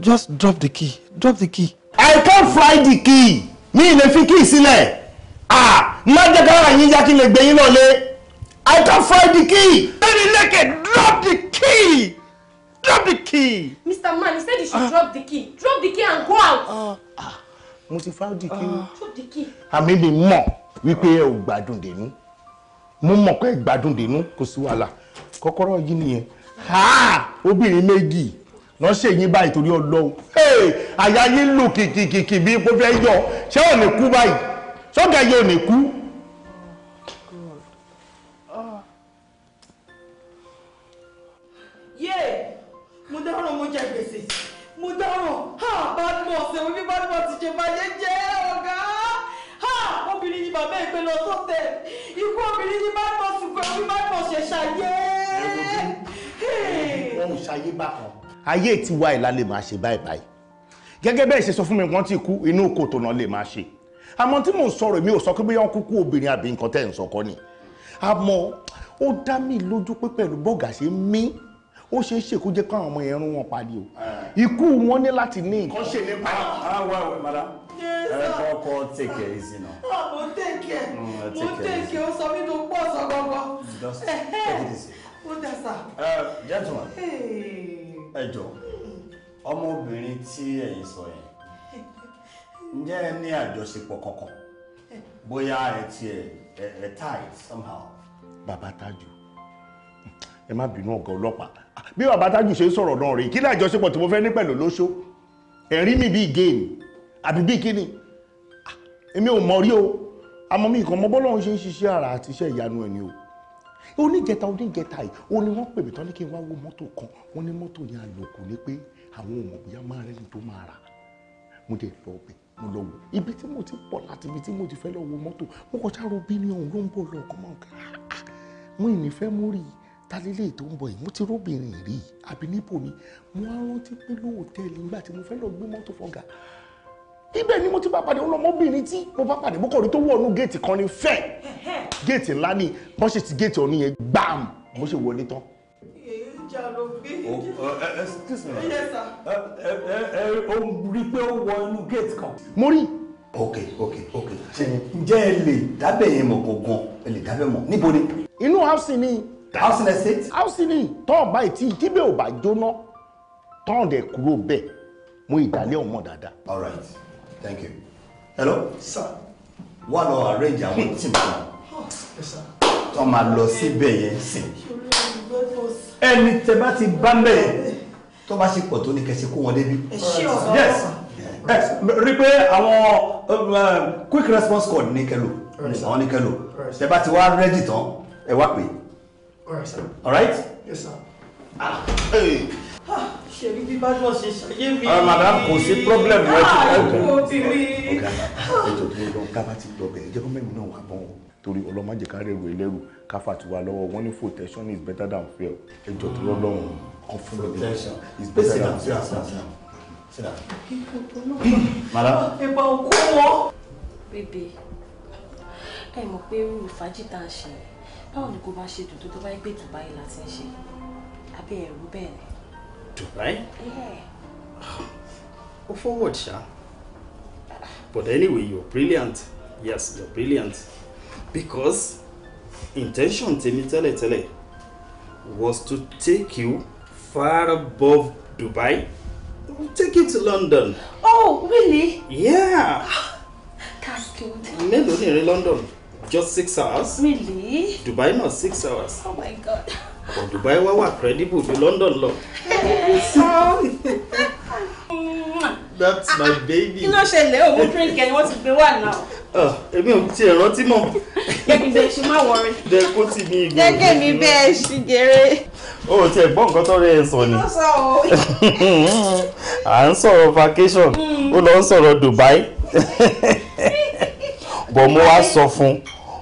just drop the key drop the key I can't fly the key mi fi key sílẹ̀ ah má jẹ́ kára yín yá kí I can't fly the key. Baby Leke, drop the key! Drop the key! Mr. Man, he said you should uh, drop the key. Drop the key and go out. Uh, ah, mo ti fly the key. Uh, drop the key. Àmì mi mọ̀ wípé ẹ ò gbádùn dénú. Mo mọ̀ pé ẹ ko dénú kò kokoro wàhálà. Kọ́kọ́rọ́ yín nìyẹn. lọ ṣe yín báyìí torí Ọlọ́run àyà yín lù kìkìkìkì bí ipò fẹ́ yọ ṣé ò ní kú báyìí ṣọ́gà yóò ní kú ayé tiwa ìlà lè máa ṣe báyìí báyìí gẹ́gẹ́ bẹ́ẹ̀ ṣe sọ fún mi wọ́n ti kú inú kòtò náà lè máa ṣe àmọ́ tí mò ń sọ̀rọ̀ mi ò sọ pé bóyá wọ́n kúkú obìnrin àbí nǹkan tẹ́ ń sọ kọ́ ni àmọ́ ó dá mi lójú pé pẹ̀lú bọ́ọ̀gà ṣe mí ó ṣeé ṣe kó jẹ́ káwọn ọmọ yẹn rún wọn pàdé o ikú wọn ní láti ní nǹkan. kọ́ṣe ní pa àwọn ọmọ mara ẹ kọ́kọ́ tèkè ìsìn náà. Ah, mo tèkè mm, mo tèkè ó sọ mí tó pọ̀ sọ gbọ́ngàn. mo [LAUGHS] dà sá. Uh, ẹjọ jọ̀ọ́ ọmọbìnrin tí ẹ̀yin sọ yẹn ǹjẹ́ ẹ ní àjọṣepọ̀ kankan bóyá ẹ ti ẹ ẹ tight somehow. bàbá tájù ẹ má bínú ọ̀gá bí bàbá tájù ṣe ń sọ̀rọ̀ náà rèé kí ni mi bíi géèmù àbí bíi kíni ah, èmi ò mọ̀ rí o àmọ́ mi kàn bọ́lọ́run ṣe ara àti iṣẹ́ ìyanu ẹ̀ o. oníjẹta oníjẹta yìí o ní wọ́n pè mí tán ní kí n wá wo mọ́tò kan wọ́n ní mọ́tò yẹn àlòkù ni pé àwọn ò mọ̀ bóyá máa rẹ́ni tó máa rà mo dẹ̀ lọ bẹ̀ mo lọ wò ibi tí mo ti pọ̀ láti ibi tí mo ti fẹ́ lọ wo mọ́tò mo kọjá ro bí ní ọ̀hún ló ń bọ̀ lọ ọkọ̀ máa ń kà á ah, ah, mo ì ní fẹ́ mú rí i tálílé tó ń bọ̀ yìí mo ti róbìnrin rí i àbí níbo ni mo á rántí pé lóòtẹ́ẹ̀lì nígbà tí mo fẹ́ lọ gbé mọ́tò fọ́gà ibẹ̀ ni mo ti bá pàdé ọlọmọbìnrin tí mo bá pàdé bókọ̀rí tó wọnú géètì kan ní fẹ́ géètì ńlá ni bọ́n ṣe ti géètì ọ̀nù yẹn gbàm bó ṣe wọlé tán. ó rí pé ó wọ inú géètì kan. mo rí. ok ok ok ǹjẹ́ ẹ lè dábẹ̀ yẹn mọ̀ gangan ẹ lè dábẹ̀ mọ̀ níbo ni. inú house ni. house estate. house ni tọ́ọ̀ báyìí tí kíbẹ̀ ò bá jóná tọ́ọ̀ dẹ̀ kúrò bẹ́ẹ̀ mú ìdálẹ́ ọ̀mọ́ dáadáa. all right thank you hello sir wà lọ arrange àwọn tí mo kàn tó máa lọ síbẹ̀ yẹn sí ẹni tẹ́ bá ti bá mẹ́rin tó bá ṣe pọ̀ tó ní kẹsì kó wọn débi yes rí pé àwọn um, quick response call ní kẹlò àwọn ní kẹlò tẹ́ bá ti wá rẹ́dì tán ẹ wá pè é all right. Yes, sir. Ah, hey ṣe rí bí bájọ́ ṣe ṣayé mi. ọ̀rọ̀ ah, madam kò sí problem rẹ ti kọ́ ah, ọ̀gá ọ̀gá ètò tó lọ ká bá ti lọ bẹ̀rẹ̀ jẹ́ kọ́mẹ́rin náà wà bọ́n torí ọlọ́mọdé ká rẹ̀ rò ẹlẹ́rù ká fàtiwá lọ́wọ́ wọn ní protection is better than fear ẹjọ́ tó lọ́ lọ́rùn kan fún mi is better than fear. madam. ẹ bá òkú wọn. bèbè ẹ mọ̀ pé irú fàájì tá a ṣe báwo ni kò bá ṣe dùn tó tó bá gbé dùn báyìí láti ń ṣe àbí ẹ̀rú bẹ́ẹ̀ ni. Dubai? Yeah. Oh, for what, Sha? But anyway, you're brilliant. Yes, you're brilliant. Because intention tèmi tẹ́lẹ̀tẹ́lẹ̀ was to take you far above Dubai. take you to London. Oh, really? Yeah. That's good. Mélòó ni ìrìn London? Just six hours. Really? Dubai not six hours. Oh my God ọ̀ Dubai wá wà credible ju London lọ. that's my ah, ah, baby. kí ló ṣẹlẹ̀ òun mú drink ẹni wọ́n ti gbé wà náà. Ah, èmi ò tiẹ̀ rántí mọ́. jẹ́gìdè ṣe má wọrin. jẹ́ kó tì mí ìgbò. jẹ́gẹ̀ mi bẹ́ẹ̀ ṣì gèrè. o ò tiẹ̀ gbọ́ nǹkan tọ́rẹ́ ẹ sọ ni. ó sọ o. [LAUGHS] à ń sọ̀rọ̀ vacation hmm. ó lọ ń sọ̀rọ̀ Dubai [LAUGHS] bọ̀ mo wá sọ fún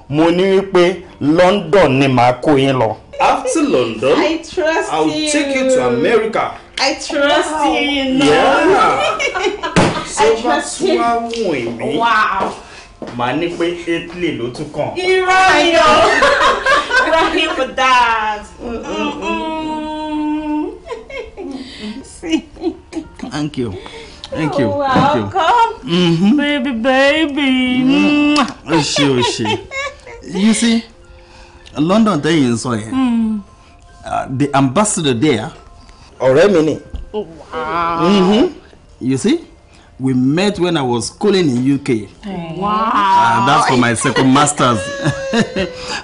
mo ní wípé London ni màá kó yín lọ. After London, I trust I'll you. take you to America. I trust wow. you. No. Yeah. so [LAUGHS] I trust you. Wow. Màá ní pé Italy ló tún kàn. Irọ́ ayọ̀. [LAUGHS] Ready for that. Thank you. Thank you. welcome. Thank you. Mm -hmm. Baby, baby. Mm. Mm-hmm. Oṣé, oṣé. You see? London tẹ́yìn ń sọ yẹn the ambassador there. ọ̀rẹ́ mi ni. wow. mm you see we met when I was schooling in UK. Wow. Uh, that's for my second master's.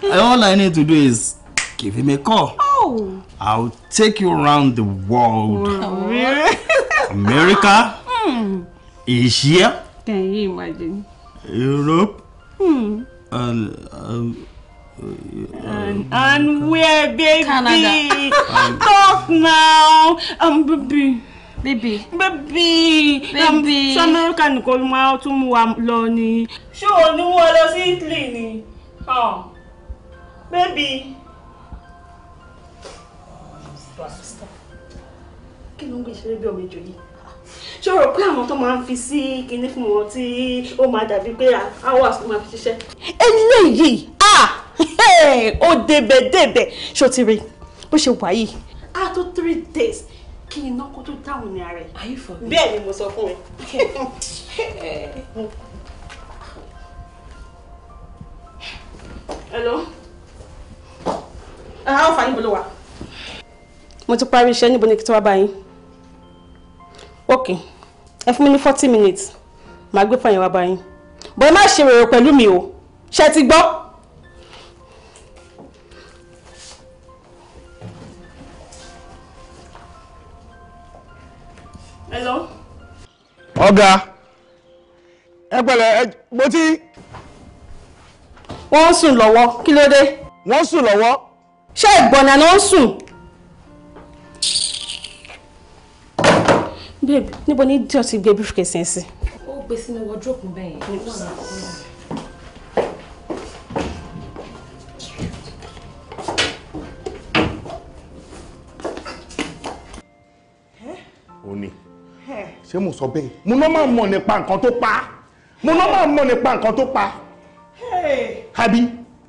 [LAUGHS] All I need to do is give him a call. Oh. I'll take you around the world. Oh. [LAUGHS] America. Mm. Asia. Can you imagine? Europe. Hmm. And, um, and, and where, baby? Canada. Talk now. Um, baby. Baby. Baby. Baby. Ṣé Amẹ́ríkà nìkan call me out to wa lọ ni? Ṣé o ní wọ́n lọ sí Italy Baby. Kí ló ń gbé ìṣeré bí ọmọ ìjọ yìí? Ṣé o rò pé àwọn tó máa ń fi sí kinní fún wọn tí ó máa dàbí pé hours ló máa fi ṣiṣẹ́? Eléyìí! Ah! ó débẹ̀ débẹ̀ ṣó ti rí bó ṣe wà yìí á tó three days kí iná kó tó dáhùn ní ara ẹ̀ bẹ́ẹ̀ ni mo sọ fún ẹ. Hello. Ah, how far níbo ló wà? Mo ti parí iṣẹ́ níbo ni kí tí wá báyìí. Okay, ẹ fún mi ní forty minutes, màá gbé fún àyẹ̀wò báyìí. Bọ̀ ẹ má ṣe rèrò pẹ̀lú mi o, ṣé ti gbọ́? Hello. Ọ̀gá. Ẹ pẹ̀lẹ́ mo ti. Wọ́n ń sùn lọ́wọ́, kí ló dé? Wọ́n ń sùn lọ́wọ́. Ṣé ìgbọ̀nà ló ń sùn? Babe, níbo ni Jọ́sí gbé briefcase yẹn sí? Ó gbé sínú bẹ́ẹ̀ yẹn. ṣé mo sọ bẹ́ẹ̀ mo náà máa mọ̀ nípa nǹkan tó pa mo náà máa mọ̀ nípa nǹkan tó pa àbí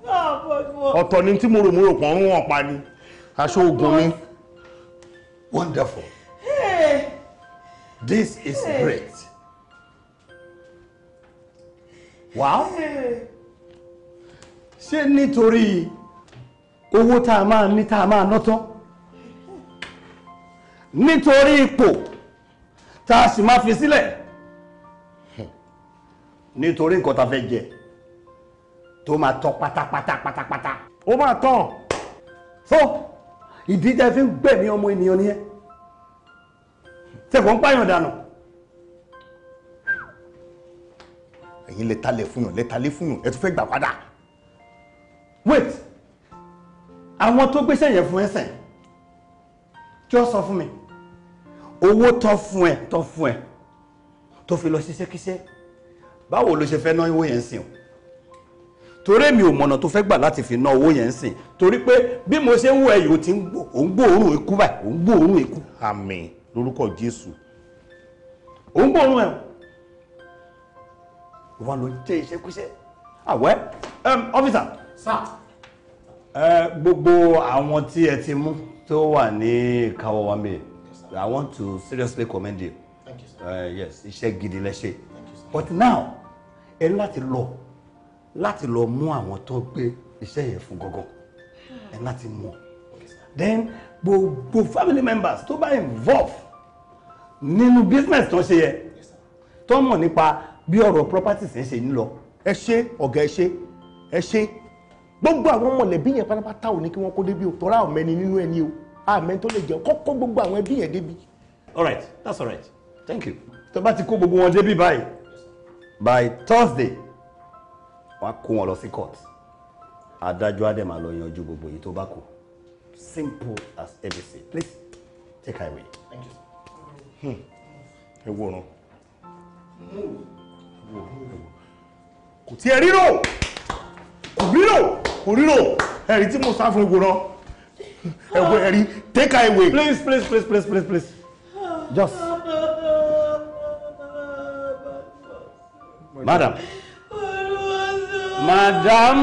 ah, ọ̀tọ̀ ni tí mo rò mo rò pọ̀ ń wọ̀n pa ni aṣọ oògùn ni. wonderful hey. this is great wow ṣé nítorí owó tá a máa ní tá a máa ná tán nítorí ipò tá a sì máa fi sílẹ̀ nítorí nǹkan tá a fẹ́ jẹ tó máa tán pátápátá pátápátá. ó máa tán. so ìdí tẹ́ fi ń gbẹ̀mí ọmọ ènìyàn nìyẹn tẹ̀kọ̀ ń pààyàn dànù. ẹ̀yin lè talẹ̀ fún yàn lè talẹ̀ fún yàn ẹ tún fẹ́ gbà padà. wait àwọn tó gbéṣẹ́ yẹn fún ẹsẹ̀ kí ó sọ fún mi owó tán fún ẹ tán fún ẹ tó fi lọ sí ṣẹ́kíṣẹ́ báwo ló ṣe fẹ́ ná owó yẹn sìn o torí mi ò mọ̀nà tó fẹ́ gbà láti fi ná owó yẹn sìn torí pé bí mo ṣe ń wọ ẹyọ tí ò ń gbóòórùn ikú báyìí ò ń gbóòórùn ikú. àmín lórúkọ jésù. ò ń gbóòórùn ẹ wọn ló ń jẹ iṣẹ́kíṣẹ́ àwẹ ọfíìsà. sá. gbogbo àwọn tí ẹ ti mú tó wà ní ìkáwọ́ wa mìíràn I want to seriously commend you. Thank you, sir. Uh, yes, iṣẹ́ gidi lẹ ṣe. Thank you, sir. But now, ẹ ní láti lọ láti lọ mú àwọn tó gbé iṣẹ́ yẹn fún gangan. Ẹ ní láti mú ọ. Then gbogbo family members tó bá involve nínú business tó ń ṣe yẹn tó mọ̀ nípa bí ọ̀rọ̀ properties ń ṣe ń lọ. Ẹ ṣe ọ̀gá ẹ ṣe ẹ ṣe gbogbo àwọn mọ̀lẹ́bí yẹn pátápátá ò ní kí wọ́n kó débi òtọ́ra ọ̀mẹ́ni nínú ẹni o àmì tó lè jẹun kọ́kọ́ gbogbo àwọn ẹbí yẹn débi. all right that's all right thank you. tó bá ti kó gbogbo wọn débi báyìí by thursday wàá kó wọn lọ sí court adájọ́ á dẹ̀ máa lọ yanjú gbogbo èyí tó bá kù simple as everything please take her away. thank you. Hmm. ẹ wo ọ̀ràn kò tí ẹ ríro kò ríro kò ríro ẹ̀rí tí mo sá fún ìwòran. [LAUGHS] ẹ wo take her away. please please please please please please just. madam madam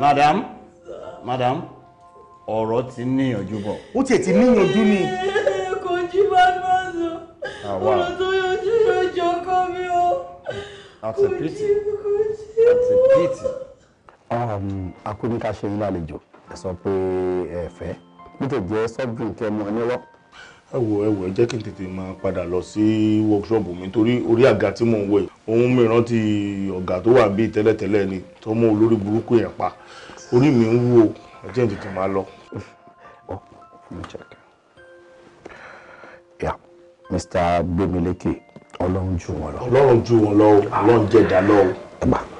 madam madam ọ̀rọ̀ ti níyànjú bọ̀. ó tiẹ̀ ti níyànjú ni. kò jí bá lọ sọ ah, ọ̀rọ̀ tó yọjú yọjọ kọ́ mi o. that's a pity that's a pity. Um, akóníkà ṣe ń lálejò ẹ sọ pé ẹ fẹ́ bí tẹ̀ jẹ́ sọ́bìrì kẹ́ mọ́ níwọ́. ẹ wo ẹ wo ẹ jẹ́ kí n tètè máa padà lọ sí workshop mi torí orí àga tí mò ń wò yìí ohun mìíràn ti ọ̀gá tó wà bíi tẹ́lẹ̀tẹ́lẹ̀ ni tó mú olórí burúkú yẹn pa orí mi ń wò ẹ jẹ́ tètè máa lọ. Mr. Gbemileke ọlọ́run jù wọn lọ. ọlọ́run jù wọn lọ ọlọ́run jẹ̀dá lọ. ẹ gbà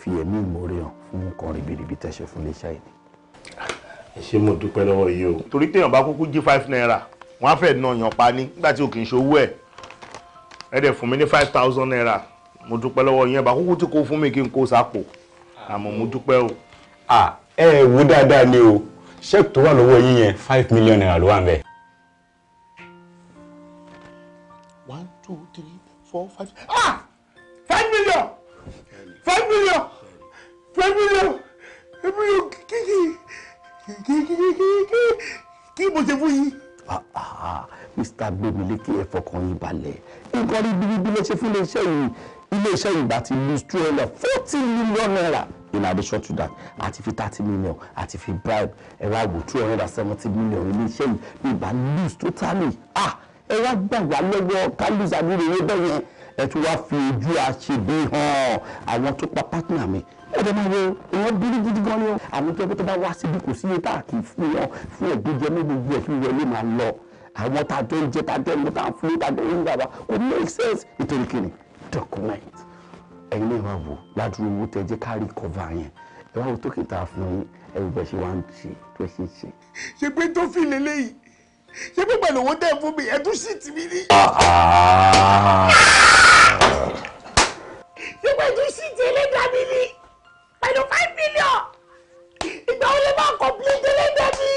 fi ẹ̀mí ìmoore hàn fún nǹkan ribiribi tẹ̀sẹ̀ fún iléeṣẹ́ yìí. ẹ ṣé mo dúpẹ́ lọ́wọ́ yìí o. torí téèyàn bá kúkú jí five naira wọ́n á fẹ́ na yàn pa ní nígbà tí o kì í ṣowó ẹ̀ ẹ dẹ̀ fún mi ní five thousand naira mo dúpẹ́ lọ́wọ́ yẹn bá kúkú tí kò fún mi kí n kó sápò àmọ́ mo dúpẹ́ o. ẹ wo dáadáa ni o ṣẹ́ẹ̀kì tó wà lọ́wọ́ yín yẹn five million naira ló wà ń bẹ̀. one two three four five ah five million five million èmi yóò èmi yóò kíkì kíkì kí mo ṣe fún yín. Ah, ah, ah. Mr. Gbemileke ẹ fọkàn yín balẹ̀ nǹkan rí bíbí ló ṣe fún iléeṣẹ́ yìí iléeṣẹ́ ìgbà ti lose two hundred forty million naira in addition to that àti fi thirty million àti fi bribe ẹ wá wò two hundred and seventy million iléeṣẹ́ yìí ní ìgbà lose totally ah ẹ wá gbàgbà lọ́wọ́ kálíṣà lórí ewé bẹ́ẹ̀ yẹn ẹ tún wá fi ojú àṣebí hàn àwọn tó pa partner mi ọ̀dọ̀ máa wo èèyàn bírí gidi gan ni ó àwọn tó yẹ kó tó bá wá síbi kò sí yẹn tá a kì í fún wọn fún ẹ̀gbẹ́ ní gbogbo ẹ̀ kí máa lọ àwọn tá a jọ ń tá a jọ ń tá a fún tá a jọ ń gbà kò make sense nítorí kí ni document ẹ̀yin pé pẹ̀lú owó tẹ̀ fún mi ẹ tún ṣì tì ní. ṣe pé tún ṣì tì ẹlẹ́dàá mi ní pẹ̀lú five million ìgbà wo lè máa complete délẹ́dẹ́ mi.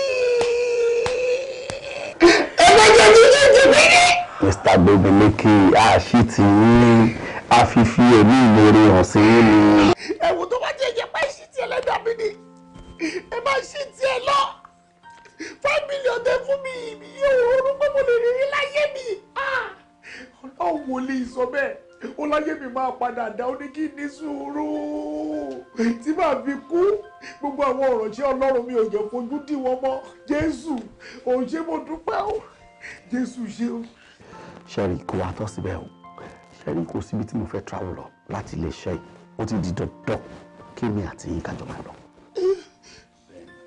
ẹlẹ́jẹ̀ jíjẹ́ jù mí ní. Mr. Gbẹ̀gbẹ̀lẹ́kẹ̀ àṣì tí yín a fi fi ẹ̀mí ìmoore hàn sí yín ni. ẹ̀wù tó bá jẹ́ ìjẹ́ pé ṣì ti mi ni ẹ máa ṣì ti lọ five million dé fún mi ìbí yóò rún pé mo lè rí láyé mi. Ah! ọlọ́run ò lè sọ bẹ́ẹ̀ ó láyé mi máa padà dá ó ní kí ní sùúrù tí màá fi kú gbogbo àwọn ọ̀rọ̀ṣẹ́ ọlọ́run mi ò jẹ́ fojú dì wọ́n mọ́ jésù òun ṣé mo dúpẹ́ o jésù ṣe o. sẹ́rí kò wá tọ́ síbẹ̀ o sẹ́rí kò síbi tí mo fẹ́ travel lọ láti iléeṣẹ́ yìí ó ti di dandan kí èmi àti yín kájọ máa lọ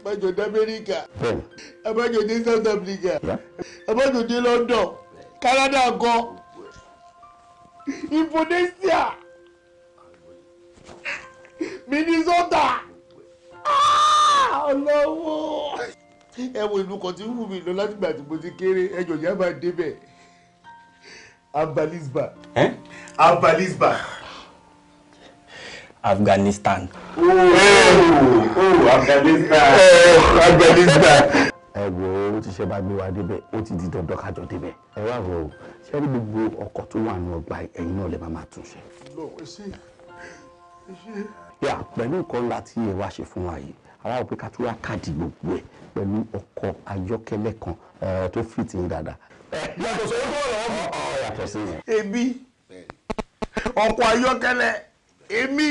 abájọ dé amẹ́ríkà abájọ dé south africa abájọ dé london canada gan Indonesia Minnesota ah, ọlọ́wọ́ ẹ wo ìlú kan tí ń wù mí lọ láti gbà tí mo ti kéré ẹjọ́ ìyá máa débẹ̀ abalisba. abalisba. Afghanistan. ooo Afghanistan. Afghanistan. ẹ wo ó ti ṣe bá gbé wa débẹ̀ ó ti di dandan kájọ débẹ̀ ẹ wá wò sẹ́rí gbogbo ọkọ̀ tó wà ní ọgbà ẹ̀yìn náà lè máa tún ṣe. yà pẹ̀lú nǹkan ńlá tí ẹ wá ṣe fún wa yìí ara ò ká tún wá káàdì gbogbo ẹ̀ pẹ̀lú ọkọ̀ ayọ́kẹ́lẹ́ kan tó fìtì ń dáadáa. yàtọ̀ sọ wípé ọ̀rọ̀ ọ̀hún. yàtọ̀ sí yẹn. èmi ọkọ̀ ayọ́kẹ́lẹ́ èmi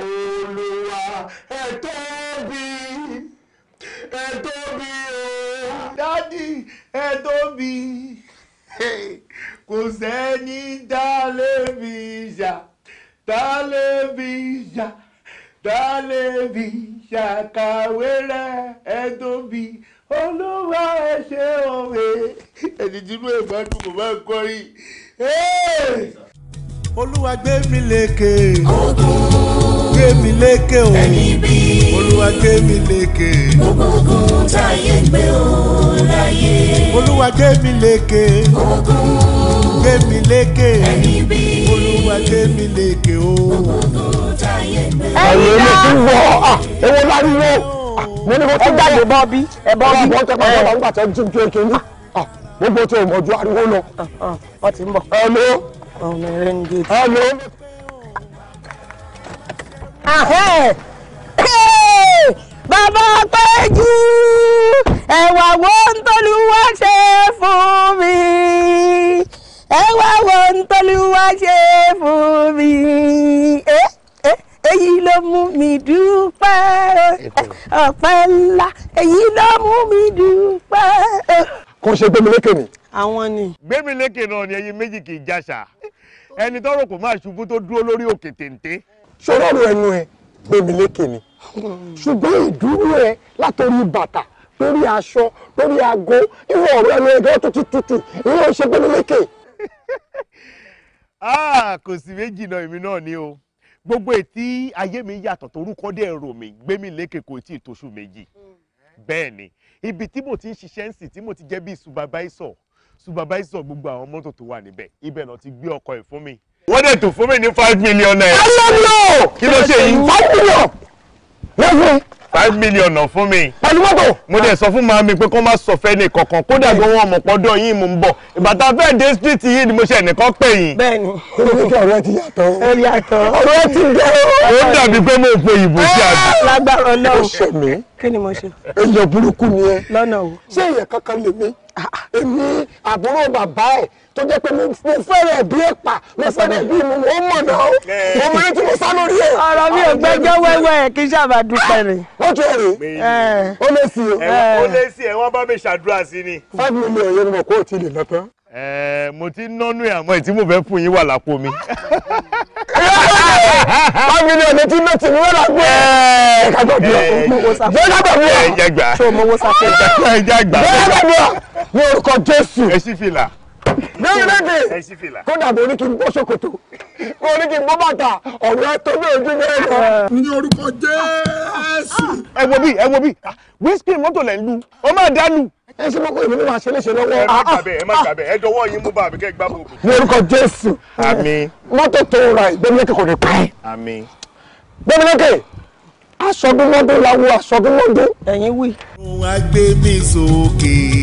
olùwà ẹ̀tọ́ bíi ẹ̀tọ́ dádì ẹ tóbi kò sẹ́ni dálẹ́bí ìjà dálẹ́bí ìjà dálẹ́bí ìjà kàwé rẹ ẹ tóbi olúwa ẹ ṣe òwe ẹni tínú ìgbádùn kò bá kọ́ rí. olúwa gbé mi lékè gbé mi lékè o ẹni bí olúwa gbé mi lékè. gbogbo ogun táyé gbé o láyé. olúwa gbé mi lékè. ogun gbé mi lékè. ẹni bí olúwa gbé mi lékè o. gbogbo ogun táyé gbé o. ẹ̀yin mi ti wọ ewo láriwo ah, mo ní mo ti jáde bọ́ bí ẹ bọ́ bí wọ́n tẹ́ pàṣẹ àwọn àti ẹjú kí ẹkẹ ní gbogbo tí o mọ̀ ju ariwo lọ. Ah, ah, wọ́n ti ń bọ̀. ẹ ló. ọmọ rẹ ń gé. ẹ ló bàbá péjú ẹ̀wà wo ń tolúwa ṣe fún mi ẹ̀wà wo ń tolúwa ṣe fún mi èyí ló mú mi dúpẹ́ ọpẹ́ ńlá èyí ló mú mi dúpẹ́. kò ṣe gbé mi lékè ni. àwọn ni. gbé náà ni ẹyin méjì kì í jáṣà ẹni tọrọ kò máa ṣubú tó dúró lórí òkè téńté. ṣòro ọ̀rọ̀ ẹnu ẹ gbé ni ṣùgbọ́n ìdúró ẹ látọrí bàtà lórí aṣọ lórí aago ìwọ ọ̀rọ̀ ẹnu ẹgbẹ́ tó tutù ìwọ ṣe gbẹ́nu lékè. [LAUGHS] Ah, kò sí méjì náà èmi náà ni o gbogbo ètí ayé mi yàtọ̀ torúkọ dẹ̀ rò mí gbé mi lékè kò tí ì tóṣù méjì bẹ́ẹ̀ ni ibi tí mo ti ń ṣiṣẹ́ ń sìn tí mo ti jẹ́ bíi supervisor supervisor gbogbo àwọn mọ́tò tó wà níbẹ̀ ibẹ̀ náà ti gbé ọkọ̀ ẹ̀ fún mi wọ́n dẹ̀ tó fún mi ní five million naira. ẹ lọ́nà kí ló ṣe yìí. five million na hwee five million náà fún mi. pẹ̀lú mọ́tò. mo dẹ̀ sọ fún màmí pé kó má sọ fẹ́ ní kankan kódà bí wọ́n mọ̀ pọ́dọ̀ yín mò ń bọ̀ ìbàtà fẹ́ dé street yìí ni mo ṣe ẹnìkan pè yín. bẹ́ẹ̀ni ọ̀rọ̀ ti yàtọ̀ o. ó yàtọ̀ ọ̀rọ̀ ti jẹ́ o. ó dàbí pé mo pe ìbò sí àbí. Ah, lágbára Ọlọ́run. ó ṣe mí. kí ni mo ṣe. èèyàn burúkú ni ẹ. lọ́nà o. ṣé èèyàn kankan lè mí. Ah, ah. èmi àbúrò bàbá ẹ̀ tó jẹ́ pé mo fẹ́rẹ̀ bí ẹ̀pà mo fẹ́rẹ̀ bí mo mọ̀ náà mo mọ̀ ní tí mo sá lórí ẹ̀. ọ̀rọ̀ mi ò gbẹ́jọ́ wẹ́wẹ́ kí sábà dúpẹ́ ni ó tó rè ó lé sí o. ó lé sí ẹ wọn bá mi ṣàdúrà sí ni. five million yẹn ni mo kó tí ì lè lọ tán. mo ti nánú ẹ àmọ́ ìtí mo fẹ́ fún yín wà lápò mi. five million ni tí mo ti mú wọn lápò ẹ kájọ bí ọ jẹ kájọ bí ọ tó mọ owó sáfẹ́ jẹ kájọ bí ọ ní orúkọ Jésù. ẹ ṣí fìlà lórílẹ̀-èdè kódà mo ní kí n bó ṣòkòtò mo ní kí n bó bàtà ọ̀rẹ́ tó ní ojú mẹ́rin lọ. ní orúkọ jésù. ẹ wo bí ẹ wo bí ah, wíṣípì mọ́tò lẹ́ ń lu ó máa dá ẹ ṣe mọ́kò ìlú wa ṣe léṣe lọ́wọ́. ẹ má ah, ah, gbàbẹ̀ ẹ má gbàbẹ̀ ẹ dọwọ́ yín mú bá mi kẹ́ gbá bò. ní orúkọ jésù. àmín. mọ́tò tó ra ìgbẹ́mílẹ́kẹ̀ kò ní pa ẹ́. àmín. gbẹ́mílẹ́kẹ̀